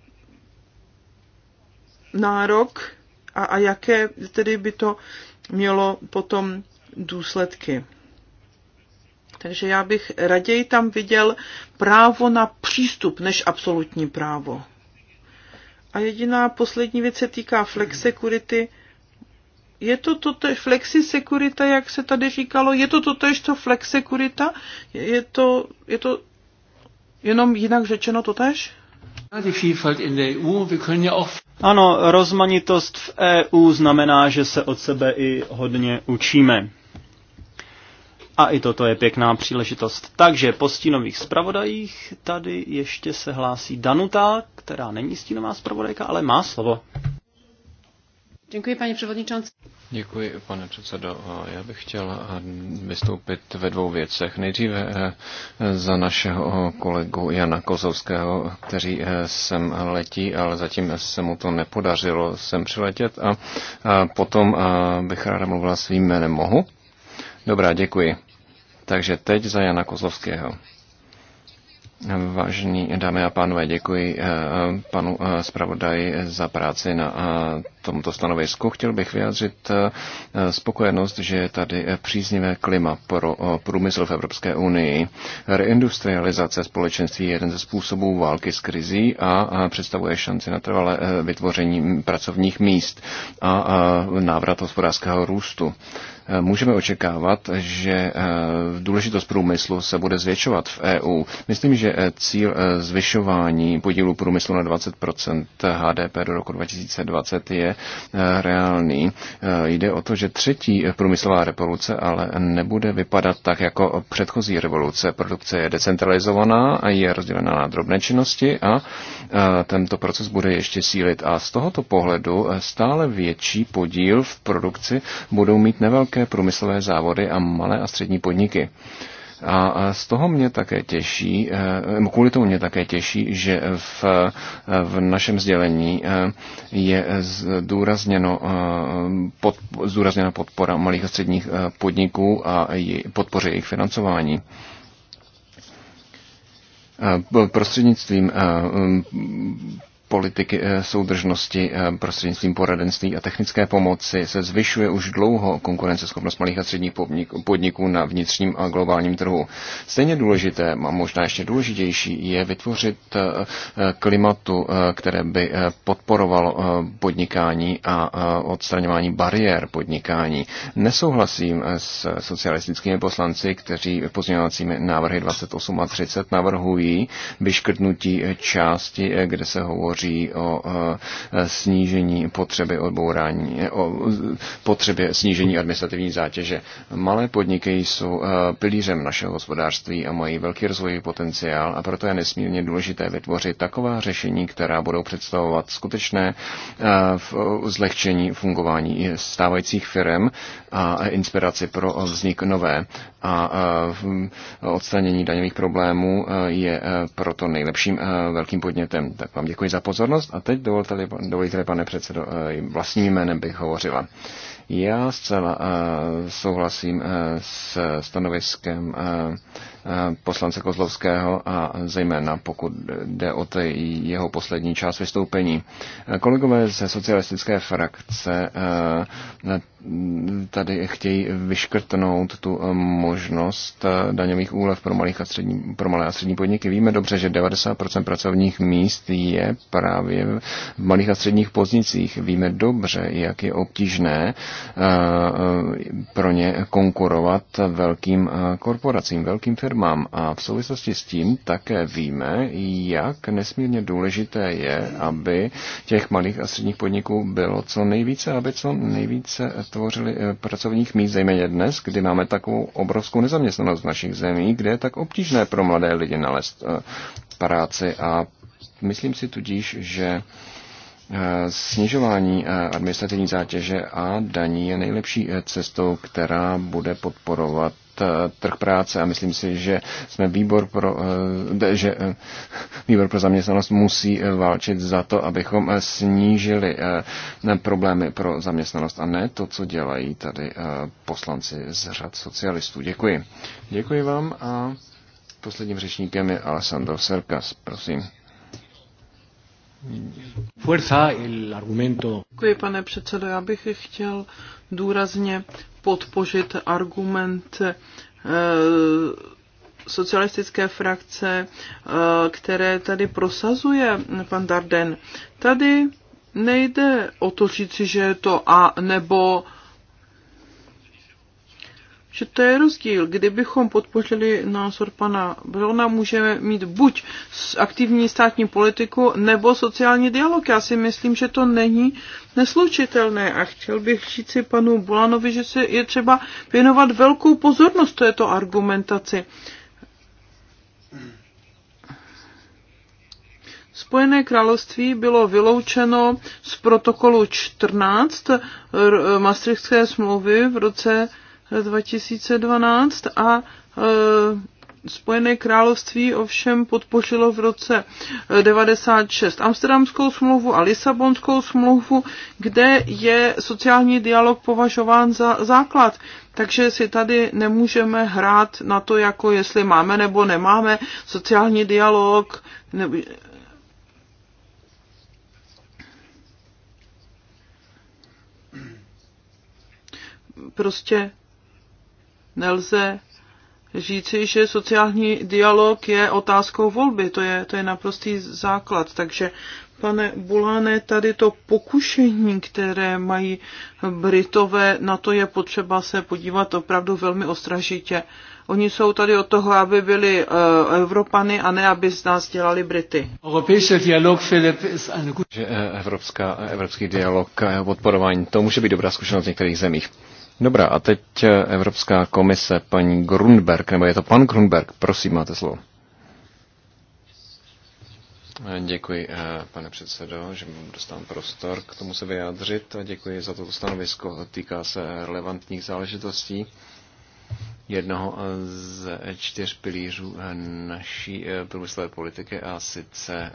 nárok a, a jaké tedy by to mělo potom důsledky. Takže já bych raději tam viděl právo na přístup než absolutní právo. A jediná poslední věc se týká flexekurity je to totež flexisekurita, jak se tady říkalo, je to totež, co sekurita? Je to, je to jenom jinak řečeno totež? E ano, rozmanitost v EU znamená, že se od sebe i hodně učíme. A i toto je pěkná příležitost. Takže po stínových zpravodajích tady ještě se hlásí Danuta, která není stínová zpravodajka, ale má slovo. Děkuji, paní předsedající. Děkuji, pane předsedo. Já bych chtěl eh, vystoupit ve dvou věcech. Nejdříve eh, za našeho kolegu Jana Kozovského, který eh, sem letí, ale zatím se mu to nepodařilo sem přiletět. A potom bych ráda mluvila svým jménem. Mohu? Dobrá, děkuji. Takže teď za Jana Kozlovského. Vážení dámy a pánové, děkuji eh, panu eh, zpravodaji za práci na eh, tomto stanovisku. Chtěl bych vyjádřit spokojenost, že je tady příznivé klima pro průmysl v Evropské unii. Reindustrializace společenství je jeden ze způsobů války s krizí a představuje šanci na trvalé vytvoření pracovních míst a návrat hospodářského růstu můžeme očekávat, že eh, důležitost průmyslu se bude zvětšovat v EU. Myslím, že eh, cíl eh, zvyšování podílu průmyslu na 20% HDP do roku 2020 je reálný. Jde o to, že třetí průmyslová revoluce ale nebude vypadat tak jako předchozí revoluce. Produkce je decentralizovaná a je rozdělená na drobné činnosti a tento proces bude ještě sílit. A z tohoto pohledu stále větší podíl v produkci budou mít nevelké velké průmyslové závody a malé a střední podniky. A z toho mě také těší, eh, kvůli tomu mě také těší, že v, v našem sdělení eh, je zdůrazněno, eh, pod, zdůrazněna podpora malých a středních podniků a podpoře jejich financování prostřednictvím politiky eh, soudržnosti eh, prostřednictvím poradenství a technické pomoci se zvyšuje už dlouho konkurenceschopnost malých a středních podniků na vnitřním a globálním trhu. Stejně důležité, a možná ještě důležitější, je vytvořit eh, klimatu, které by podporovalo podnikání a odstraňování bariér podnikání. Nesouhlasím s socialistickými poslanci, kteří pozměňovacími návrhy 28 a 30 navrhují vyškrtnutí části, kde se hovoří hovoří o eh, snížení potřeby odbourání, eh, o potřebě snížení administrativní zátěže. Malé podniky jsou eh, pilířem našeho hospodářství a mají velký rozvojový potenciál a proto je nesmírně důležité vytvořit taková řešení, která budou představovat skutečné zlehčení fungování stávajících firm a inspiraci pro vznik nové. A odstranění daňových problémů je proto nejlepším velkým podnětem. Tak vám děkuji za pozornost a teď dovolte, dovolíte pane předsedo, eh, vlastním jménem bych hovořila. Já zcela eh, souhlasím eh, s stanoviskem Eh, poslance Kozlovského a zejména pokud jde o ty jeho poslední část vystoupení. Eh, kolegové ze socialistické frakce eh, tady chtějí vyškrtnout tu možnost daňových úlev pro, malých a střední, pro malé a střední podniky. Víme dobře, že 90% pracovních míst je právě v malých a středních poznicích. Víme dobře, jak je obtížné pro ně konkurovat velkým korporacím, velkým firmám firmám. A v souvislosti s tím také víme, jak nesmírně důležité je, aby těch malých a středních podniků bylo co nejvíce, aby co nejvíce tvořili eh, pracovních míst, zejména dnes, kdy máme takovou obrovskou nezaměstnanost v našich zemí, kde je tak obtížné pro mladé lidi nalézt eh, práci a myslím si tudíž, že eh, snižování administrativní zátěže a daní je nejlepší cestou, která bude podporovat trh práce a myslím si, že jsme výbor pro, eh, že eh, výbor pro zaměstnanost musí eh, válčit za to, abychom snížili problémy pro zaměstnanost a ne to, co dělají tady poslanci z řad socialistů. Děkuji. Děkuji vám a posledním řečníkem je Alessandro Serkas. Prosím. Fuerza el argumento. Děkuji, pane předsedo. Já bych chtěl důrazně podpořit argument eh, socialistické frakce, eh, které tady prosazuje pan Darden. Tady nejde o to říci, že je to a nebo že to je rozdíl. Kdybychom podpořili názor pana Brona, můžeme mít buď aktivní státní politiku nebo sociální dialog. Já si myslím, že to není neslučitelné a chtěl bych říct si panu Bolanovi, že se je třeba věnovat velkou pozornost této argumentaci. Spojené království bylo vyloučeno z protokolu 14 Maastrichtské smlouvy v roce 2012 a e, Spojené království ovšem podpořilo v roce 96 e, Amsterdamskou smlouvu a Lisabonskou smlouvu, kde je sociální dialog považován za základ. Takže si tady nemůžeme hrát na to, jako jestli máme nebo nemáme sociální dialog. Prostě nelze říci, že sociální dialog je otázkou volby. To je, to je naprostý základ. Takže, pane Bulane, tady to pokušení, které mají Britové, na to je potřeba se podívat opravdu velmi ostražitě. Oni jsou tady od toho, aby byli uh, Evropany a ne, aby z nás dělali Brity. Eh, evropská, eh, evropský dialog a podporování, to může být dobrá zkušenost v některých zemích. Dobrá, a teď eh, Evropská komise, paní Grunberg, nebo je to pan Grunberg, prosím, máte slovo. Eh, děkuji, eh, pane předsedo, že dostávám prostor k tomu se vyjádřit. Děkuji za toto stanovisko. Týká se relevantních záležitostí jednoho z čtyř pilířů naší průmyslové politiky a sice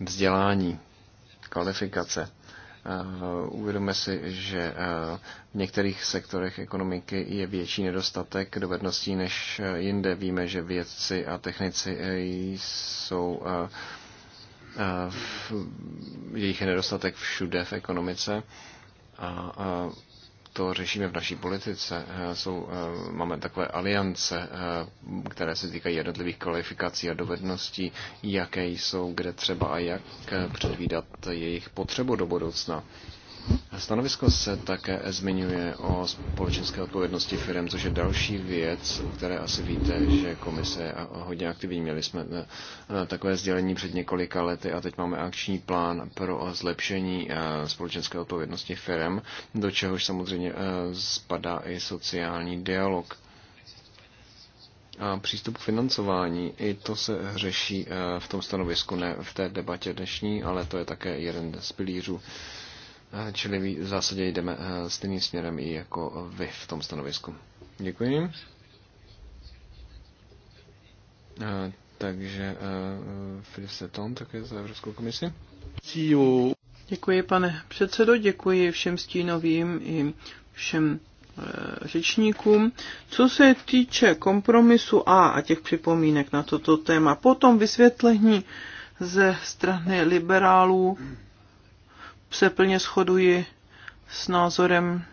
vzdělání, kvalifikace. Eh, uvědomíme si, že eh, v některých sektorech ekonomiky je větší nedostatek dovedností než eh, jinde. Víme, že vědci a technici jsou jejich nedostatek všude v ekonomice a to řešíme v naší politice. Eh, jsou, eh, máme takové aliance, eh, které se týkají jednotlivých kvalifikací a dovedností, jaké jsou, kde třeba a jak předvídat jejich potřebu do budoucna. Stanovisko se také zmiňuje o společenské odpovědnosti firm, což je další věc, o které asi víte, že komise je hodně aktivní. Měli jsme eh, takové sdělení před několika lety a teď máme akční plán pro zlepšení eh, společenské odpovědnosti firm, do čehož samozřejmě eh, spadá i sociální dialog. A přístup k financování, i to se řeší v tom stanovisku, ne v té debatě dnešní, ale to je také jeden z pilířů Eh, čili v zásadě jdeme eh, stejným směrem i jako eh, vy v tom stanovisku. Děkuji. Takže Filip Seton také za Evropskou komisi. Děkuji, pane předsedo, děkuji všem stínovým i všem řečníkům. Co se týče kompromisu A a těch připomínek na toto téma, potom vysvětlení ze strany liberálů se plně shoduji s názorem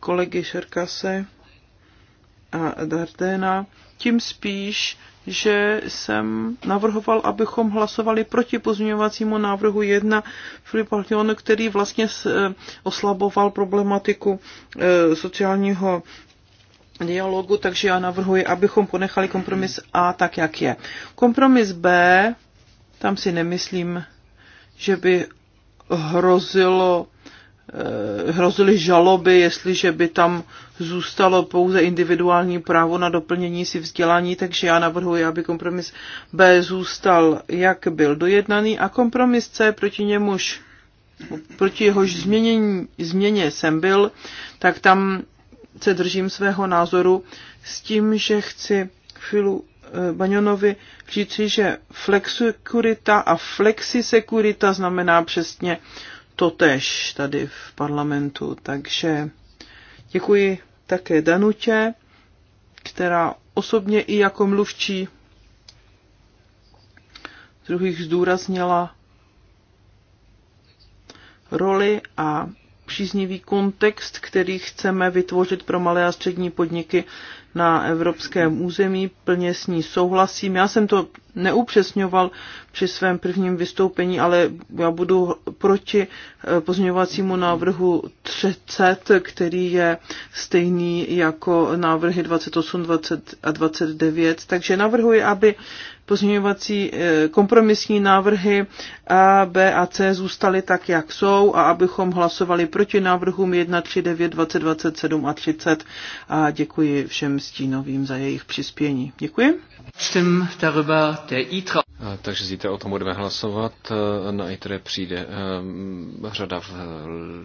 kolegy Šerkase a Dardéna, tím spíš, že jsem navrhoval, abychom hlasovali proti pozměňovacímu návrhu 1 Filipa který vlastně eh, oslaboval problematiku eh, sociálního dialogu, takže já navrhuji, abychom ponechali kompromis A tak, jak je. Kompromis B, tam si nemyslím, že by hrozilo, eh, hrozily žaloby, jestliže by tam zůstalo pouze individuální právo na doplnění si vzdělání, takže já navrhuji, aby kompromis B zůstal, jak byl dojednaný a kompromis C proti němuž proti jehož změnění, změně jsem byl, tak tam se držím svého názoru s tím, že chci chvíli Baňonovi říci, že flexekurita a flexisekurita znamená přesně to tež tady v parlamentu. Takže děkuji také Danutě, která osobně i jako mluvčí druhých zdůraznila roli a příznivý kontext, který chceme vytvořit pro malé a střední podniky na evropském území, plně s ní souhlasím. Já jsem to neupřesňoval při svém prvním vystoupení, ale já budu proti eh, pozměňovacímu návrhu 30, který je stejný jako návrhy 28, 20 a 29. Takže navrhuji, aby pozměňovací eh, kompromisní návrhy A, B a C zůstaly tak, jak jsou a abychom hlasovali proti návrhům 1, 3, 9, 20, 27 a 30 a děkuji všem stínovým za jejich přispění. Děkuji. Stimmt darüber takže zítra o tom budeme hlasovat. E, na ITRE přijde e, řada v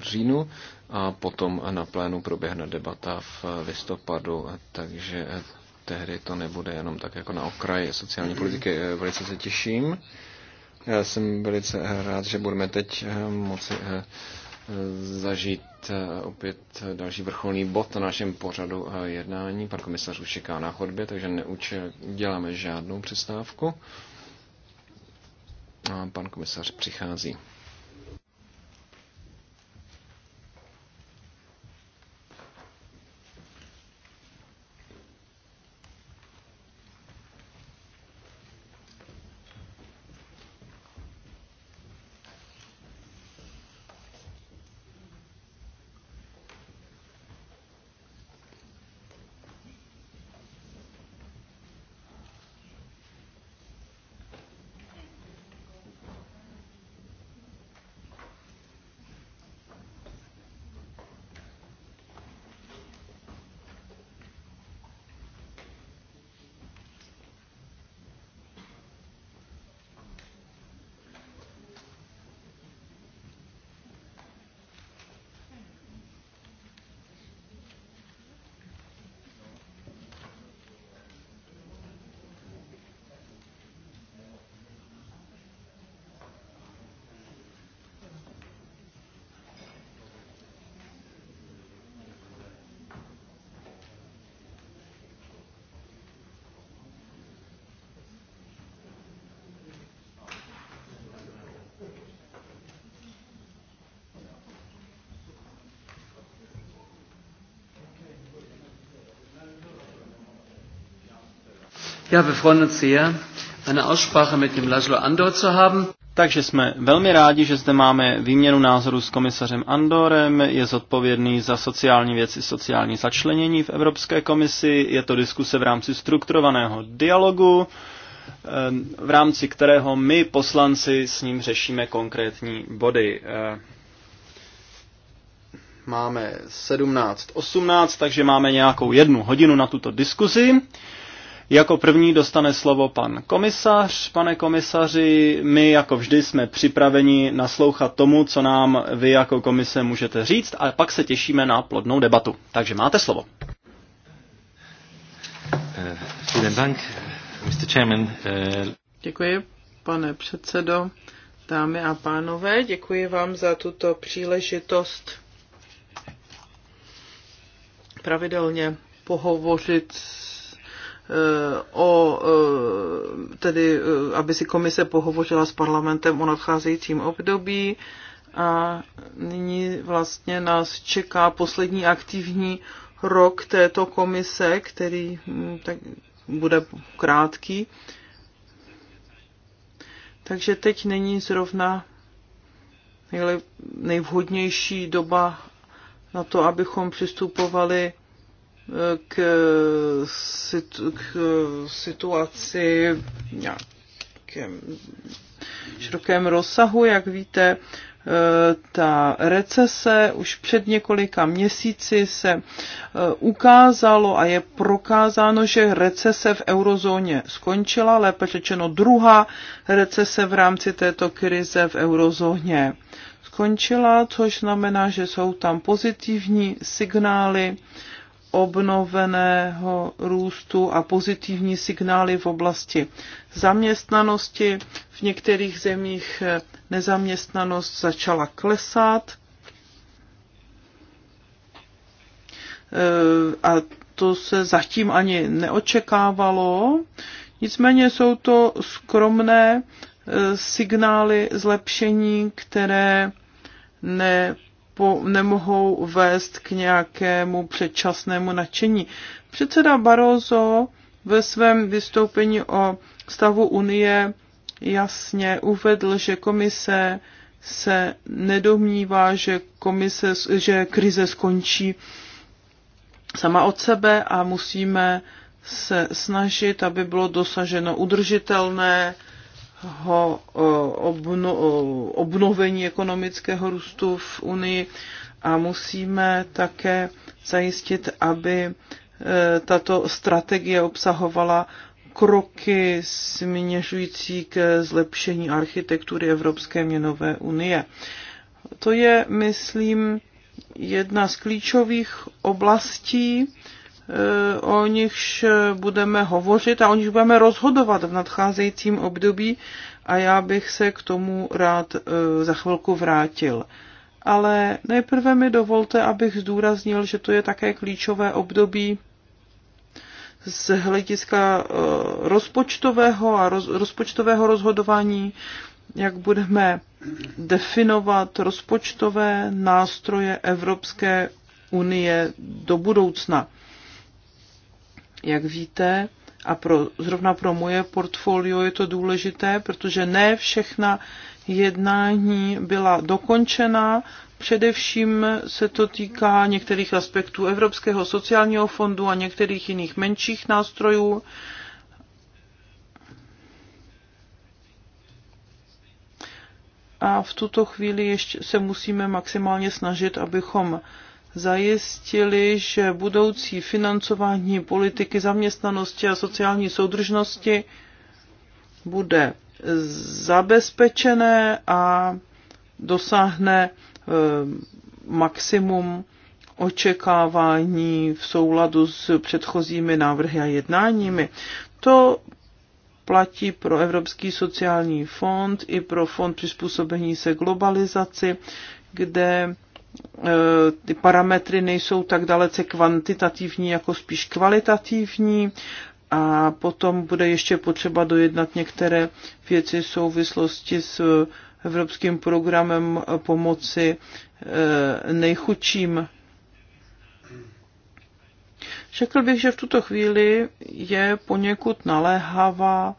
říjnu a potom na plénu proběhne debata v listopadu, takže e, tehdy to nebude jenom tak jako na okraji sociální politiky. Velice se těším. Já jsem velice rád, že budeme teď moci zažít Eh, opět další vrcholný bod na našem pořadu eh, jednání. Pan komisař už čeká na chodbě, takže neučil, děláme žádnou přestávku. A pan komisař přichází. Ja, wir freuen uns sehr, eine Aussprache mit dem Laszlo Andor zu haben. Takže jsme velmi rádi, že zde máme výměnu názorů s komisařem Andorem, je zodpovědný za sociální věci, sociální začlenění v Evropské komisi, je to diskuse v rámci strukturovaného dialogu, ehm, v rámci kterého my poslanci s ním řešíme konkrétní body. Ehm, máme 17.18, takže máme nějakou jednu hodinu na tuto diskuzi. Jako první dostane slovo pan komisař. Pane komisaři, my jako vždy jsme připraveni naslouchat tomu, co nám vy jako komise můžete říct a pak se těšíme na plodnou debatu. Takže máte slovo. Děkuji, pane předsedo, dámy a pánové, děkuji vám za tuto příležitost pravidelně pohovořit s Eh, o, eh, tedy, eh, aby si komise pohovořila s parlamentem o nadcházejícím období. A nyní vlastně nás čeká poslední aktivní rok této komise, který hm, tak bude krátký. Takže teď není zrovna nejvhodnější doba na to, abychom přistupovali k, k situaci nějakém širokém rozsahu, jak víte, e, ta recese už před několika měsíci se e, ukázalo a je prokázáno, že recese v eurozóně skončila, lépe řečeno druhá recese v rámci této krize v eurozóně skončila, což znamená, že jsou tam pozitivní signály obnoveného růstu a pozitivní signály v oblasti zaměstnanosti. V některých zemích nezaměstnanost začala klesat eh, a to se zatím ani neočekávalo. Nicméně jsou to skromné eh, signály zlepšení, které ne po, nemohou vést k nějakému předčasnému nadšení. Předseda Barroso ve svém vystoupení o stavu Unie jasně uvedl, že komise se nedomnívá, že, komise, že krize skončí sama od sebe a musíme se snažit, aby bylo dosaženo udržitelné ho obnovení ekonomického růstu v Unii a musíme také zajistit, aby e, tato strategie obsahovala kroky směřující k zlepšení architektury Evropské měnové unie. To je, myslím, jedna z klíčových oblastí, o nichž budeme hovořit a o nichž budeme rozhodovat v nadcházejícím období a já bych se k tomu rád e, za chvilku vrátil. Ale nejprve mi dovolte, abych zdůraznil, že to je také klíčové období z hlediska e, rozpočtového a roz, rozpočtového rozhodování, jak budeme definovat rozpočtové nástroje Evropské unie do budoucna jak víte, a pro, zrovna pro moje portfolio je to důležité, protože ne všechna jednání byla dokončena. Především se to týká některých aspektů Evropského sociálního fondu a některých jiných menších nástrojů. A v tuto chvíli ještě se musíme maximálně snažit, abychom zajistili, že budoucí financování politiky zaměstnanosti a sociální soudržnosti bude zabezpečené a dosáhne eh, maximum očekávání v souladu s předchozími návrhy a jednáními. To platí pro Evropský sociální fond i pro fond přizpůsobení se globalizaci, kde E, ty parametry nejsou tak dalece kvantitativní, jako spíš kvalitativní. A potom bude ještě potřeba dojednat některé věci v souvislosti s evropským programem pomoci e, nejchudším. Řekl bych, že v tuto chvíli je poněkud naléhavá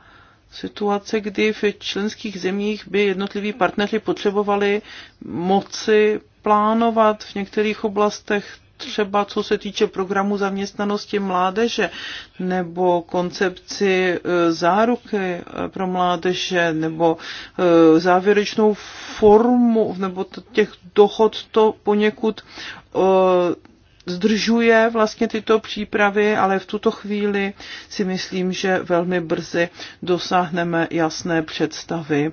situace, kdy v členských zemích by jednotliví partneři potřebovali moci plánovat v některých oblastech třeba co se týče programu zaměstnanosti mládeže nebo koncepci e, záruky e, pro mládeže nebo e, závěrečnou formu nebo těch dochod to poněkud zdržuje vlastně tyto přípravy, ale v tuto chvíli si myslím, že velmi brzy dosáhneme jasné představy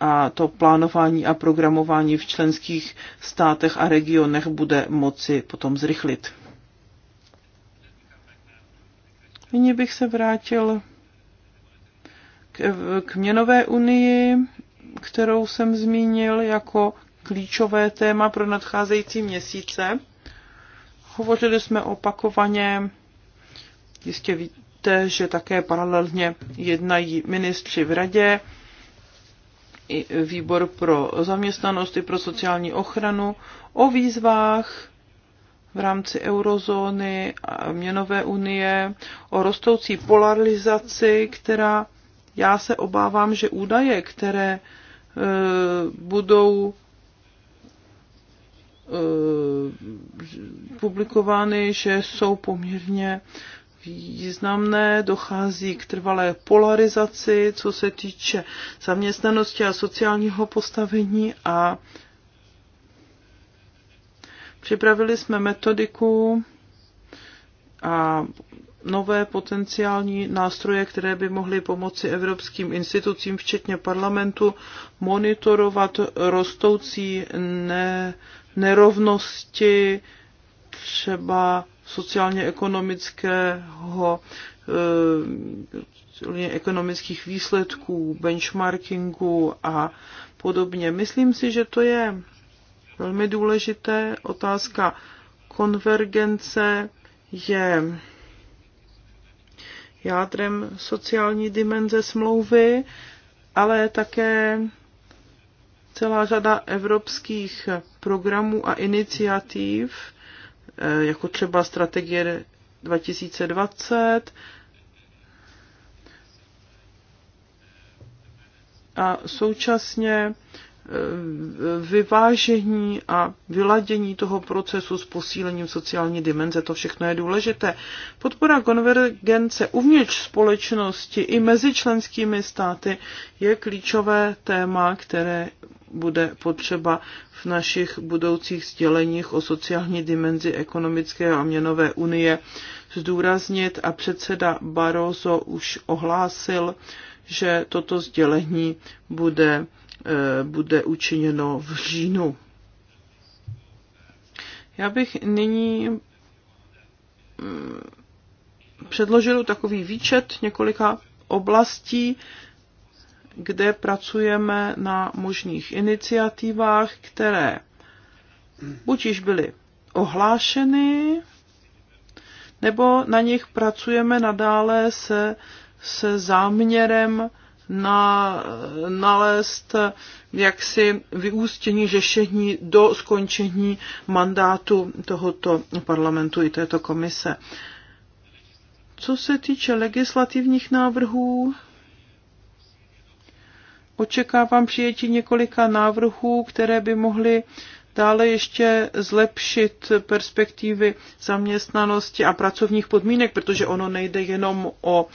a to plánování a programování v členských státech a regionech bude moci potom zrychlit. Nyní bych se vrátil k, k měnové unii, kterou jsem zmínil jako klíčové téma pro nadcházející měsíce. Hovořili jsme opakovaně, jistě víte, že také paralelně jednají ministři v radě i výbor pro zaměstnanost i pro sociální ochranu o výzvách v rámci eurozóny a měnové unie, o rostoucí polarizaci, která já se obávám, že údaje, které e, budou e, publikovány, že jsou poměrně významné, dochází k trvalé polarizaci, co se týče zaměstnanosti a sociálního postavení a připravili jsme metodiku a nové potenciální nástroje, které by mohly pomoci evropským institucím, včetně parlamentu, monitorovat rostoucí ne, nerovnosti třeba sociálně-ekonomického eh, vlastně ekonomických výsledků, benchmarkingu a podobně. Myslím si, že to je velmi důležité. Otázka konvergence je jádrem sociální dimenze smlouvy, ale také celá řada evropských programů a iniciativ, Eh, jako třeba strategie 2020, a současně eh, vyvážení a vyladění toho procesu s posílením sociální dimenze, to všechno je důležité. Podpora konvergence uvnitř společnosti i mezi členskými státy je klíčové téma, které bude potřeba v našich budoucích sděleních o sociální dimenzi ekonomické a měnové unie zdůraznit a předseda Barroso už ohlásil, že toto sdělení bude, eh, bude učiněno v říjnu. Já bych nyní mm, předložil takový výčet několika oblastí, kde pracujeme na možných iniciativách, které buď již byly ohlášeny, nebo na nich pracujeme nadále se, se záměrem na, nalézt jaksi vyústění řešení do skončení mandátu tohoto parlamentu i této komise. Co se týče legislativních návrhů, očekávám přijetí několika návrhů, které by mohly dále ještě zlepšit perspektivy zaměstnanosti a pracovních podmínek, protože ono nejde jenom o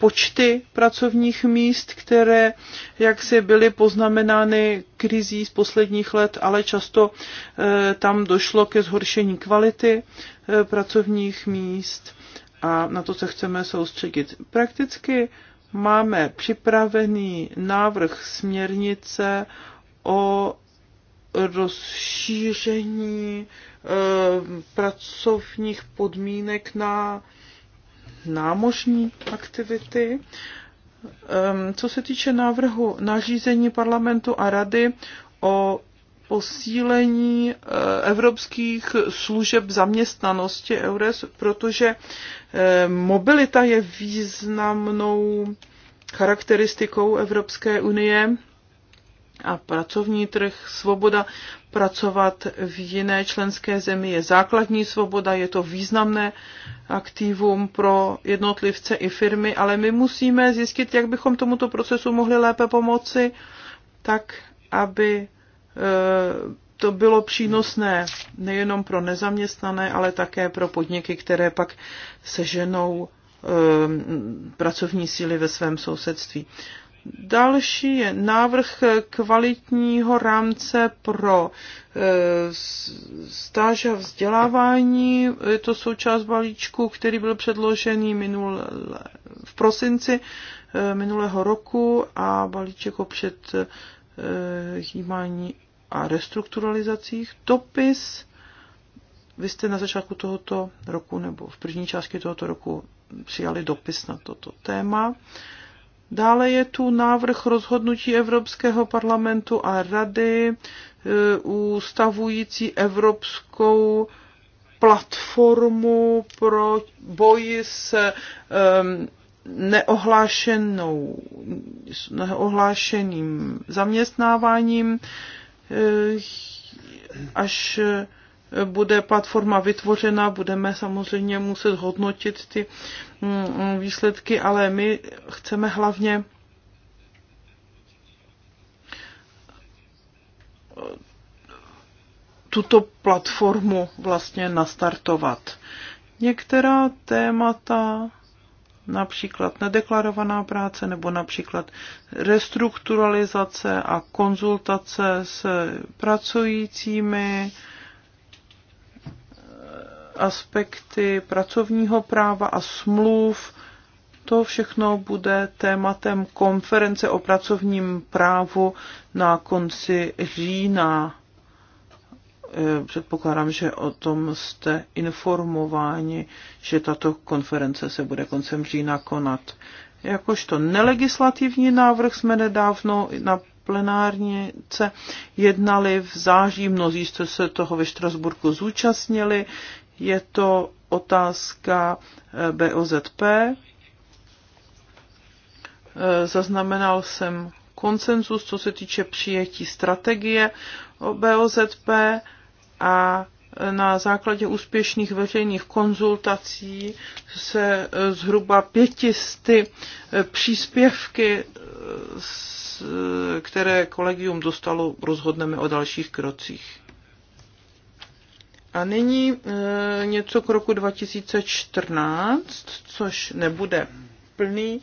počty pracovních míst, které jaksi byly poznamenány krizí z posledních let, ale často eh, tam došlo ke zhoršení kvality eh, pracovních míst a na to se chceme soustředit. Prakticky máme připravený návrh směrnice o rozšíření eh, pracovních podmínek na námožní aktivity. Ehm, co se týče návrhu nařízení parlamentu a rady o posílení eh, evropských služeb zaměstnanosti EURES, protože eh, mobilita je významnou charakteristikou Evropské unie a pracovní trh, svoboda pracovat v jiné členské zemi je základní svoboda, je to významné aktivum pro jednotlivce i firmy, ale my musíme zjistit, jak bychom tomuto procesu mohli lépe pomoci, tak aby to bylo přínosné nejenom pro nezaměstnané, ale také pro podniky, které pak seženou ehm, pracovní síly ve svém sousedství. Další je návrh kvalitního rámce pro ehm, stáž a vzdělávání. Je to součást balíčku, který byl předložený minul, v prosinci ehm, minulého roku a balíček opřed jímání a restrukturalizacích. Dopis vy jste na začátku tohoto roku nebo v první části tohoto roku přijali dopis na toto téma. Dále je tu návrh rozhodnutí Evropského parlamentu a rady e, ustavující Evropskou platformu pro boji s um, neohlášenou, neohlášeným zaměstnáváním. Eh, až eh, bude platforma vytvořena, budeme samozřejmě muset hodnotit ty mm, mm, výsledky, ale my chceme hlavně eh, tuto platformu vlastně nastartovat. Některá témata například nedeklarovaná práce nebo například restrukturalizace a konzultace s pracujícími, eh, aspekty pracovního práva a smluv. To všechno bude tématem konference o pracovním právu na konci října. Eh, předpokládám, že o tom jste informováni, že tato konference se bude koncem října konat. Jakožto nelegislativní návrh jsme nedávno na plenárnice jednali v září, mnozí jste se toho ve Štrasburku zúčastnili. Je to otázka eh, BOZP. Eh, zaznamenal jsem konsenzus, co se týče přijetí strategie o BOZP a na základě úspěšných veřejných konzultací se e, zhruba pětisty e, příspěvky, e, které kolegium dostalo, rozhodneme o dalších krocích. A nyní něco k roku 2014, což nebude plný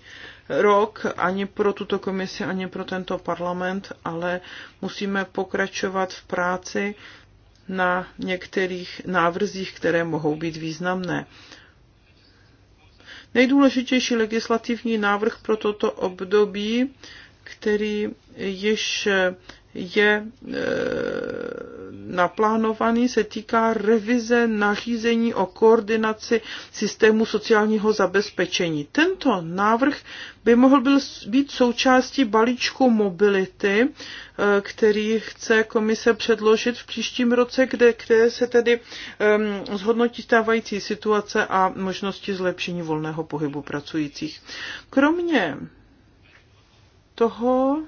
rok ani pro tuto komisi, ani pro tento parlament, ale musíme pokračovat v práci na některých návrzích, které mohou být významné. Nejdůležitější legislativní návrh pro toto období, který již je e, naplánovaný se týká revize nařízení o koordinaci systému sociálního zabezpečení. Tento návrh by mohl byl, být součástí balíčku mobility, eh, který chce komise předložit v příštím roce, kde, kde se tedy um, zhodnotí stávající situace a možnosti zlepšení volného pohybu pracujících. Kromě toho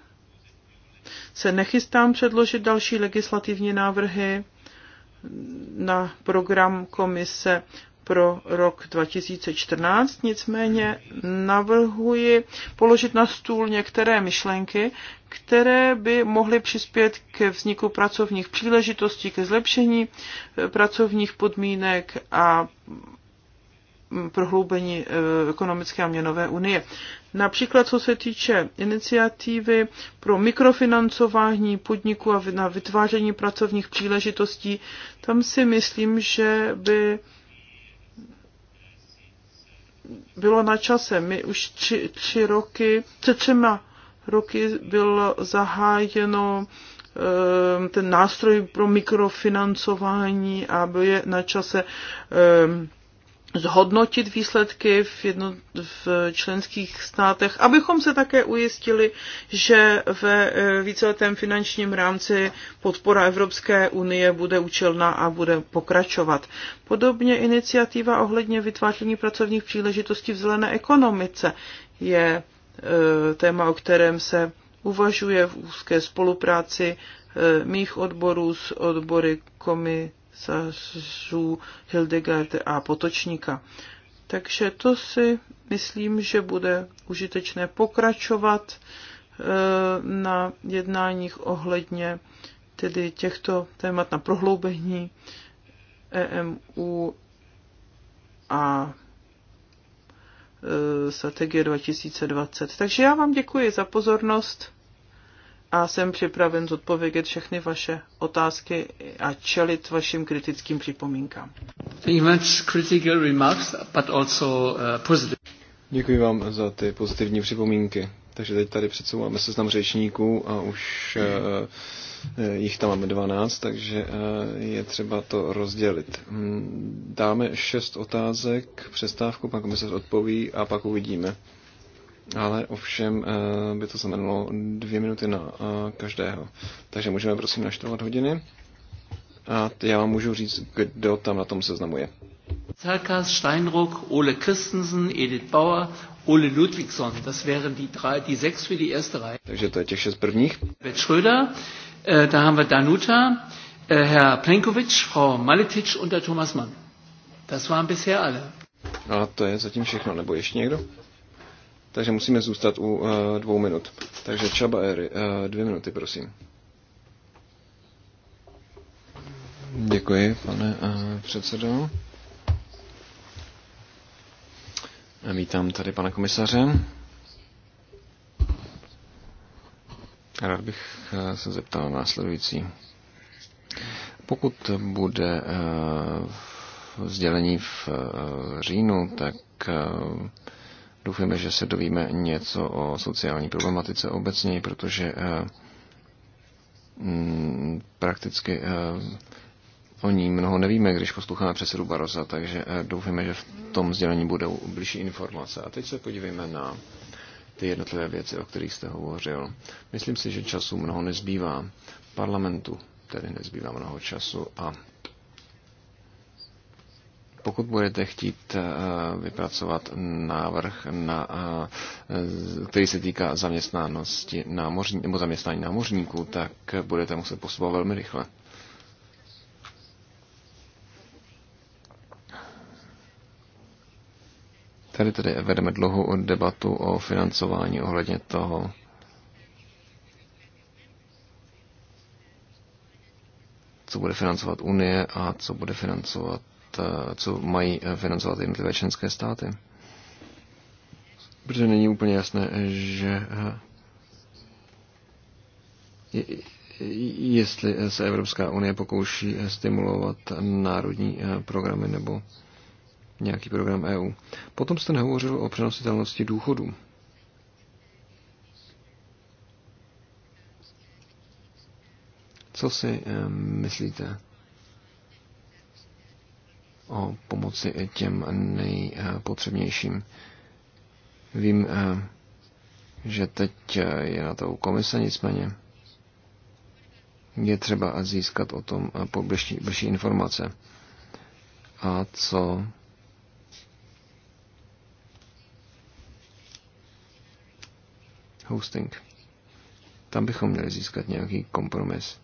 se nechystám předložit další legislativní návrhy na program komise pro rok 2014, nicméně navrhuji položit na stůl některé myšlenky, které by mohly přispět ke vzniku pracovních příležitostí, ke zlepšení pracovních podmínek a prohloubení eh, ekonomické a měnové unie. Například co se týče iniciativy pro mikrofinancování podniků a na vytváření pracovních příležitostí, tam si myslím, že by bylo na čase. My už tři, tři roky, před třema roky bylo zahájeno eh, ten nástroj pro mikrofinancování a je na čase eh, zhodnotit výsledky v, jedno, v členských státech, abychom se také ujistili, že ve e, víceletém finančním rámci podpora Evropské unie bude účelná a bude pokračovat. Podobně iniciativa ohledně vytváření pracovních příležitostí v zelené ekonomice je e, téma, o kterém se uvažuje v úzké spolupráci e, mých odborů s odbory komise komisařů Hildegard a Potočníka. Takže to si myslím, že bude užitečné pokračovat e, na jednáních ohledně tedy těchto témat na prohloubení EMU a e, strategie 2020. Takže já vám děkuji za pozornost a jsem připraven zodpovědět všechny vaše otázky a čelit vašim kritickým připomínkám. Uh, Děkuji vám za ty pozitivní připomínky. Takže teď tady předsouváme seznam řečníků a už eh, eh, jich tam máme 12, takže eh, je třeba to rozdělit. Hm, dáme šest otázek, přestávku, pan komisař odpoví a pak uvidíme ale ovšem eh, by to znamenalo dvě minuty na eh, každého. Takže můžeme prosím naštovat hodiny. A já vám můžu říct, kdo tam na tom seznamuje. Zerkas, Steinruck, Ole Christensen, Edith Bauer, Ole Ludwigsson. Das wären die, drei, die sechs für die erste Reihe. Takže to je těch šest prvních. Bet Schröder, eh, da haben wir Danuta, Herr Plenkovic, Frau Maletic und der Thomas Mann. Das waren bisher alle. A to je zatím všechno, nebo ještě někdo? takže musíme zůstat u eh, dvou minut. Takže Čaba Ery, eh, dvě minuty, prosím. Děkuji, pane eh, předsedo. Vítám tady pana komisaře. Rád bych se zeptal následující. Pokud bude sdělení v říjnu, tak Doufujeme, že se dovíme něco o sociální problematice obecně, protože eh, mm, prakticky eh, o ní mnoho nevíme, když posloucháme předsedu Baroza, takže eh, doufujeme, že v tom sdělení budou blížší informace. A teď se podívejme na ty jednotlivé věci, o kterých jste hovořil. Myslím si, že času mnoho nezbývá. Parlamentu tedy nezbývá mnoho času a pokud budete chtít eh, vypracovat návrh, na, eh, který se týká zaměstnanosti námořní, nebo zaměstnání námořníků, tak budete muset postupovat velmi rychle. Tady tedy vedeme dlouhou debatu o financování ohledně toho, co bude financovat Unie a co bude financovat Eh, co mají eh, financovat jednotlivé členské státy. Protože není úplně jasné, že eh, jestli se Evropská unie pokouší stimulovat národní programy nebo nějaký program EU. Potom jste nehovořil o přenositelnosti důchodů. Co si myslíte o pomoci těm nejpotřebnějším. Vím, eh, že teď eh, je na to u komise, nicméně je třeba získat o tom eh, blížší, informace. A co hosting. Tam bychom měli získat nějaký kompromis.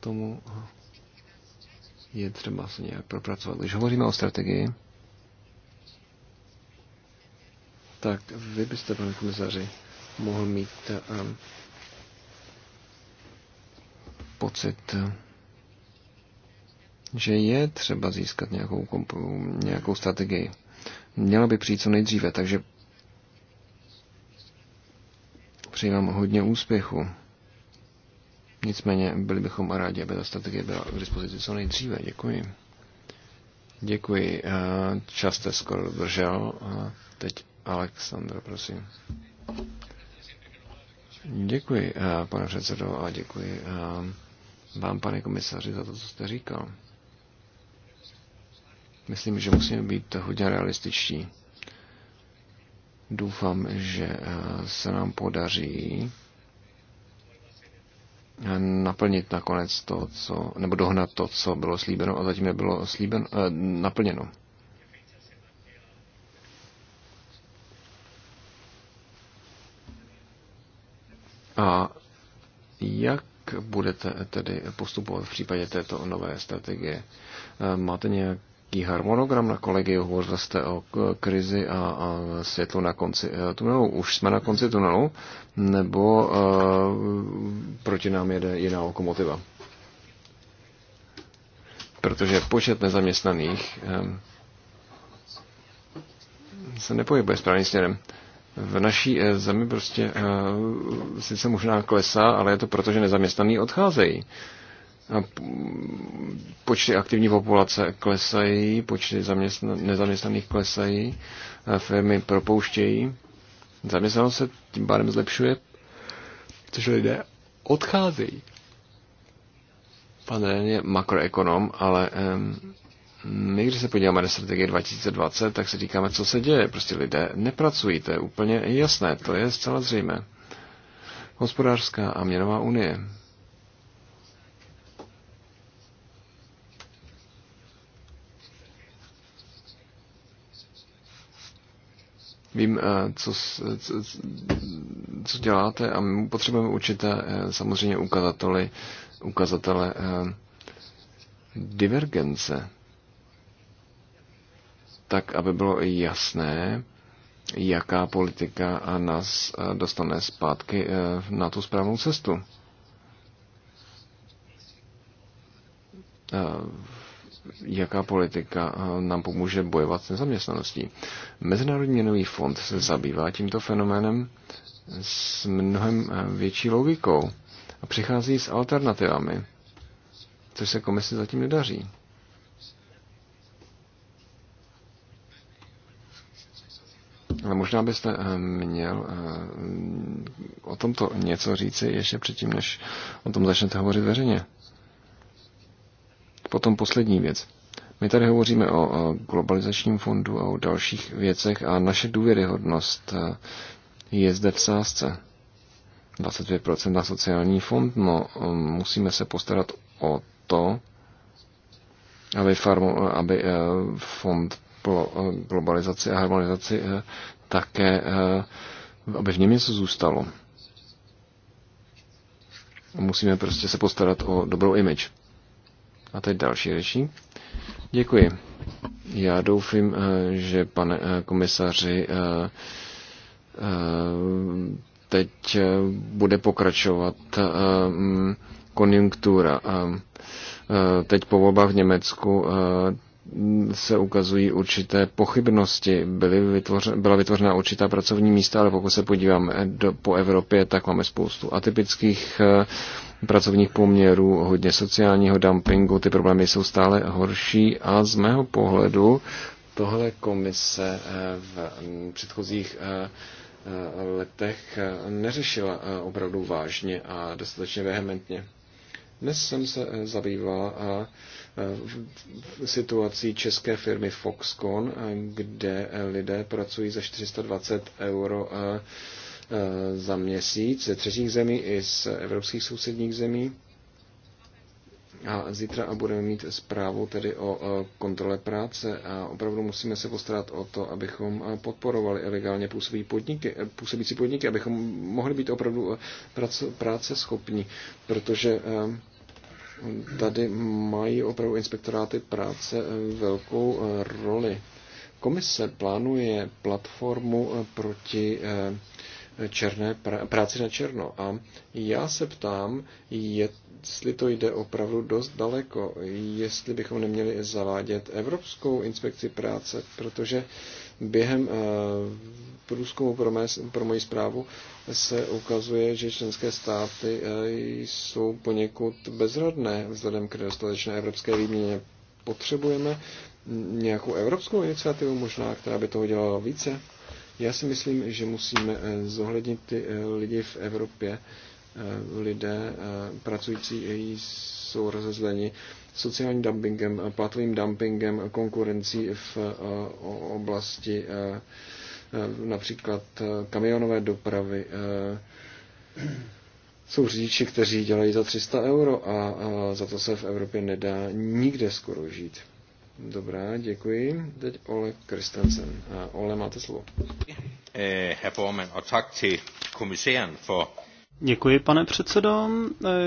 tomu je třeba se nějak propracovat. Když hovoříme o strategii, tak vy byste, pane komisaři, mohl mít um, pocit, že je třeba získat nějakou, nějakou strategii. Měla by přijít co nejdříve, takže přeji vám hodně úspěchu Nicméně byli bychom rádi, aby ta strategie byla k dispozici co nejdříve. Děkuji. Děkuji. Eh, čas jste skoro držel. Teď Aleksandr, prosím. Děkuji, eh, pane předsedo, a děkuji eh, vám, pane komisaři, za to, co jste říkal. Myslím, že musíme být hodně realističtí. Doufám, že se nám podaří naplnit nakonec to, co, nebo dohnat to, co bylo slíbeno a zatím nebylo slíbeno, eh, naplněno. A jak budete tedy postupovat v případě této nové strategie? Eh, máte nějak jaký harmonogram na kolegiu? Hovořil jste o krizi a, a světlu na konci eh, tunelu. Už jsme na konci tunelu? Nebo uh, proti nám jede jiná lokomotiva? Protože počet nezaměstnaných um, se nepohybuje správným směrem. V naší zemi prostě uh, sice možná klesá, ale je to proto, že nezaměstnaní odcházejí. Uh, počty aktivní populace klesají, počty zaměstna, nezaměstnaných klesají, firmy propouštějí, zaměstnanost se tím pádem zlepšuje, což lidé odcházejí. Pan Ren je makroekonom, ale um, my, když se podíváme na strategii 2020, tak se říkáme, co se děje. Prostě lidé nepracují, to je úplně jasné, to je zcela zřejmé. Hospodářská a měnová unie Vím, eh, co, co, co děláte a my potřebujeme určité eh, samozřejmě ukazatele, ukazatele eh, divergence, tak aby bylo jasné, jaká politika nás dostane zpátky na tu správnou cestu jaká politika eh, nám pomůže bojovat s nezaměstnaností. Mezinárodní měnový fond se zabývá tímto fenoménem s mnohem eh, větší logikou a přichází s alternativami, což se komisi zatím nedaří. Ale možná byste eh, měl o tomto něco říci ještě předtím, než o tom začnete hovořit veřejně. Potom poslední věc. My tady hovoříme o globalizačním fondu a o dalších věcech a naše důvěryhodnost eh, je zde v sázce. 22% na sociální fond, no eh, musíme se postarat o to, aby, farmu, aby eh, fond pro globalizaci a harmonizaci také, aby v něm něco zůstalo. Musíme prostě se postarat o dobrou image. A teď další řečník. Děkuji. Já doufím, eh, že pane eh, komisaři eh, teď bude pokračovat mm, konjunktura. Teď po volbách v Německu se ukazují určité pochybnosti. Byly vytvořen, byla vytvořena určitá pracovní místa, ale pokud se podíváme do, po Evropě, tak máme spoustu atypických uh, pracovních poměrů, hodně sociálního dumpingu, ty problémy jsou stále horší a z mého pohledu tohle komise eh, v mm, předchozích eh, eh, letech neřešila opravdu vážně a dostatečně vehementně. Dnes jsem se zabýval situací české firmy Foxconn, kde lidé pracují za 420 euro Eh, za měsíc ze třetích zemí i z evropských sousedních zemí. A zítra budeme mít zprávu tedy o eh, kontrole práce a opravdu musíme se postarat o to, abychom eh, podporovali legálně působící podniky, působící podniky, abychom mohli být opravdu práce schopní, protože tady mají opravdu inspektoráty práce velkou roli. Komise plánuje platformu proti černé pr- práci na černo. A já se ptám, jestli to jde opravdu dost daleko, jestli bychom neměli zavádět Evropskou inspekci práce, protože během eh, průzkumu pro, mé, pro moji zprávu se ukazuje, že členské státy eh, jsou poněkud bezradné vzhledem k nedostatečné evropské výměně. Potřebujeme nějakou evropskou iniciativu možná, která by toho dělala více? Já si myslím, že musíme eh, zohlednit ty eh, lidi v Evropě. Eh, lidé pracující jsou rozezleni sociálním dumpingem, platovým dumpingem, konkurencí v oblasti například kamionové dopravy. Jsou řidiči, kteří dělají za 300 euro a za to se v Evropě nedá nikde skoro žít. Dobrá, děkuji. Teď Ole Kristensen. Ole, máte slovo. Eh, děkuji, pane předsedo.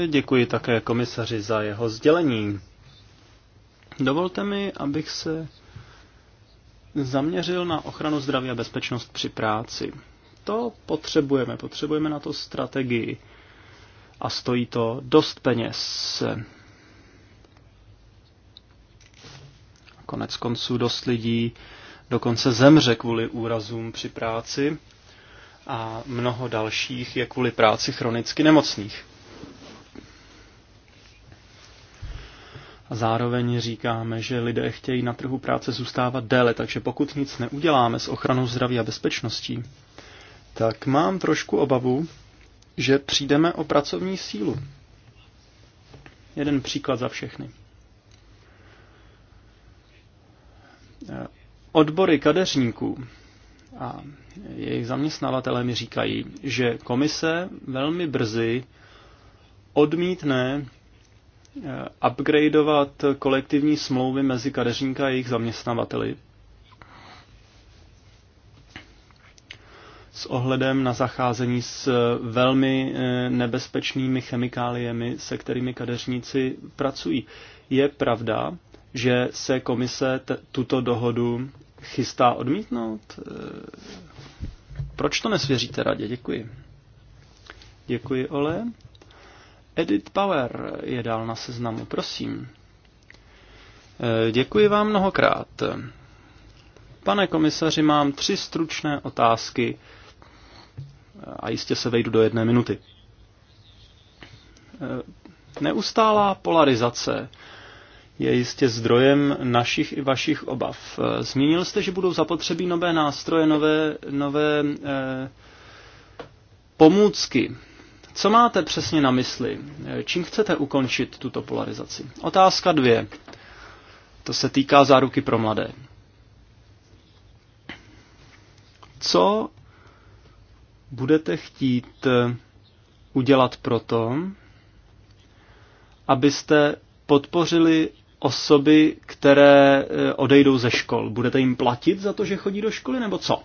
Eh, děkuji také komisaři za jeho sdělení. Dovolte mi, abych se zaměřil na ochranu zdraví a bezpečnost při práci. To potřebujeme, potřebujeme na to strategii. A stojí to dost peněz. Konec konců dost lidí dokonce zemře kvůli úrazům při práci a mnoho dalších je kvůli práci chronicky nemocných. A zároveň říkáme, že lidé chtějí na trhu práce zůstávat déle, takže pokud nic neuděláme s ochranou zdraví a bezpečností, tak mám trošku obavu, že přijdeme o pracovní sílu. Jeden příklad za všechny. Eh, odbory kadeřníků a jejich zaměstnavatelé mi říkají, že komise velmi brzy odmítne eh, upgradeovat kolektivní smlouvy mezi kadeřníka a jejich zaměstnavateli s ohledem na zacházení s eh, velmi nebezpečnými chemikáliemi, se kterými kadeřníci pracují. Je pravda, že se komise tuto dohodu chystá odmítnout? Eh, proč to nesvěříte radě? Děkuji. Děkuji, Ole. Edit Power je dál na seznamu, prosím. Eh, děkuji vám mnohokrát. Pane komisaři, mám tři stručné otázky a jistě se vejdu do jedné minuty. Eh, neustálá polarizace je jistě zdrojem našich i vašich obav. Eh, zmínil jste, že budou zapotřebí nové nástroje, nové, nové eh, pomůcky. Co máte přesně na mysli? Eh, čím chcete ukončit tuto polarizaci? Otázka dvě. To se týká záruky pro mladé. Co budete chtít eh, udělat proto, abyste podpořili osoby, které eh, odejdou ze škol. Budete jim platit za to, že chodí do školy, nebo co?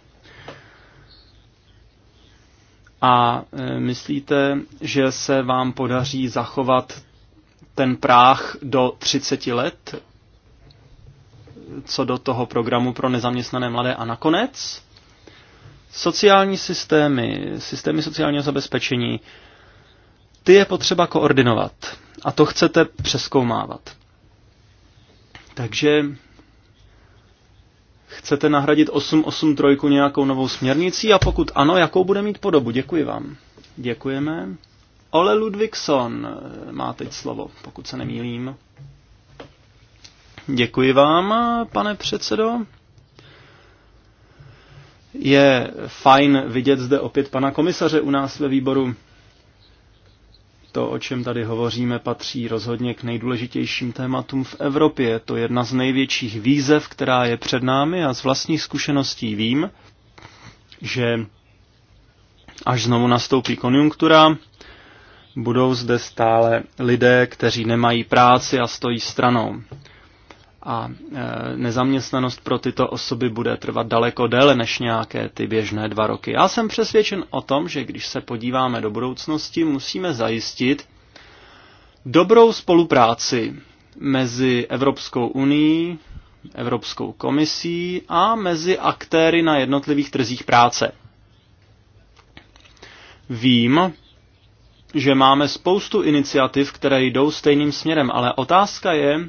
A eh, myslíte, že se vám podaří zachovat ten práh do 30 let, co do toho programu pro nezaměstnané mladé. A nakonec sociální systémy, systémy sociálního zabezpečení, ty je potřeba koordinovat. A to chcete přeskoumávat. Takže chcete nahradit 883 nějakou novou směrnicí a pokud ano, jakou bude mít podobu? Děkuji vám. Děkujeme. Ole Ludvigson má teď slovo, pokud se nemýlím. Děkuji vám, pane předsedo. Je fajn vidět zde opět pana komisaře u nás ve výboru. To, o čem tady hovoříme, patří rozhodně k nejdůležitějším tématům v Evropě. Je to jedna z největších výzev, která je před námi a z vlastních zkušeností vím, že až znovu nastoupí konjunktura, budou zde stále lidé, kteří nemají práci a stojí stranou a e, nezaměstnanost pro tyto osoby bude trvat daleko déle než nějaké ty běžné dva roky. Já jsem přesvědčen o tom, že když se podíváme do budoucnosti, musíme zajistit dobrou spolupráci mezi Evropskou unii, Evropskou komisí a mezi aktéry na jednotlivých trzích práce. Vím, že máme spoustu iniciativ, které jdou stejným směrem, ale otázka je,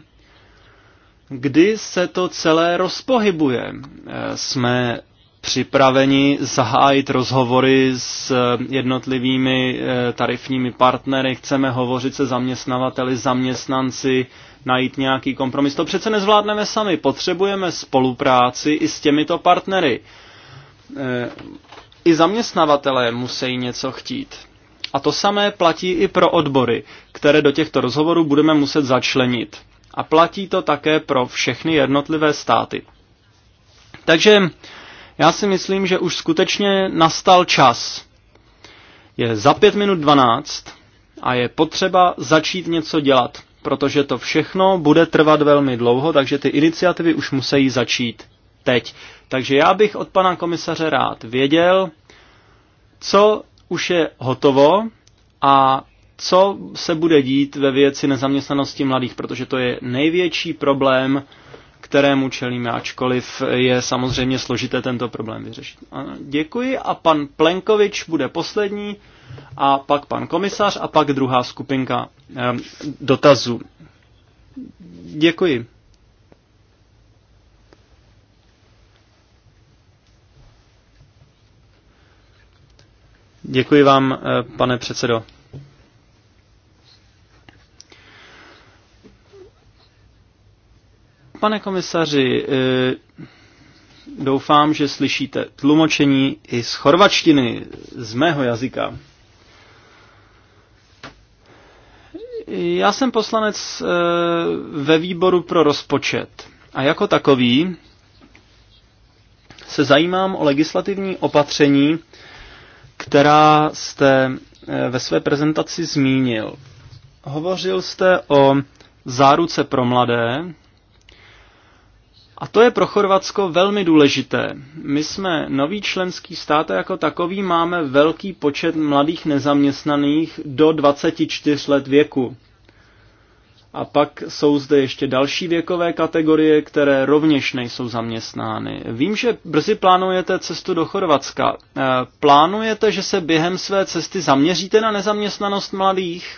kdy se to celé rozpohybuje. Eh, jsme připraveni zahájit rozhovory s eh, jednotlivými eh, tarifními partnery, chceme hovořit se zaměstnavateli, zaměstnanci, najít nějaký kompromis. To přece nezvládneme sami, potřebujeme spolupráci i s těmito partnery. I zaměstnavatelé musí něco chtít. A to samé platí i pro odbory, které do těchto rozhovorů budeme muset začlenit. A platí to také pro všechny jednotlivé státy. Takže já si myslím, že už skutečně nastal čas. Je za pět minut dvanáct a je potřeba začít něco dělat, protože to všechno bude trvat velmi dlouho, takže ty iniciativy už musí začít teď. Takže já bych od pana komisaře rád věděl, co už je hotovo a co se bude dít ve věci nezaměstnanosti mladých, protože to je největší problém, kterému čelíme, ačkoliv je samozřejmě složité tento problém vyřešit. Děkuji a pan Plenkovič bude poslední a pak pan komisař a pak druhá skupinka ehm, dotazů. Děkuji. Děkuji vám, eh, pane předsedo. Pane komisaři, eh, doufám, že slyšíte tlumočení i z chorvačtiny, z mého jazyka. Já jsem poslanec eh, ve výboru pro rozpočet a jako takový se zajímám o legislativní opatření, která jste eh, ve své prezentaci zmínil. Hovořil jste o záruce pro mladé, a to je pro Chorvatsko velmi důležité. My jsme nový členský stát a jako takový máme velký počet mladých nezaměstnaných do 24 let věku. A pak jsou zde ještě další věkové kategorie, které rovněž nejsou zaměstnány. Vím, že brzy plánujete cestu do Chorvatska. E, plánujete, že se během své cesty zaměříte na nezaměstnanost mladých?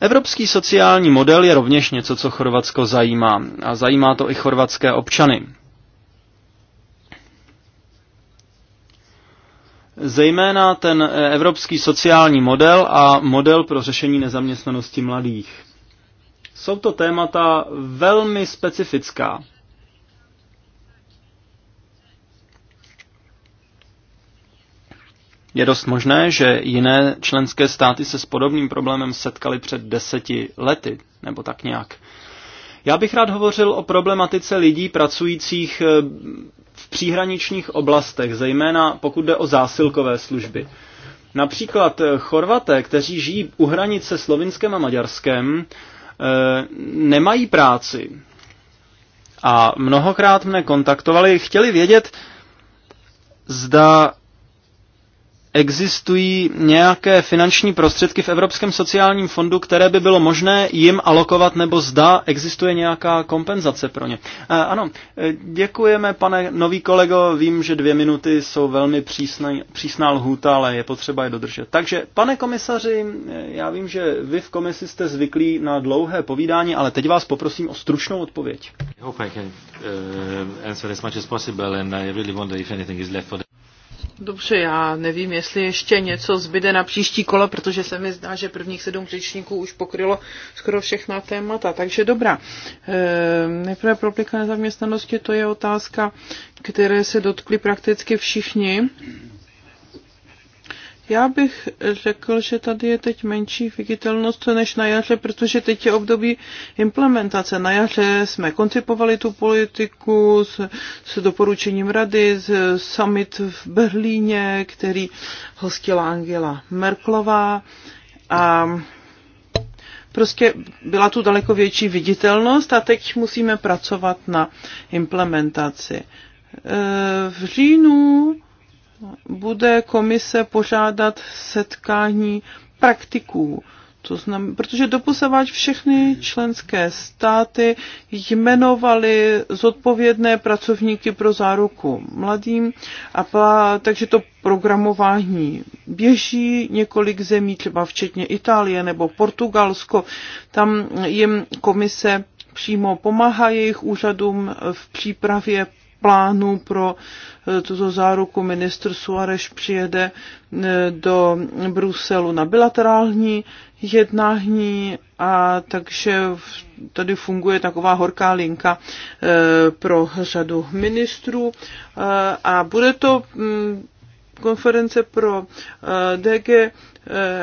Evropský sociální model je rovněž něco, co Chorvatsko zajímá a zajímá to i chorvatské občany. Zejména ten eh, evropský sociální model a model pro řešení nezaměstnanosti mladých. Jsou to témata velmi specifická Je dost možné, že jiné členské státy se s podobným problémem setkaly před deseti lety, nebo tak nějak. Já bych rád hovořil o problematice lidí pracujících eh, v příhraničních oblastech, zejména pokud jde o zásilkové služby. Například eh, Chorvaté, kteří žijí u hranice Slovinském a Maďarském, eh, nemají práci. A mnohokrát mne kontaktovali, chtěli vědět, zda existují nějaké finanční prostředky v Evropském sociálním fondu, které by bylo možné jim alokovat, nebo zda existuje nějaká kompenzace pro ně. Eh, ano, eh, děkujeme, pane nový kolego, vím, že dvě minuty jsou velmi přísná, přísná lhůta, ale je potřeba je dodržet. Takže, pane komisaři, eh, já vím, že vy v komisi jste zvyklí na dlouhé povídání, ale teď vás poprosím o stručnou odpověď. Dobře, já nevím, jestli ještě něco zbyde na příští kolo, protože se mi zdá, že prvních sedm řečníků už pokrylo skoro všechna témata. Takže dobrá. E, nejprve problika nezaměstnanosti, to je otázka, které se dotkli prakticky všichni. Já bych řekl, že tady je teď menší viditelnost než na jaře, protože teď je období implementace. Na jaře jsme koncipovali tu politiku s, s doporučením rady, s summit v Berlíně, který hostila Angela Merklová. A prostě byla tu daleko větší viditelnost a teď musíme pracovat na implementaci. E, v říjnu bude komise pořádat setkání praktiků. To znamen, protože doposavat všechny členské státy jmenovali zodpovědné pracovníky pro záruku mladým, a pa, takže to programování běží několik zemí, třeba včetně Itálie nebo Portugalsko. Tam jim komise přímo pomáhá jejich úřadům v přípravě plánu pro eh, tuto záruku. Ministr Suareš přijede eh, do Bruselu na bilaterální jednání a takže tady funguje taková horká linka eh, pro řadu ministrů a bude to mm, konference pro eh, DG eh,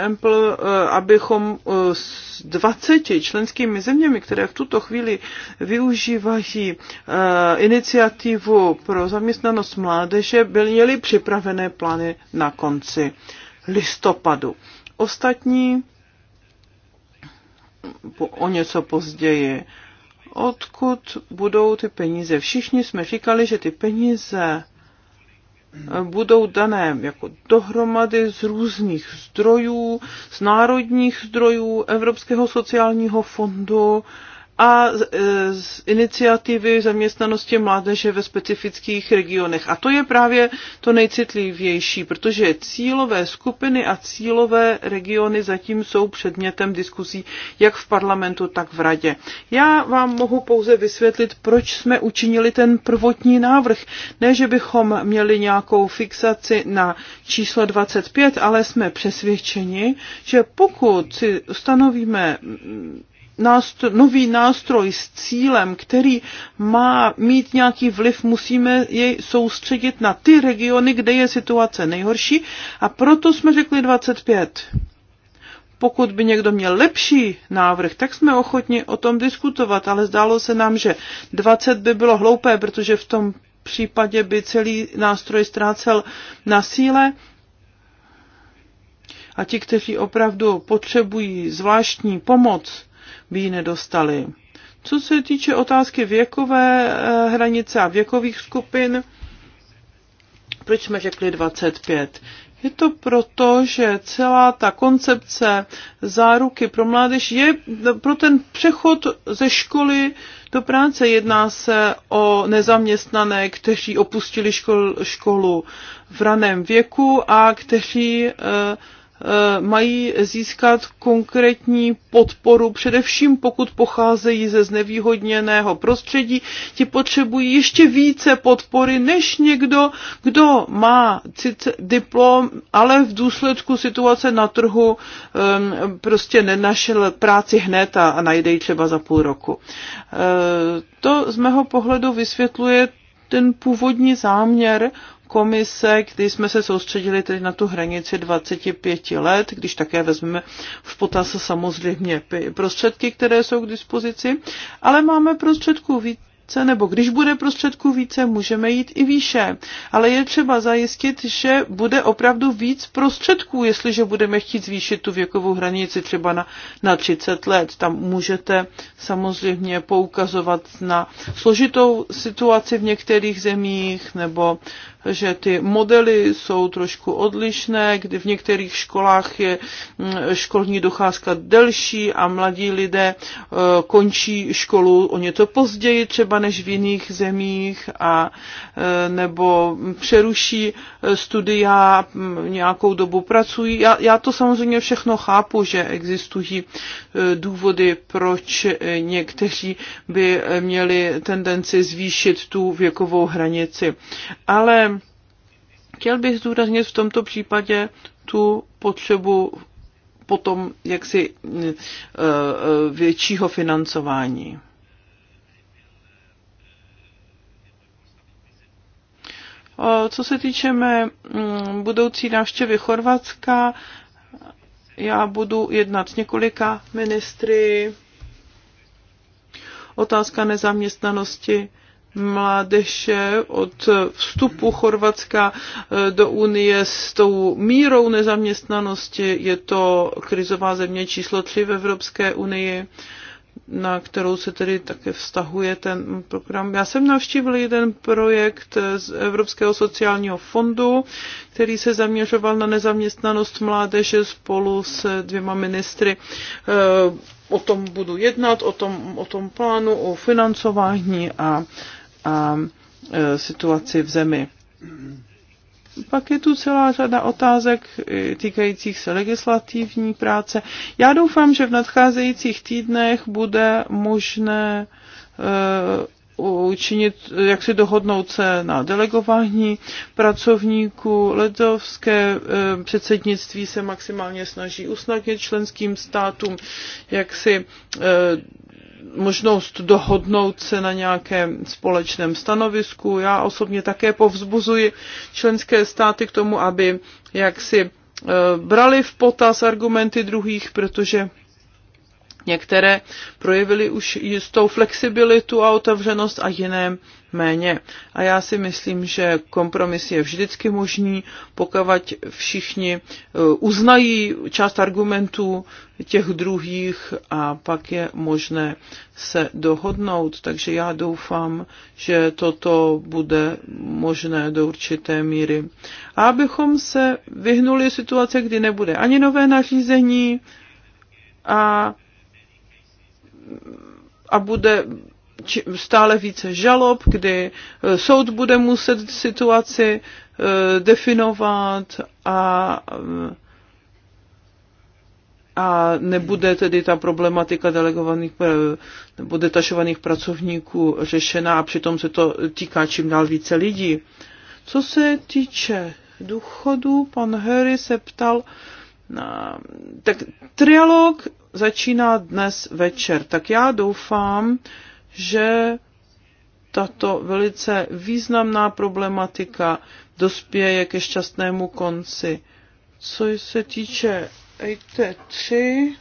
Ample, eh, abychom s 20 členskými zeměmi, které v tuto chvíli využívají iniciativu pro zaměstnanost mládeže, byly měly připravené plány na konci listopadu. Ostatní o něco později. Odkud budou ty peníze? Všichni jsme říkali, že ty peníze budou dané jako dohromady z různých zdrojů, z národních zdrojů, Evropského sociálního fondu, a e, z iniciativy zaměstnanosti mládeže ve specifických regionech. A to je právě to nejcitlivější, protože cílové skupiny a cílové regiony zatím jsou předmětem diskusí jak v parlamentu, tak v radě. Já vám mohu pouze vysvětlit, proč jsme učinili ten prvotní návrh. Ne, že bychom měli nějakou fixaci na číslo 25, ale jsme přesvědčeni, že pokud si stanovíme nástroj, nový nástroj s cílem, který má mít nějaký vliv, musíme jej soustředit na ty regiony, kde je situace nejhorší a proto jsme řekli 25. Pokud by někdo měl lepší návrh, tak jsme ochotni o tom diskutovat, ale zdálo se nám, že 20 by bylo hloupé, protože v tom případě by celý nástroj ztrácel na síle a ti, kteří opravdu potřebují zvláštní pomoc, by ji nedostali. Co se týče otázky věkové eh, hranice a věkových skupin, proč jsme řekli 25? Je to proto, že celá ta koncepce záruky pro mládež je pro ten přechod ze školy do práce. Jedná se o nezaměstnané, kteří opustili škol, školu v raném věku a kteří eh, Eh, mají získat konkrétní podporu, především pokud pocházejí ze znevýhodněného prostředí. Ti potřebují ještě více podpory než někdo, kdo má diplom, ale v důsledku situace na trhu prostě nenašel práci hned a najde ji třeba za půl roku. Eh, to z mého pohledu vysvětluje ten původní záměr komise, kdy jsme se soustředili tedy na tu hranici 25 let, když také vezmeme v potaz samozřejmě prostředky, které jsou k dispozici, ale máme prostředků víc více, nebo když bude prostředků více, můžeme jít i výše. Ale je třeba zajistit, že bude opravdu víc prostředků, jestliže budeme chtít zvýšit tu věkovou hranici třeba na, na 30 let. Tam můžete samozřejmě poukazovat na složitou situaci v některých zemích nebo že ty modely jsou trošku odlišné, kdy v některých školách je mm, školní docházka delší a mladí lidé e, končí školu o něco později třeba než v jiných zemích a e, nebo přeruší e, studia, mm, nějakou dobu pracují. Já, já to samozřejmě všechno chápu, že existují důvody, proč někteří by měli tendenci zvýšit tu věkovou hranici. Ale Chtěl bych zdůraznit v tomto případě tu potřebu potom jaksi eh, eh, většího financování. Co se týče mé mm, budoucí návštěvy Chorvatska, já budu jednat s několika ministry. Otázka nezaměstnanosti mládeže od vstupu Chorvatska eh, do Unie s tou mírou nezaměstnanosti. Je to krizová země číslo 3 v Evropské unii na kterou se tedy také vztahuje ten program. Já jsem navštívil jeden projekt z Evropského sociálního fondu, který se zaměřoval na nezaměstnanost mládeže spolu s dvěma ministry. Eh, o tom budu jednat, o tom, o tom plánu, o financování a a e, situaci v zemi. Pak je tu celá řada otázek e, týkajících se legislativní práce. Já doufám, že v nadcházejících týdnech bude možné e, učinit, jak si dohodnout se na delegování pracovníků. Ledovské předsednictví se maximálně snaží usnadnit členským státům, jak si možnost dohodnout se na nějakém společném stanovisku. Já osobně také povzbuzuji členské státy k tomu, aby jaksi e, brali v potaz argumenty druhých, protože některé projevily už jistou flexibilitu a otevřenost a jiné méně. A já si myslím, že kompromis je vždycky možný, pokud všichni eh, uznají část argumentů těch druhých a pak je možné se dohodnout. Takže já doufám, že toto bude možné do určité míry. A abychom se vyhnuli situace, kdy nebude ani nové nařízení a a bude stále více žalob, kdy e, soud bude muset situaci e, definovat a e, a nebude tedy ta problematika delegovaných nebo detašovaných pracovníků řešena a přitom se to týká čím dál více lidí. Co se týče důchodu, pan Harry se ptal, na, tak trialog začíná dnes večer, tak já doufám, že tato velice významná problematika dospěje ke šťastnému konci. Co se týče IT3,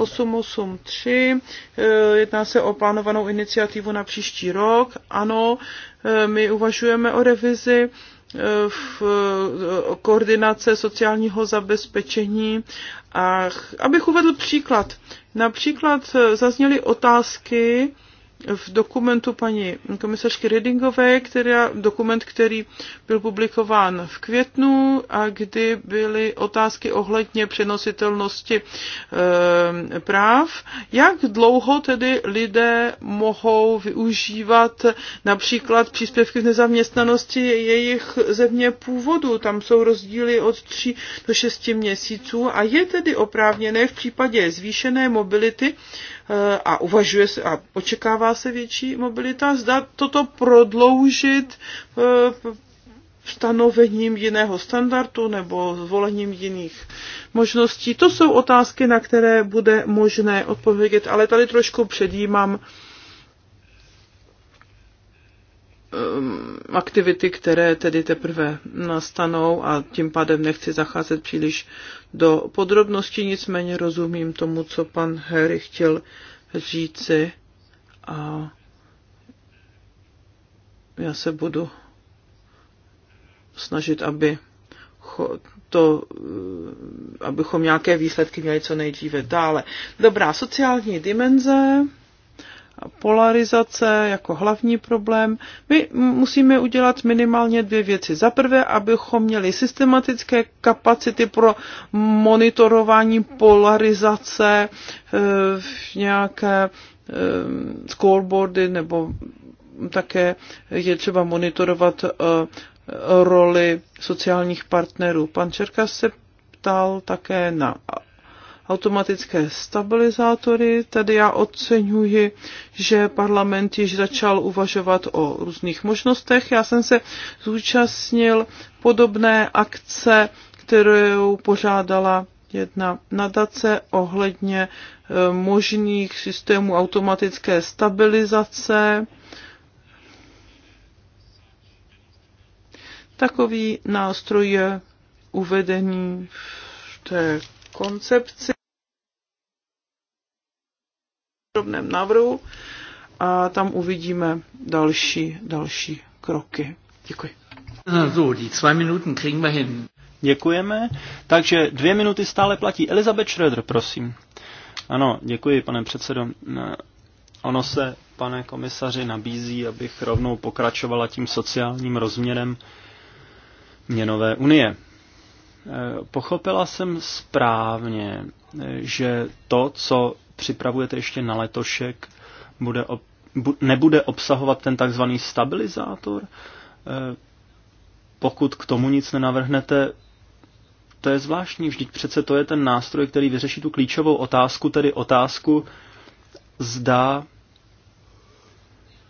883. Eh, jedná se o plánovanou iniciativu na příští rok. Ano, eh, my uvažujeme o revizi v eh, koordinace sociálního zabezpečení. A abych uvedl příklad. Například eh, zazněly otázky, v dokumentu paní komisařky Redingové, která, dokument, který byl publikován v květnu a kdy byly otázky ohledně přenositelnosti e, práv, jak dlouho tedy lidé mohou využívat například příspěvky v nezaměstnanosti jejich země původu. Tam jsou rozdíly od 3 do 6 měsíců a je tedy oprávněné v případě zvýšené mobility Eh, a uvažuje se a očekává se větší mobilita, zda toto prodloužit eh, stanovením jiného standardu nebo zvolením jiných možností. To jsou otázky, na které bude možné odpovědět, ale tady trošku předjímám ehm, aktivity, které tedy teprve nastanou a tím pádem nechci zacházet příliš do podrobností, nicméně rozumím tomu, co pan Harry chtěl říci a já se budu snažit, aby to, abychom nějaké výsledky měli co nejdříve dále. Dobrá, sociální dimenze polarizace jako hlavní problém. My musíme udělat minimálně dvě věci. Za prvé, abychom měli systematické kapacity pro monitorování polarizace v eh, nějaké eh, scoreboardy nebo také je třeba monitorovat eh, roli sociálních partnerů. Pan Čerka se ptal také na automatické stabilizátory. Tady já oceňuji, že parlament již začal uvažovat o různých možnostech. Já jsem se zúčastnil podobné akce, kterou pořádala jedna nadace ohledně eh, možných systémů automatické stabilizace. Takový nástroj je uvedený v té koncepci podrobném návrhu a tam uvidíme další, další kroky. Děkuji. So, Minuten kriegen wir hin. Děkujeme. Takže dvě minuty stále platí. Elizabeth Schröder, prosím. Ano, děkuji, pane předsedo. Ono se, pane komisaři, nabízí, abych rovnou pokračovala tím sociálním rozměrem měnové unie. Pochopila jsem správně, že to, co připravujete ještě na letošek, bude ob, bu, nebude obsahovat ten takzvaný stabilizátor? Eh, pokud k tomu nic nenavrhnete, to je zvláštní, vždyť přece to je ten nástroj, který vyřeší tu klíčovou otázku, tedy otázku, zda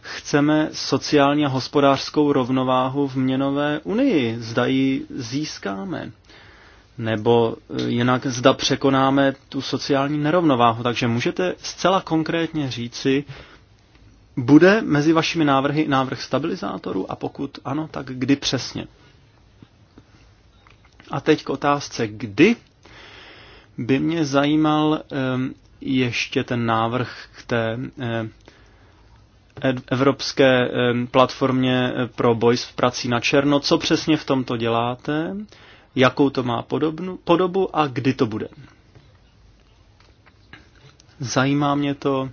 chceme sociálně hospodářskou rovnováhu v měnové unii, zda ji získáme nebo eh, jinak zda překonáme tu sociální nerovnováhu. Takže můžete zcela konkrétně říci, bude mezi vašimi návrhy návrh stabilizátoru a pokud ano, tak kdy přesně? A teď k otázce, kdy by mě zajímal ehm, ještě ten návrh k té eh, evropské ehm, platformě eh, pro boj s prací na černo. Co přesně v tomto děláte? jakou to má podobnu, podobu a kdy to bude. Zajímá mě to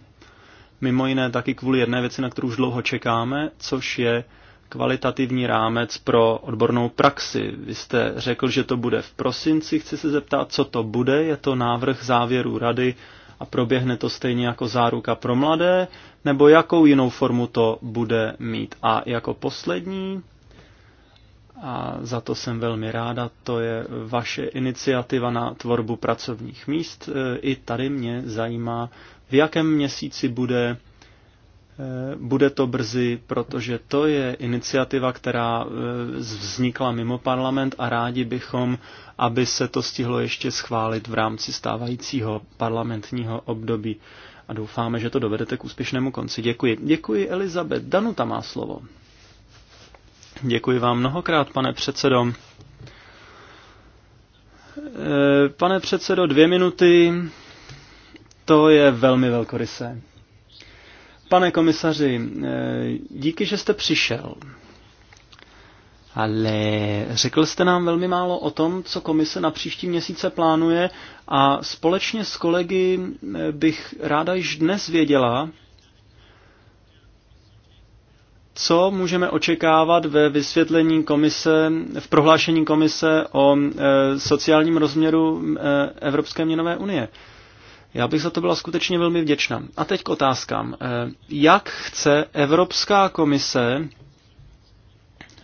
mimo jiné taky kvůli jedné věci, na kterou už dlouho čekáme, což je kvalitativní rámec pro odbornou praxi. Vy jste řekl, že to bude v prosinci. Chci se zeptat, co to bude. Je to návrh závěru rady a proběhne to stejně jako záruka pro mladé, nebo jakou jinou formu to bude mít. A jako poslední a za to jsem velmi ráda. To je vaše iniciativa na tvorbu pracovních míst. E, I tady mě zajímá, v jakém měsíci bude, e, bude to brzy, protože to je iniciativa, která e, vznikla mimo parlament a rádi bychom, aby se to stihlo ještě schválit v rámci stávajícího parlamentního období. A doufáme, že to dovedete k úspěšnému konci. Děkuji. Děkuji, Elizabeth. Danuta má slovo. Děkuji vám mnohokrát, pane předsedo. Eh, pane předsedo, dvě minuty, to je velmi velkorysé. Pane komisaři, eh, díky, že jste přišel. Ale řekl jste nám velmi málo o tom, co komise na příští měsíce plánuje a společně s kolegy eh, bych ráda již dnes věděla, co můžeme očekávat ve vysvětlení komise, v prohlášení komise o e, sociálním rozměru e, Evropské měnové unie? Já bych za to byla skutečně velmi vděčná. A teď k otázkám. E, jak chce Evropská komise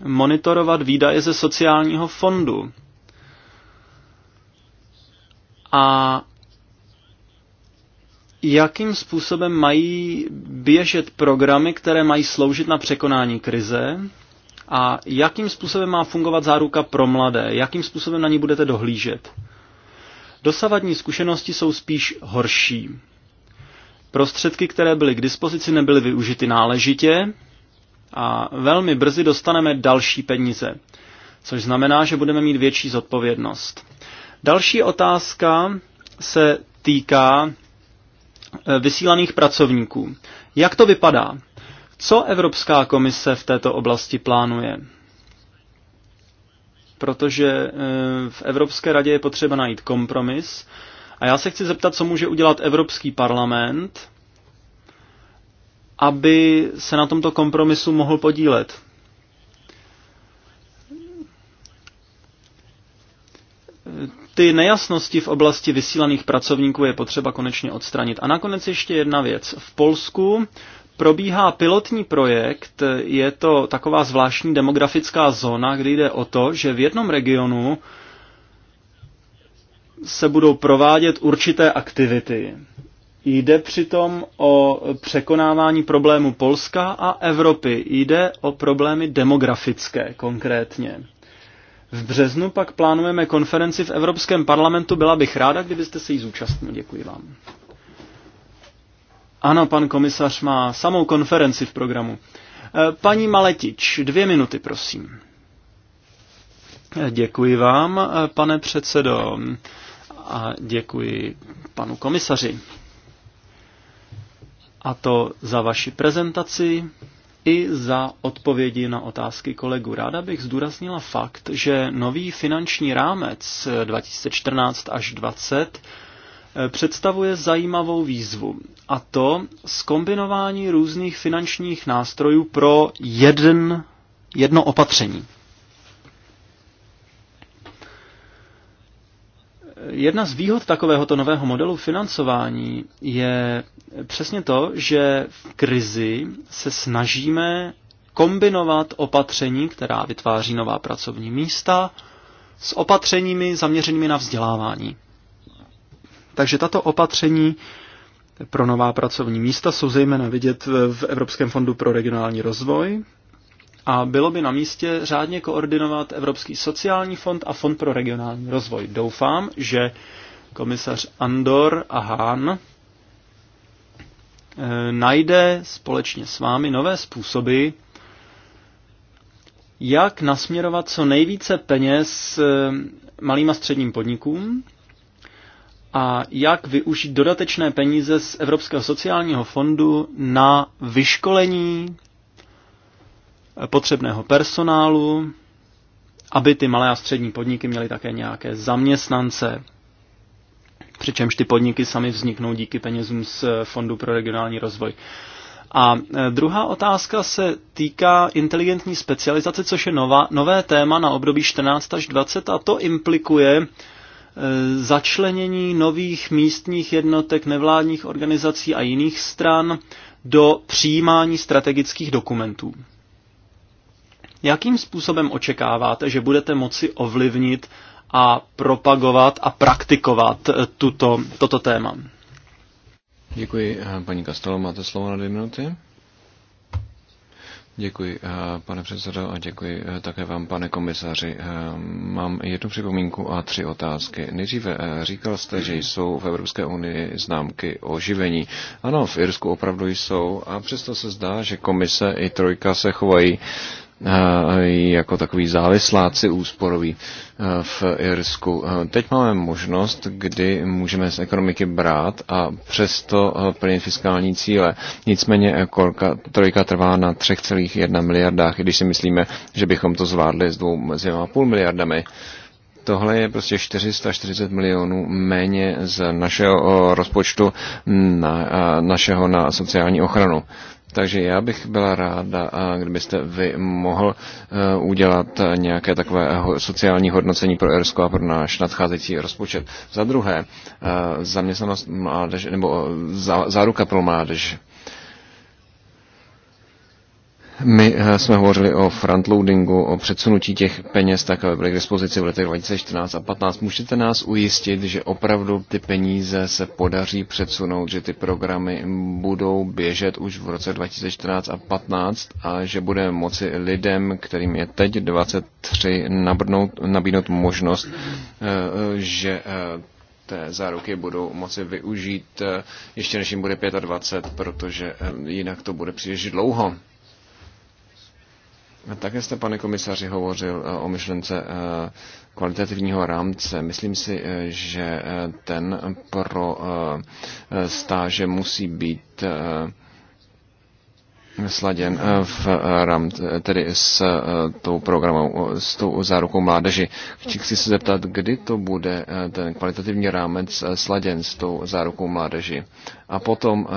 monitorovat výdaje ze sociálního fondu? A jakým způsobem mají běžet programy, které mají sloužit na překonání krize a jakým způsobem má fungovat záruka pro mladé, jakým způsobem na ní budete dohlížet. Dosavadní zkušenosti jsou spíš horší. Prostředky, které byly k dispozici, nebyly využity náležitě a velmi brzy dostaneme další peníze, což znamená, že budeme mít větší zodpovědnost. Další otázka se týká Eh, vysílaných pracovníků. Jak to vypadá? Co Evropská komise v této oblasti plánuje? Protože eh, v Evropské radě je potřeba najít kompromis. A já se chci zeptat, co může udělat Evropský parlament, aby se na tomto kompromisu mohl podílet. ty nejasnosti v oblasti vysílaných pracovníků je potřeba konečně odstranit. A nakonec ještě jedna věc. V Polsku probíhá pilotní projekt, je to taková zvláštní demografická zóna, kde jde o to, že v jednom regionu se budou provádět určité aktivity. Jde přitom o překonávání problému Polska a Evropy. Jde o problémy demografické konkrétně. V březnu pak plánujeme konferenci v Evropském parlamentu. Byla bych ráda, kdybyste se jí zúčastnil. Děkuji vám. Ano, pan komisař má samou konferenci v programu. Eh, paní Maletič, dvě minuty, prosím. Děkuji vám, eh, pane předsedo, a děkuji panu komisaři. A to za vaši prezentaci, i za odpovědi na otázky kolegu Ráda bych zdůraznila fakt, že nový finanční rámec 2014 až 2020 eh, představuje zajímavou výzvu, a to skombinování různých finančních nástrojů pro jeden, jedno opatření. Jedna z výhod takovéhoto nového modelu financování je přesně to, že v krizi se snažíme kombinovat opatření, která vytváří nová pracovní místa, s opatřeními zaměřenými na vzdělávání. Takže tato opatření pro nová pracovní místa jsou zejména vidět v Evropském fondu pro regionální rozvoj, a bylo by na místě řádně koordinovat Evropský sociální fond a Fond pro regionální rozvoj. Doufám, že komisař Andor a Hahn eh, najde společně s vámi nové způsoby, jak nasměrovat co nejvíce peněz eh, malým a středním podnikům a jak využít dodatečné peníze z Evropského sociálního fondu na vyškolení potřebného personálu, aby ty malé a střední podniky měly také nějaké zaměstnance, přičemž ty podniky sami vzniknou díky penězům z eh, Fondu pro regionální rozvoj. A eh, druhá otázka se týká inteligentní specializace, což je nová, nové téma na období 14 až 20 a to implikuje eh, začlenění nových místních jednotek, nevládních organizací a jiných stran do přijímání strategických dokumentů. Jakým způsobem očekáváte, že budete moci ovlivnit a propagovat a praktikovat eh, tuto, toto téma? Děkuji. Eh, paní Kastelo, máte slovo na dvě minuty. Děkuji, eh, pane předsedo, a děkuji také vám, pane komisaři. Mám jednu připomínku a tři otázky. Nejdříve říkal jste, že jsou v Evropské unii známky o živení. Ano, v Irsku opravdu jsou a přesto se zdá, že komise i trojka se chovají Eh, jako takový závisláci úsporoví eh, v Irsku. Eh, teď máme možnost, kdy můžeme z ekonomiky brát a přesto plnit fiskální cíle. Nicméně kolka, trojka trvá na 3,1 miliardách, když si myslíme, že bychom to zvládli s 2,5 miliardami tohle je prostě 440 milionů méně z našeho rozpočtu na, našeho na sociální ochranu. Takže já bych byla ráda, kdybyste vy mohl e, udělat nějaké takové sociální hodnocení pro Irsko a pro náš nadcházející rozpočet. Za druhé, e, zaměstnanost mládež, nebo e, záruka pro mládež. My eh, jsme hovořili o frontloadingu, o předsunutí těch peněz tak, aby eh, byly k dispozici v letech 2014 a 2015. Můžete nás ujistit, že opravdu ty peníze se podaří předsunout, že ty programy budou běžet už v roce 2014 a 2015 a že budeme moci lidem, kterým je teď 23, nabídnout možnost, eh, že té záruky budou moci využít, ještě než jim bude 25, protože jinak to bude příliš dlouho. Také jste, pane komisaři, hovořil eh, o myšlence eh, kvalitativního rámce. Myslím si, eh, že ten pro stáže musí být sladěn v rámci, tedy s tou programou, s tou zárukou mládeži. Chci se zeptat, kdy to bude ten kvalitativní rámec sladěn s tou zárukou mládeži. A potom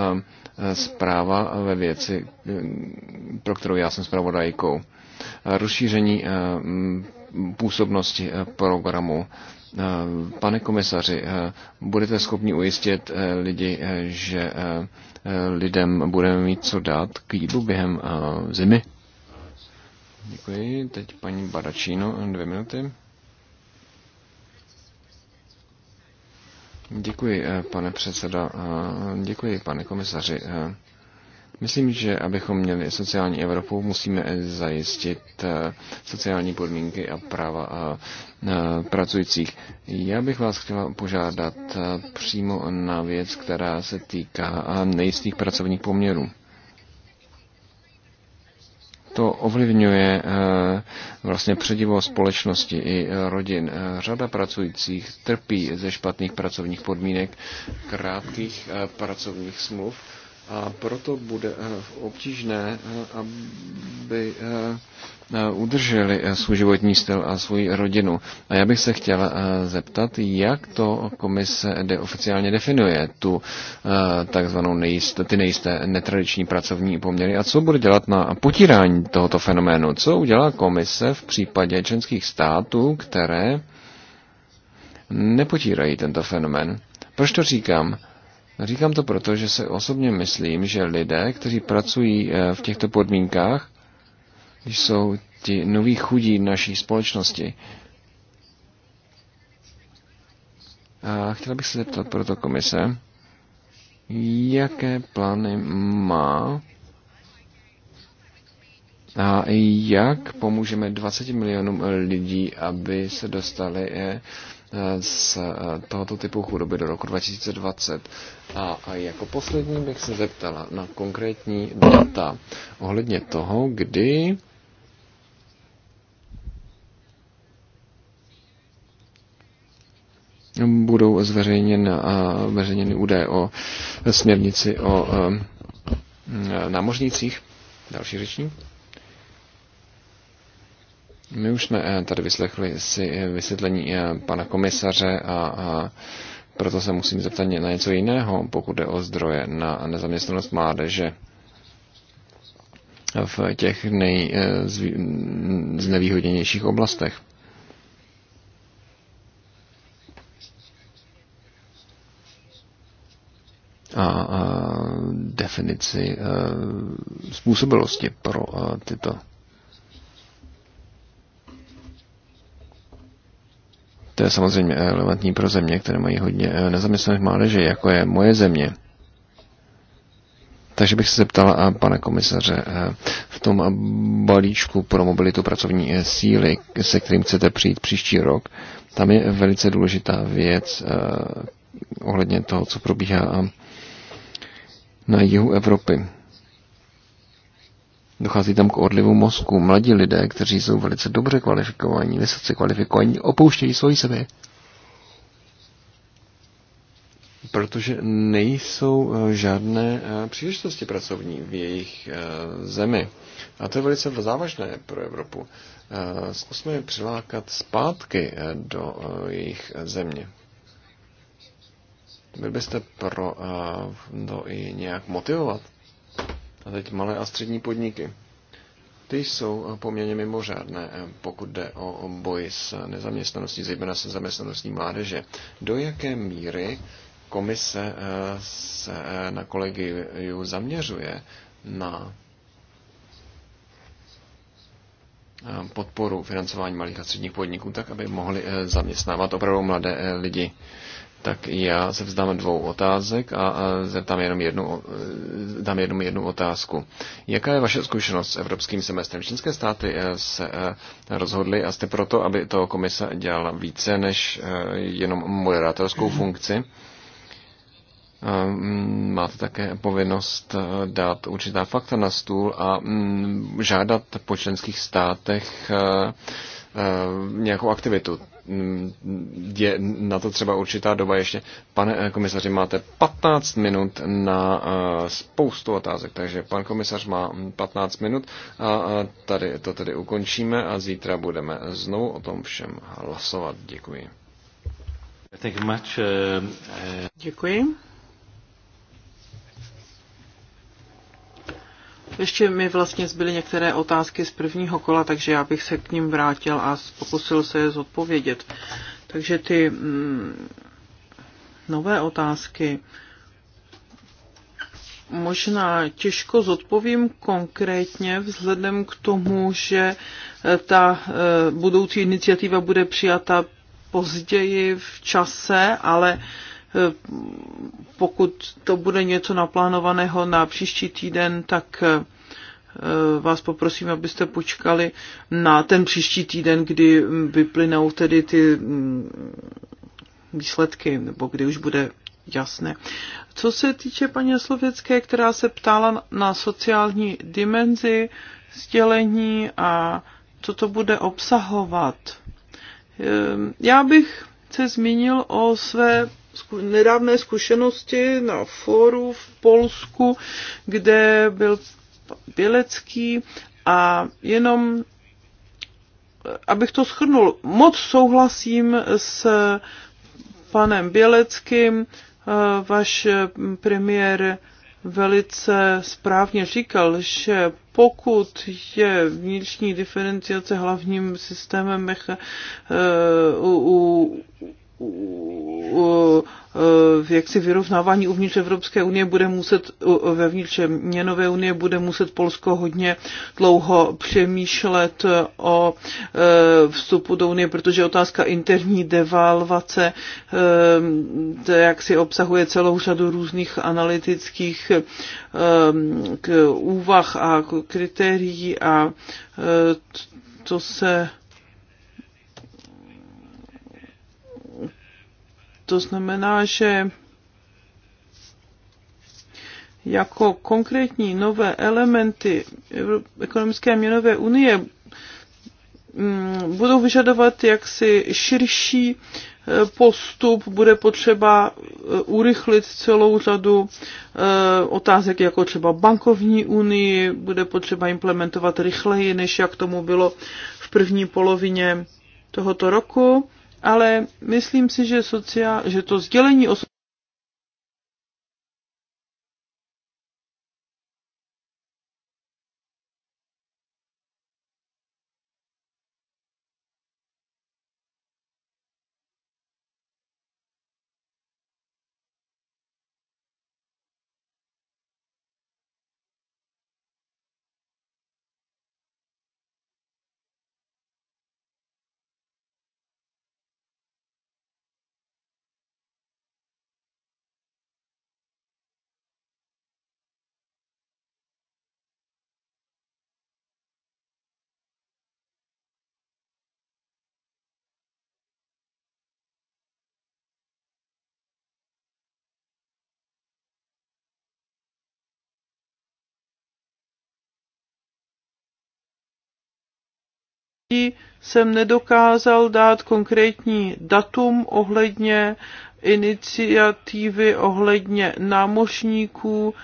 zpráva ve věci, pro kterou já jsem zpravodajkou rozšíření eh, působnosti eh, programu. Eh, pane komisaři, budete schopni ujistit lidi, že lidem budeme mít co dát k jídlu během zimy? Děkuji. Teď paní Badačíno, dvě minuty. Děkuji, pane předseda. Děkuji, pane komisaři. Myslím, že abychom měli sociální Evropu, musíme zajistit eh, sociální podmínky a práva eh, eh, pracujících. Já bych vás chtěla požádat přímo na věc, která se týká nejistých pracovních poměrů. To ovlivňuje vlastně předivo společnosti i rodin. Řada pracujících trpí ze špatných pracovních podmínek, krátkých pracovních smluv a proto bude eh, obtížné, eh, aby eh, udrželi svůj životní styl a svou rodinu. A já bych se chtěl zeptat, jak to komise de oficiálně definuje tu takzvanou nejist, ty nejisté netradiční pracovní poměry a co bude dělat na potírání tohoto fenoménu. Co udělá komise v případě členských států, které nepotírají tento fenomén? Proč to říkám? Říkám to proto, že se osobně myslím, že lidé, kteří pracují eh, v těchto podmínkách, když jsou ti noví chudí naší společnosti, a chtěla bych se zeptat proto komise, jaké plány má a jak pomůžeme 20 milionům lidí, aby se dostali eh, Eh, z eh, tohoto typu chudoby do roku 2020. A, a jako poslední bych se zeptala na konkrétní data ohledně toho, kdy budou eh, zveřejněny údaje o směrnici o námořnících. Další řečník. My už jsme eh, tady vyslechli si eh, vysvětlení eh, pana komisaře a, a proto se musím zeptat na něco jiného, pokud jde o zdroje na nezaměstnanost mládeže v těch nejznevýhodněnějších oblastech. A, a definici a, způsobilosti pro a, tyto To je samozřejmě relevantní pro země, které mají hodně eh, nezaměstnaných mládeže, jako je moje země. Takže bych se zeptala a eh, pana komisaře, eh, v tom balíčku pro mobilitu pracovní síly, se kterým chcete přijít příští rok, tam je velice důležitá věc ohledně toho, co probíhá na jihu Evropy. Dochází tam k odlivu mozku. Mladí lidé, kteří jsou velice dobře kvalifikovaní, vysoce kvalifikovaní, opouštějí svoji sebe. Protože nejsou eh, žádné eh, příležitosti pracovní v jejich eh, zemi. A to je velice závažné pro Evropu. Zkusme je přilákat zpátky do jejich země. Byl byste pro to i nějak motivovat? A teď malé a střední podniky. Ty jsou poměrně mimořádné, eh, pokud jde o boj s nezaměstnaností, zejména se zaměstnaností mládeže. Do jaké míry komise eh, se eh, na kolegiu zaměřuje na podporu financování malých a středních podniků, tak aby mohli zaměstnávat opravdu mladé lidi tak já se vzdám dvou otázek a, zeptám jenom jednu, eh, dám jenom jednu otázku. Jaká je vaše zkušenost s evropským semestrem? Čínské státy eh, se eh, rozhodly a jste proto, aby to komise dělala více než jenom moderátorskou mhm. funkci. Mm, máte také povinnost dát určitá fakta na stůl a mm, žádat po členských státech nějakou aktivitu. Mm, je na to třeba určitá doba ještě. Pane eh, komisaři, máte 15 minut na eh, spoustu otázek, takže pan komisař má 15 minut a tady to tedy ukončíme a zítra budeme znovu o tom všem hlasovat. Děkuji. Eh, Děkuji. Ještě mi vlastně zbyly některé otázky z prvního kola, takže já bych se k ním vrátil a pokusil se je zodpovědět. Takže ty mm, nové otázky možná těžko zodpovím konkrétně vzhledem k tomu, že eh, ta eh, budoucí iniciativa bude přijata později v čase, ale Eh, pokud to bude něco naplánovaného na příští týden, tak eh, vás poprosím, abyste počkali na ten příští týden, kdy mm, vyplynou tedy ty mm, výsledky, nebo kdy už bude jasné. Co se týče paní Slověcké, která se ptala na sociální dimenzi sdělení a co to bude obsahovat, eh, já bych se zmínil o své nedávné zkušenosti na fóru v Polsku, kde byl Bělecký a jenom abych to schrnul, moc souhlasím s panem Běleckým, váš premiér velice správně říkal, že pokud je vnitřní diferenciace hlavním systémem mecha, eh, u, u, v eh, jaksi vyrovnávání uvnitř Evropské unie bude muset, vevnitř měnové unie bude muset Polsko hodně dlouho přemýšlet o eh, vstupu do unie, protože otázka interní devalvace eh, to jak si obsahuje celou řadu různých analytických úvah a kritérií a to se To znamená, že jako konkrétní nové elementy ekonomické měnové unie mm, budou vyžadovat jaksi širší e, postup, bude potřeba e, urychlit celou řadu e, otázek, jako třeba bankovní unii, bude potřeba implementovat rychleji, než jak tomu bylo v první polovině tohoto roku ale myslím si, že, sociál, že to sdělení o jsem nedokázal dát konkrétní datum ohledně iniciativy, ohledně námořníků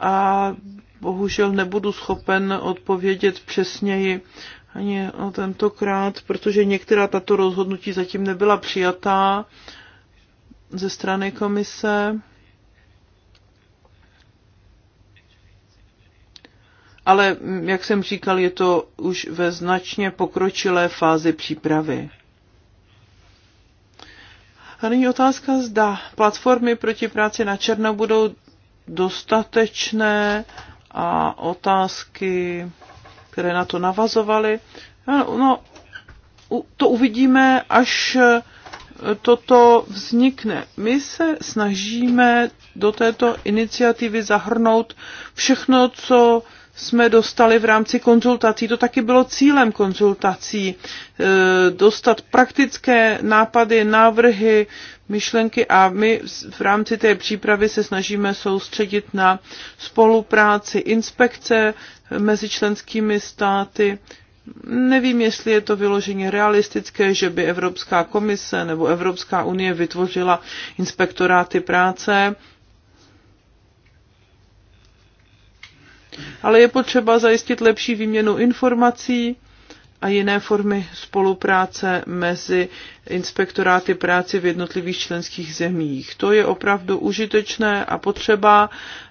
a bohužel nebudu schopen odpovědět přesněji ani o tentokrát, protože některá tato rozhodnutí zatím nebyla přijatá ze strany komise. ale mm, jak jsem říkal, je to už ve značně pokročilé fázi přípravy. A nyní otázka, zda platformy proti práci na černo budou dostatečné a otázky, které na to navazovaly. No, no, to uvidíme, až e, toto vznikne. My se snažíme do této iniciativy zahrnout všechno, co jsme dostali v rámci konzultací, to taky bylo cílem konzultací, e, dostat praktické nápady, návrhy, myšlenky a my v rámci té přípravy se snažíme soustředit na spolupráci inspekce mezi členskými státy. Nevím, jestli je to vyloženě realistické, že by Evropská komise nebo Evropská unie vytvořila inspektoráty práce ale je potřeba zajistit lepší výměnu informací a jiné formy spolupráce mezi inspektoráty práce v jednotlivých členských zemích. To je opravdu užitečné a potřeba.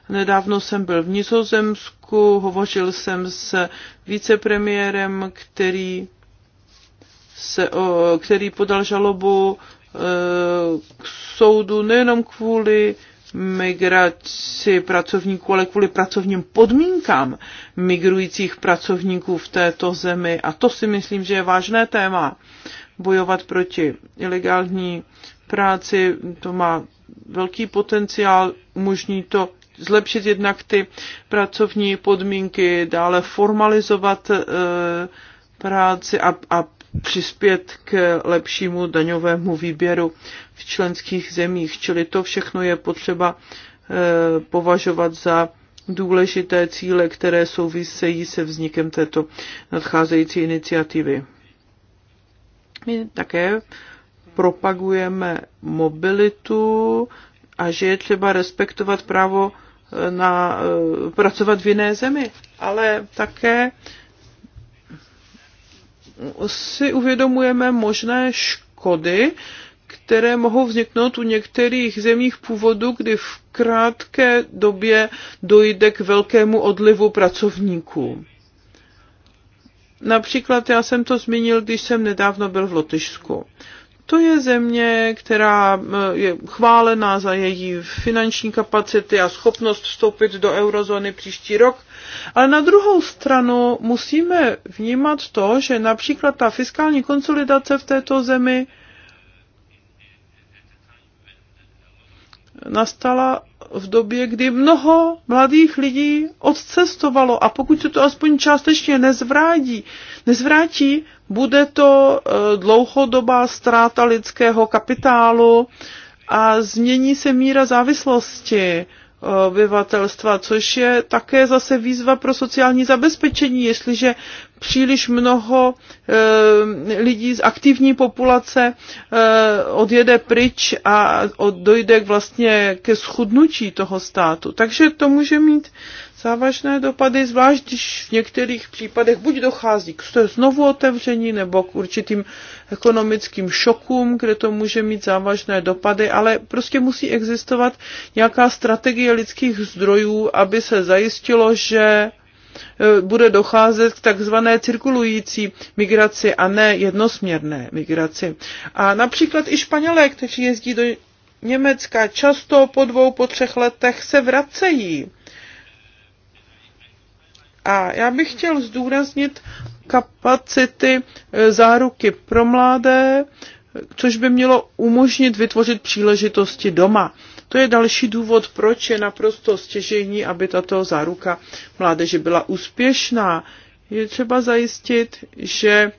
Nedávno jsem byl v Nizozemsku, hovořil jsem s vicepremiérem, který, se, který podal žalobu eh, k soudu nejenom kvůli migraci pracovníků, ale kvůli pracovním podmínkám migrujících pracovníků v této zemi. A to si myslím, že je vážné téma. Bojovat proti ilegální práci, to má velký potenciál, umožní to zlepšit jednak ty pracovní podmínky, dále formalizovat e, práci a, a přispět k lepšímu daňovému výběru členských zemích. Čili to všechno je potřeba eh, považovat za důležité cíle, které souvisejí se vznikem této nadcházející iniciativy. My také propagujeme mobilitu a že je třeba respektovat právo eh, na eh, pracovat v jiné zemi, ale také si uvědomujeme možné škody, které mohou vzniknout u některých zemích původu, kdy v krátké době dojde k velkému odlivu pracovníků. Například já jsem to zmínil, když jsem nedávno byl v Lotyšsku. To je země, která eh, je chválená za její finanční kapacity a schopnost vstoupit do eurozóny příští rok. Ale na druhou stranu musíme vnímat to, že například ta fiskální konsolidace v této zemi nastala v době, kdy mnoho mladých lidí odcestovalo a pokud se to aspoň částečně nezvrátí, nezvrátí bude to eh, dlouhodobá ztráta lidského kapitálu a změní se míra závislosti eh, obyvatelstva, což je také zase výzva pro sociální zabezpečení, jestliže příliš mnoho eh, lidí z aktivní populace eh, odjede pryč a dojde k vlastně ke schudnutí toho státu. Takže to může mít závažné dopady, zvlášť když v některých případech buď dochází k znovu otevření nebo k určitým ekonomickým šokům, kde to může mít závažné dopady, ale prostě musí existovat nějaká strategie lidských zdrojů, aby se zajistilo, že E, bude docházet k takzvané cirkulující migraci a ne jednosměrné migraci. A například i Španělé, kteří jezdí do Německa, často po dvou, po třech letech se vracejí. A já bych chtěl zdůraznit kapacity e, záruky pro mladé, což by mělo umožnit vytvořit příležitosti doma. To je další důvod, proč je naprosto stěžení, aby tato záruka mládeže byla úspěšná. Je třeba zajistit, že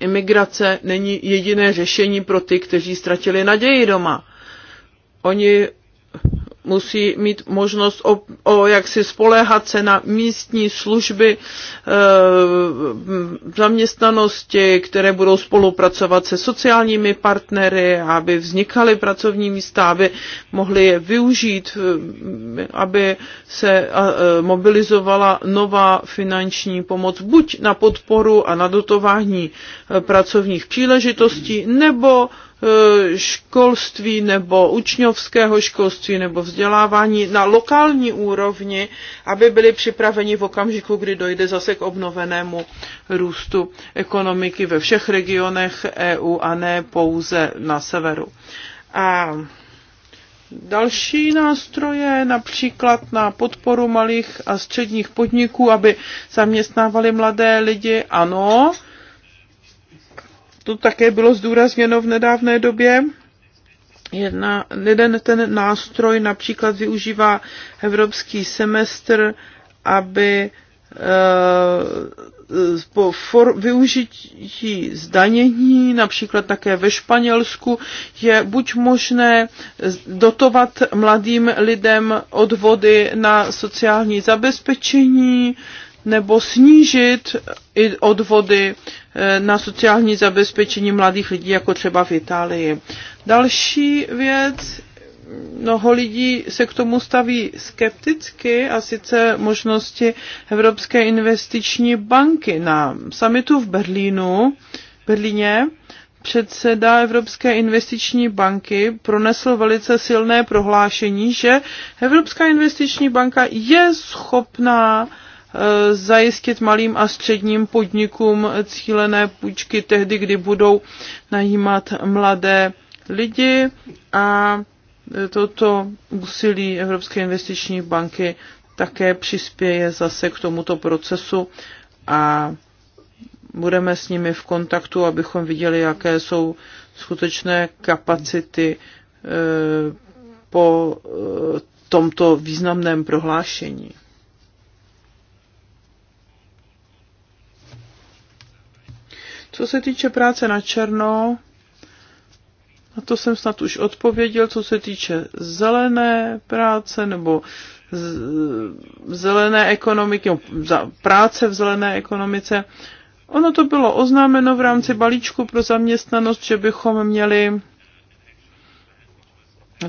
imigrace není jediné řešení pro ty, kteří ztratili naději doma. Oni musí mít možnost o, o jak si spoléhat se na místní služby e, zaměstnanosti, které budou spolupracovat se sociálními partnery, aby vznikaly pracovní místa, aby mohli je využít, e, aby se e, mobilizovala nová finanční pomoc buď na podporu a na dotování e, pracovních příležitostí, nebo E, školství nebo učňovského školství nebo vzdělávání na lokální úrovni, aby byli připraveni v okamžiku, kdy dojde zase k obnovenému růstu ekonomiky ve všech regionech EU a ne pouze na severu. A další nástroje, například na podporu malých a středních podniků, aby zaměstnávali mladé lidi, ano, to také bylo zdůrazněno v nedávné době. Jedna, jeden ten nástroj například využívá evropský semestr, aby eh, po for, využití zdanění, například také ve Španělsku, je buď možné dotovat mladým lidem odvody na sociální zabezpečení, nebo snížit i odvody Eh, na sociální zabezpečení mladých lidí, jako třeba v Itálii. Další věc, mnoho lidí se k tomu staví skepticky a sice možnosti Evropské investiční banky. Na samitu v Berlínu, Berlíně předseda Evropské investiční banky pronesl velice silné prohlášení, že Evropská investiční banka je schopná Eh, zajistit malým a středním podnikům cílené půjčky tehdy, kdy budou najímat mladé lidi a toto úsilí Evropské investiční banky také přispěje zase k tomuto procesu a budeme s nimi v kontaktu, abychom viděli, jaké jsou skutečné kapacity eh, po eh, tomto významném prohlášení. Co se týče práce na černo, na to jsem snad už odpověděl, co se týče zelené práce nebo zelené ekonomiky, práce v zelené ekonomice. Ono to bylo oznámeno v rámci balíčku pro zaměstnanost, že bychom měli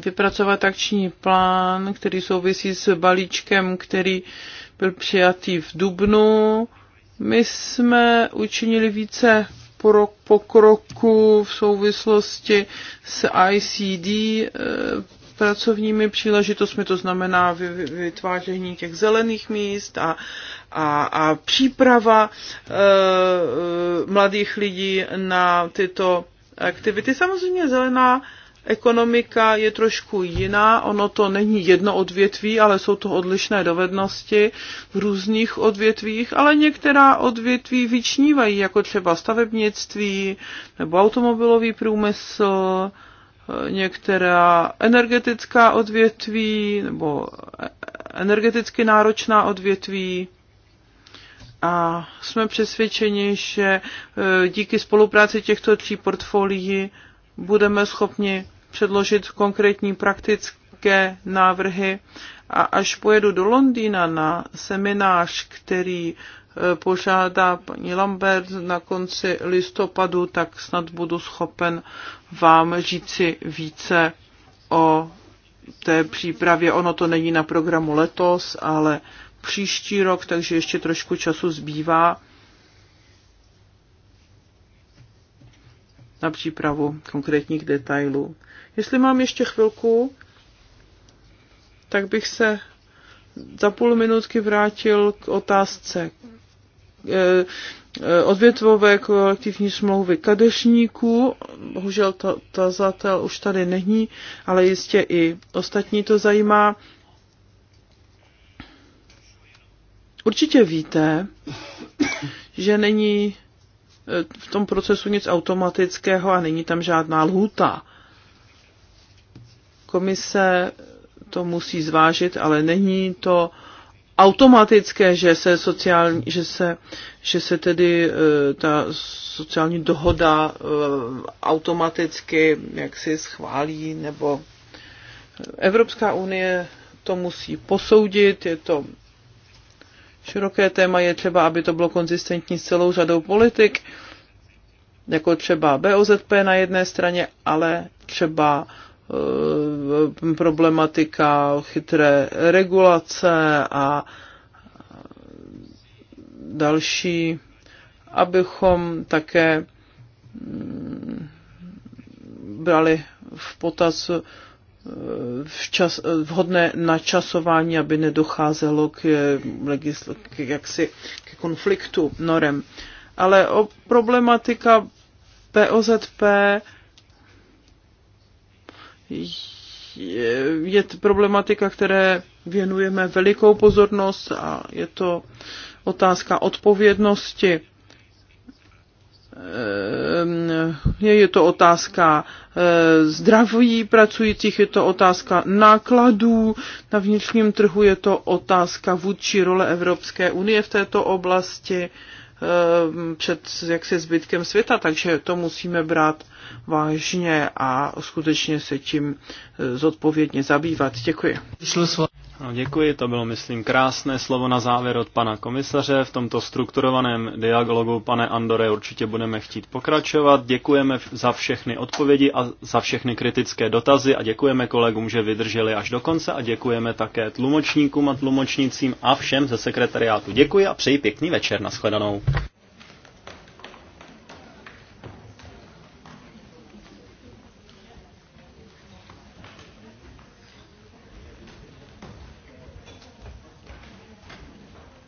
vypracovat akční plán, který souvisí s balíčkem, který byl přijatý v Dubnu my jsme učinili více pokroku v souvislosti s ICD eh, pracovními příležitostmi, to znamená vytváření těch zelených míst a, a, a příprava e, mladých lidí na tyto aktivity. Samozřejmě zelená ekonomika je trošku jiná, ono to není jedno odvětví, ale jsou to odlišné dovednosti v různých odvětvích, ale některá odvětví vyčnívají, jako třeba stavebnictví nebo automobilový průmysl, některá energetická odvětví nebo energeticky náročná odvětví. A jsme přesvědčeni, že e, díky spolupráci těchto tří portfolií budeme schopni předložit konkrétní praktické návrhy a až pojedu do Londýna na seminář, který e, požádá paní Lambert na konci listopadu, tak snad budu schopen vám říci více o té přípravě. Ono to není na programu letos, ale příští rok, takže ještě trošku času zbývá. na přípravu konkrétních detailů. Jestli mám ještě chvilku, tak bych se za půl minutky vrátil k otázce eh, eh, odvětvové kolektivní smlouvy kadešníků. Bohužel ta zatel už tady není, ale jistě i ostatní to zajímá. Určitě víte, že není v tom procesu nic automatického a není tam žádná lhůta. Komise to musí zvážit, ale není to automatické, že se, sociální, že se, že se tedy e, ta sociální dohoda e, automaticky jaksi schválí, nebo Evropská unie to musí posoudit, je to široké téma, je třeba, aby to bylo konzistentní s celou řadou politik, jako třeba BOZP na jedné straně, ale třeba eh, problematika chytré regulace a další, abychom také mm, brali v potaz včas, vhodné načasování, aby nedocházelo k, legisl, k, jaksi, k konfliktu norem. Ale o problematika POZP je, je problematika, které věnujeme velikou pozornost a je to otázka odpovědnosti Eh, je to otázka eh, zdraví pracujících, je to otázka nákladů na vnitřním trhu, je to otázka vůdčí role Evropské unie v této oblasti eh, před jaksi zbytkem světa, takže to musíme brát vážně a skutečně se tím zodpovědně zabývat. Děkuji. No, děkuji, to bylo, myslím, krásné slovo na závěr od pana komisaře. V tomto strukturovaném dialogu, pane Andore, určitě budeme chtít pokračovat. Děkujeme za všechny odpovědi a za všechny kritické dotazy a děkujeme kolegům, že vydrželi až do konce a děkujeme také tlumočníkům a tlumočnicím a všem ze sekretariátu. Děkuji a přeji pěkný večer. Naschledanou.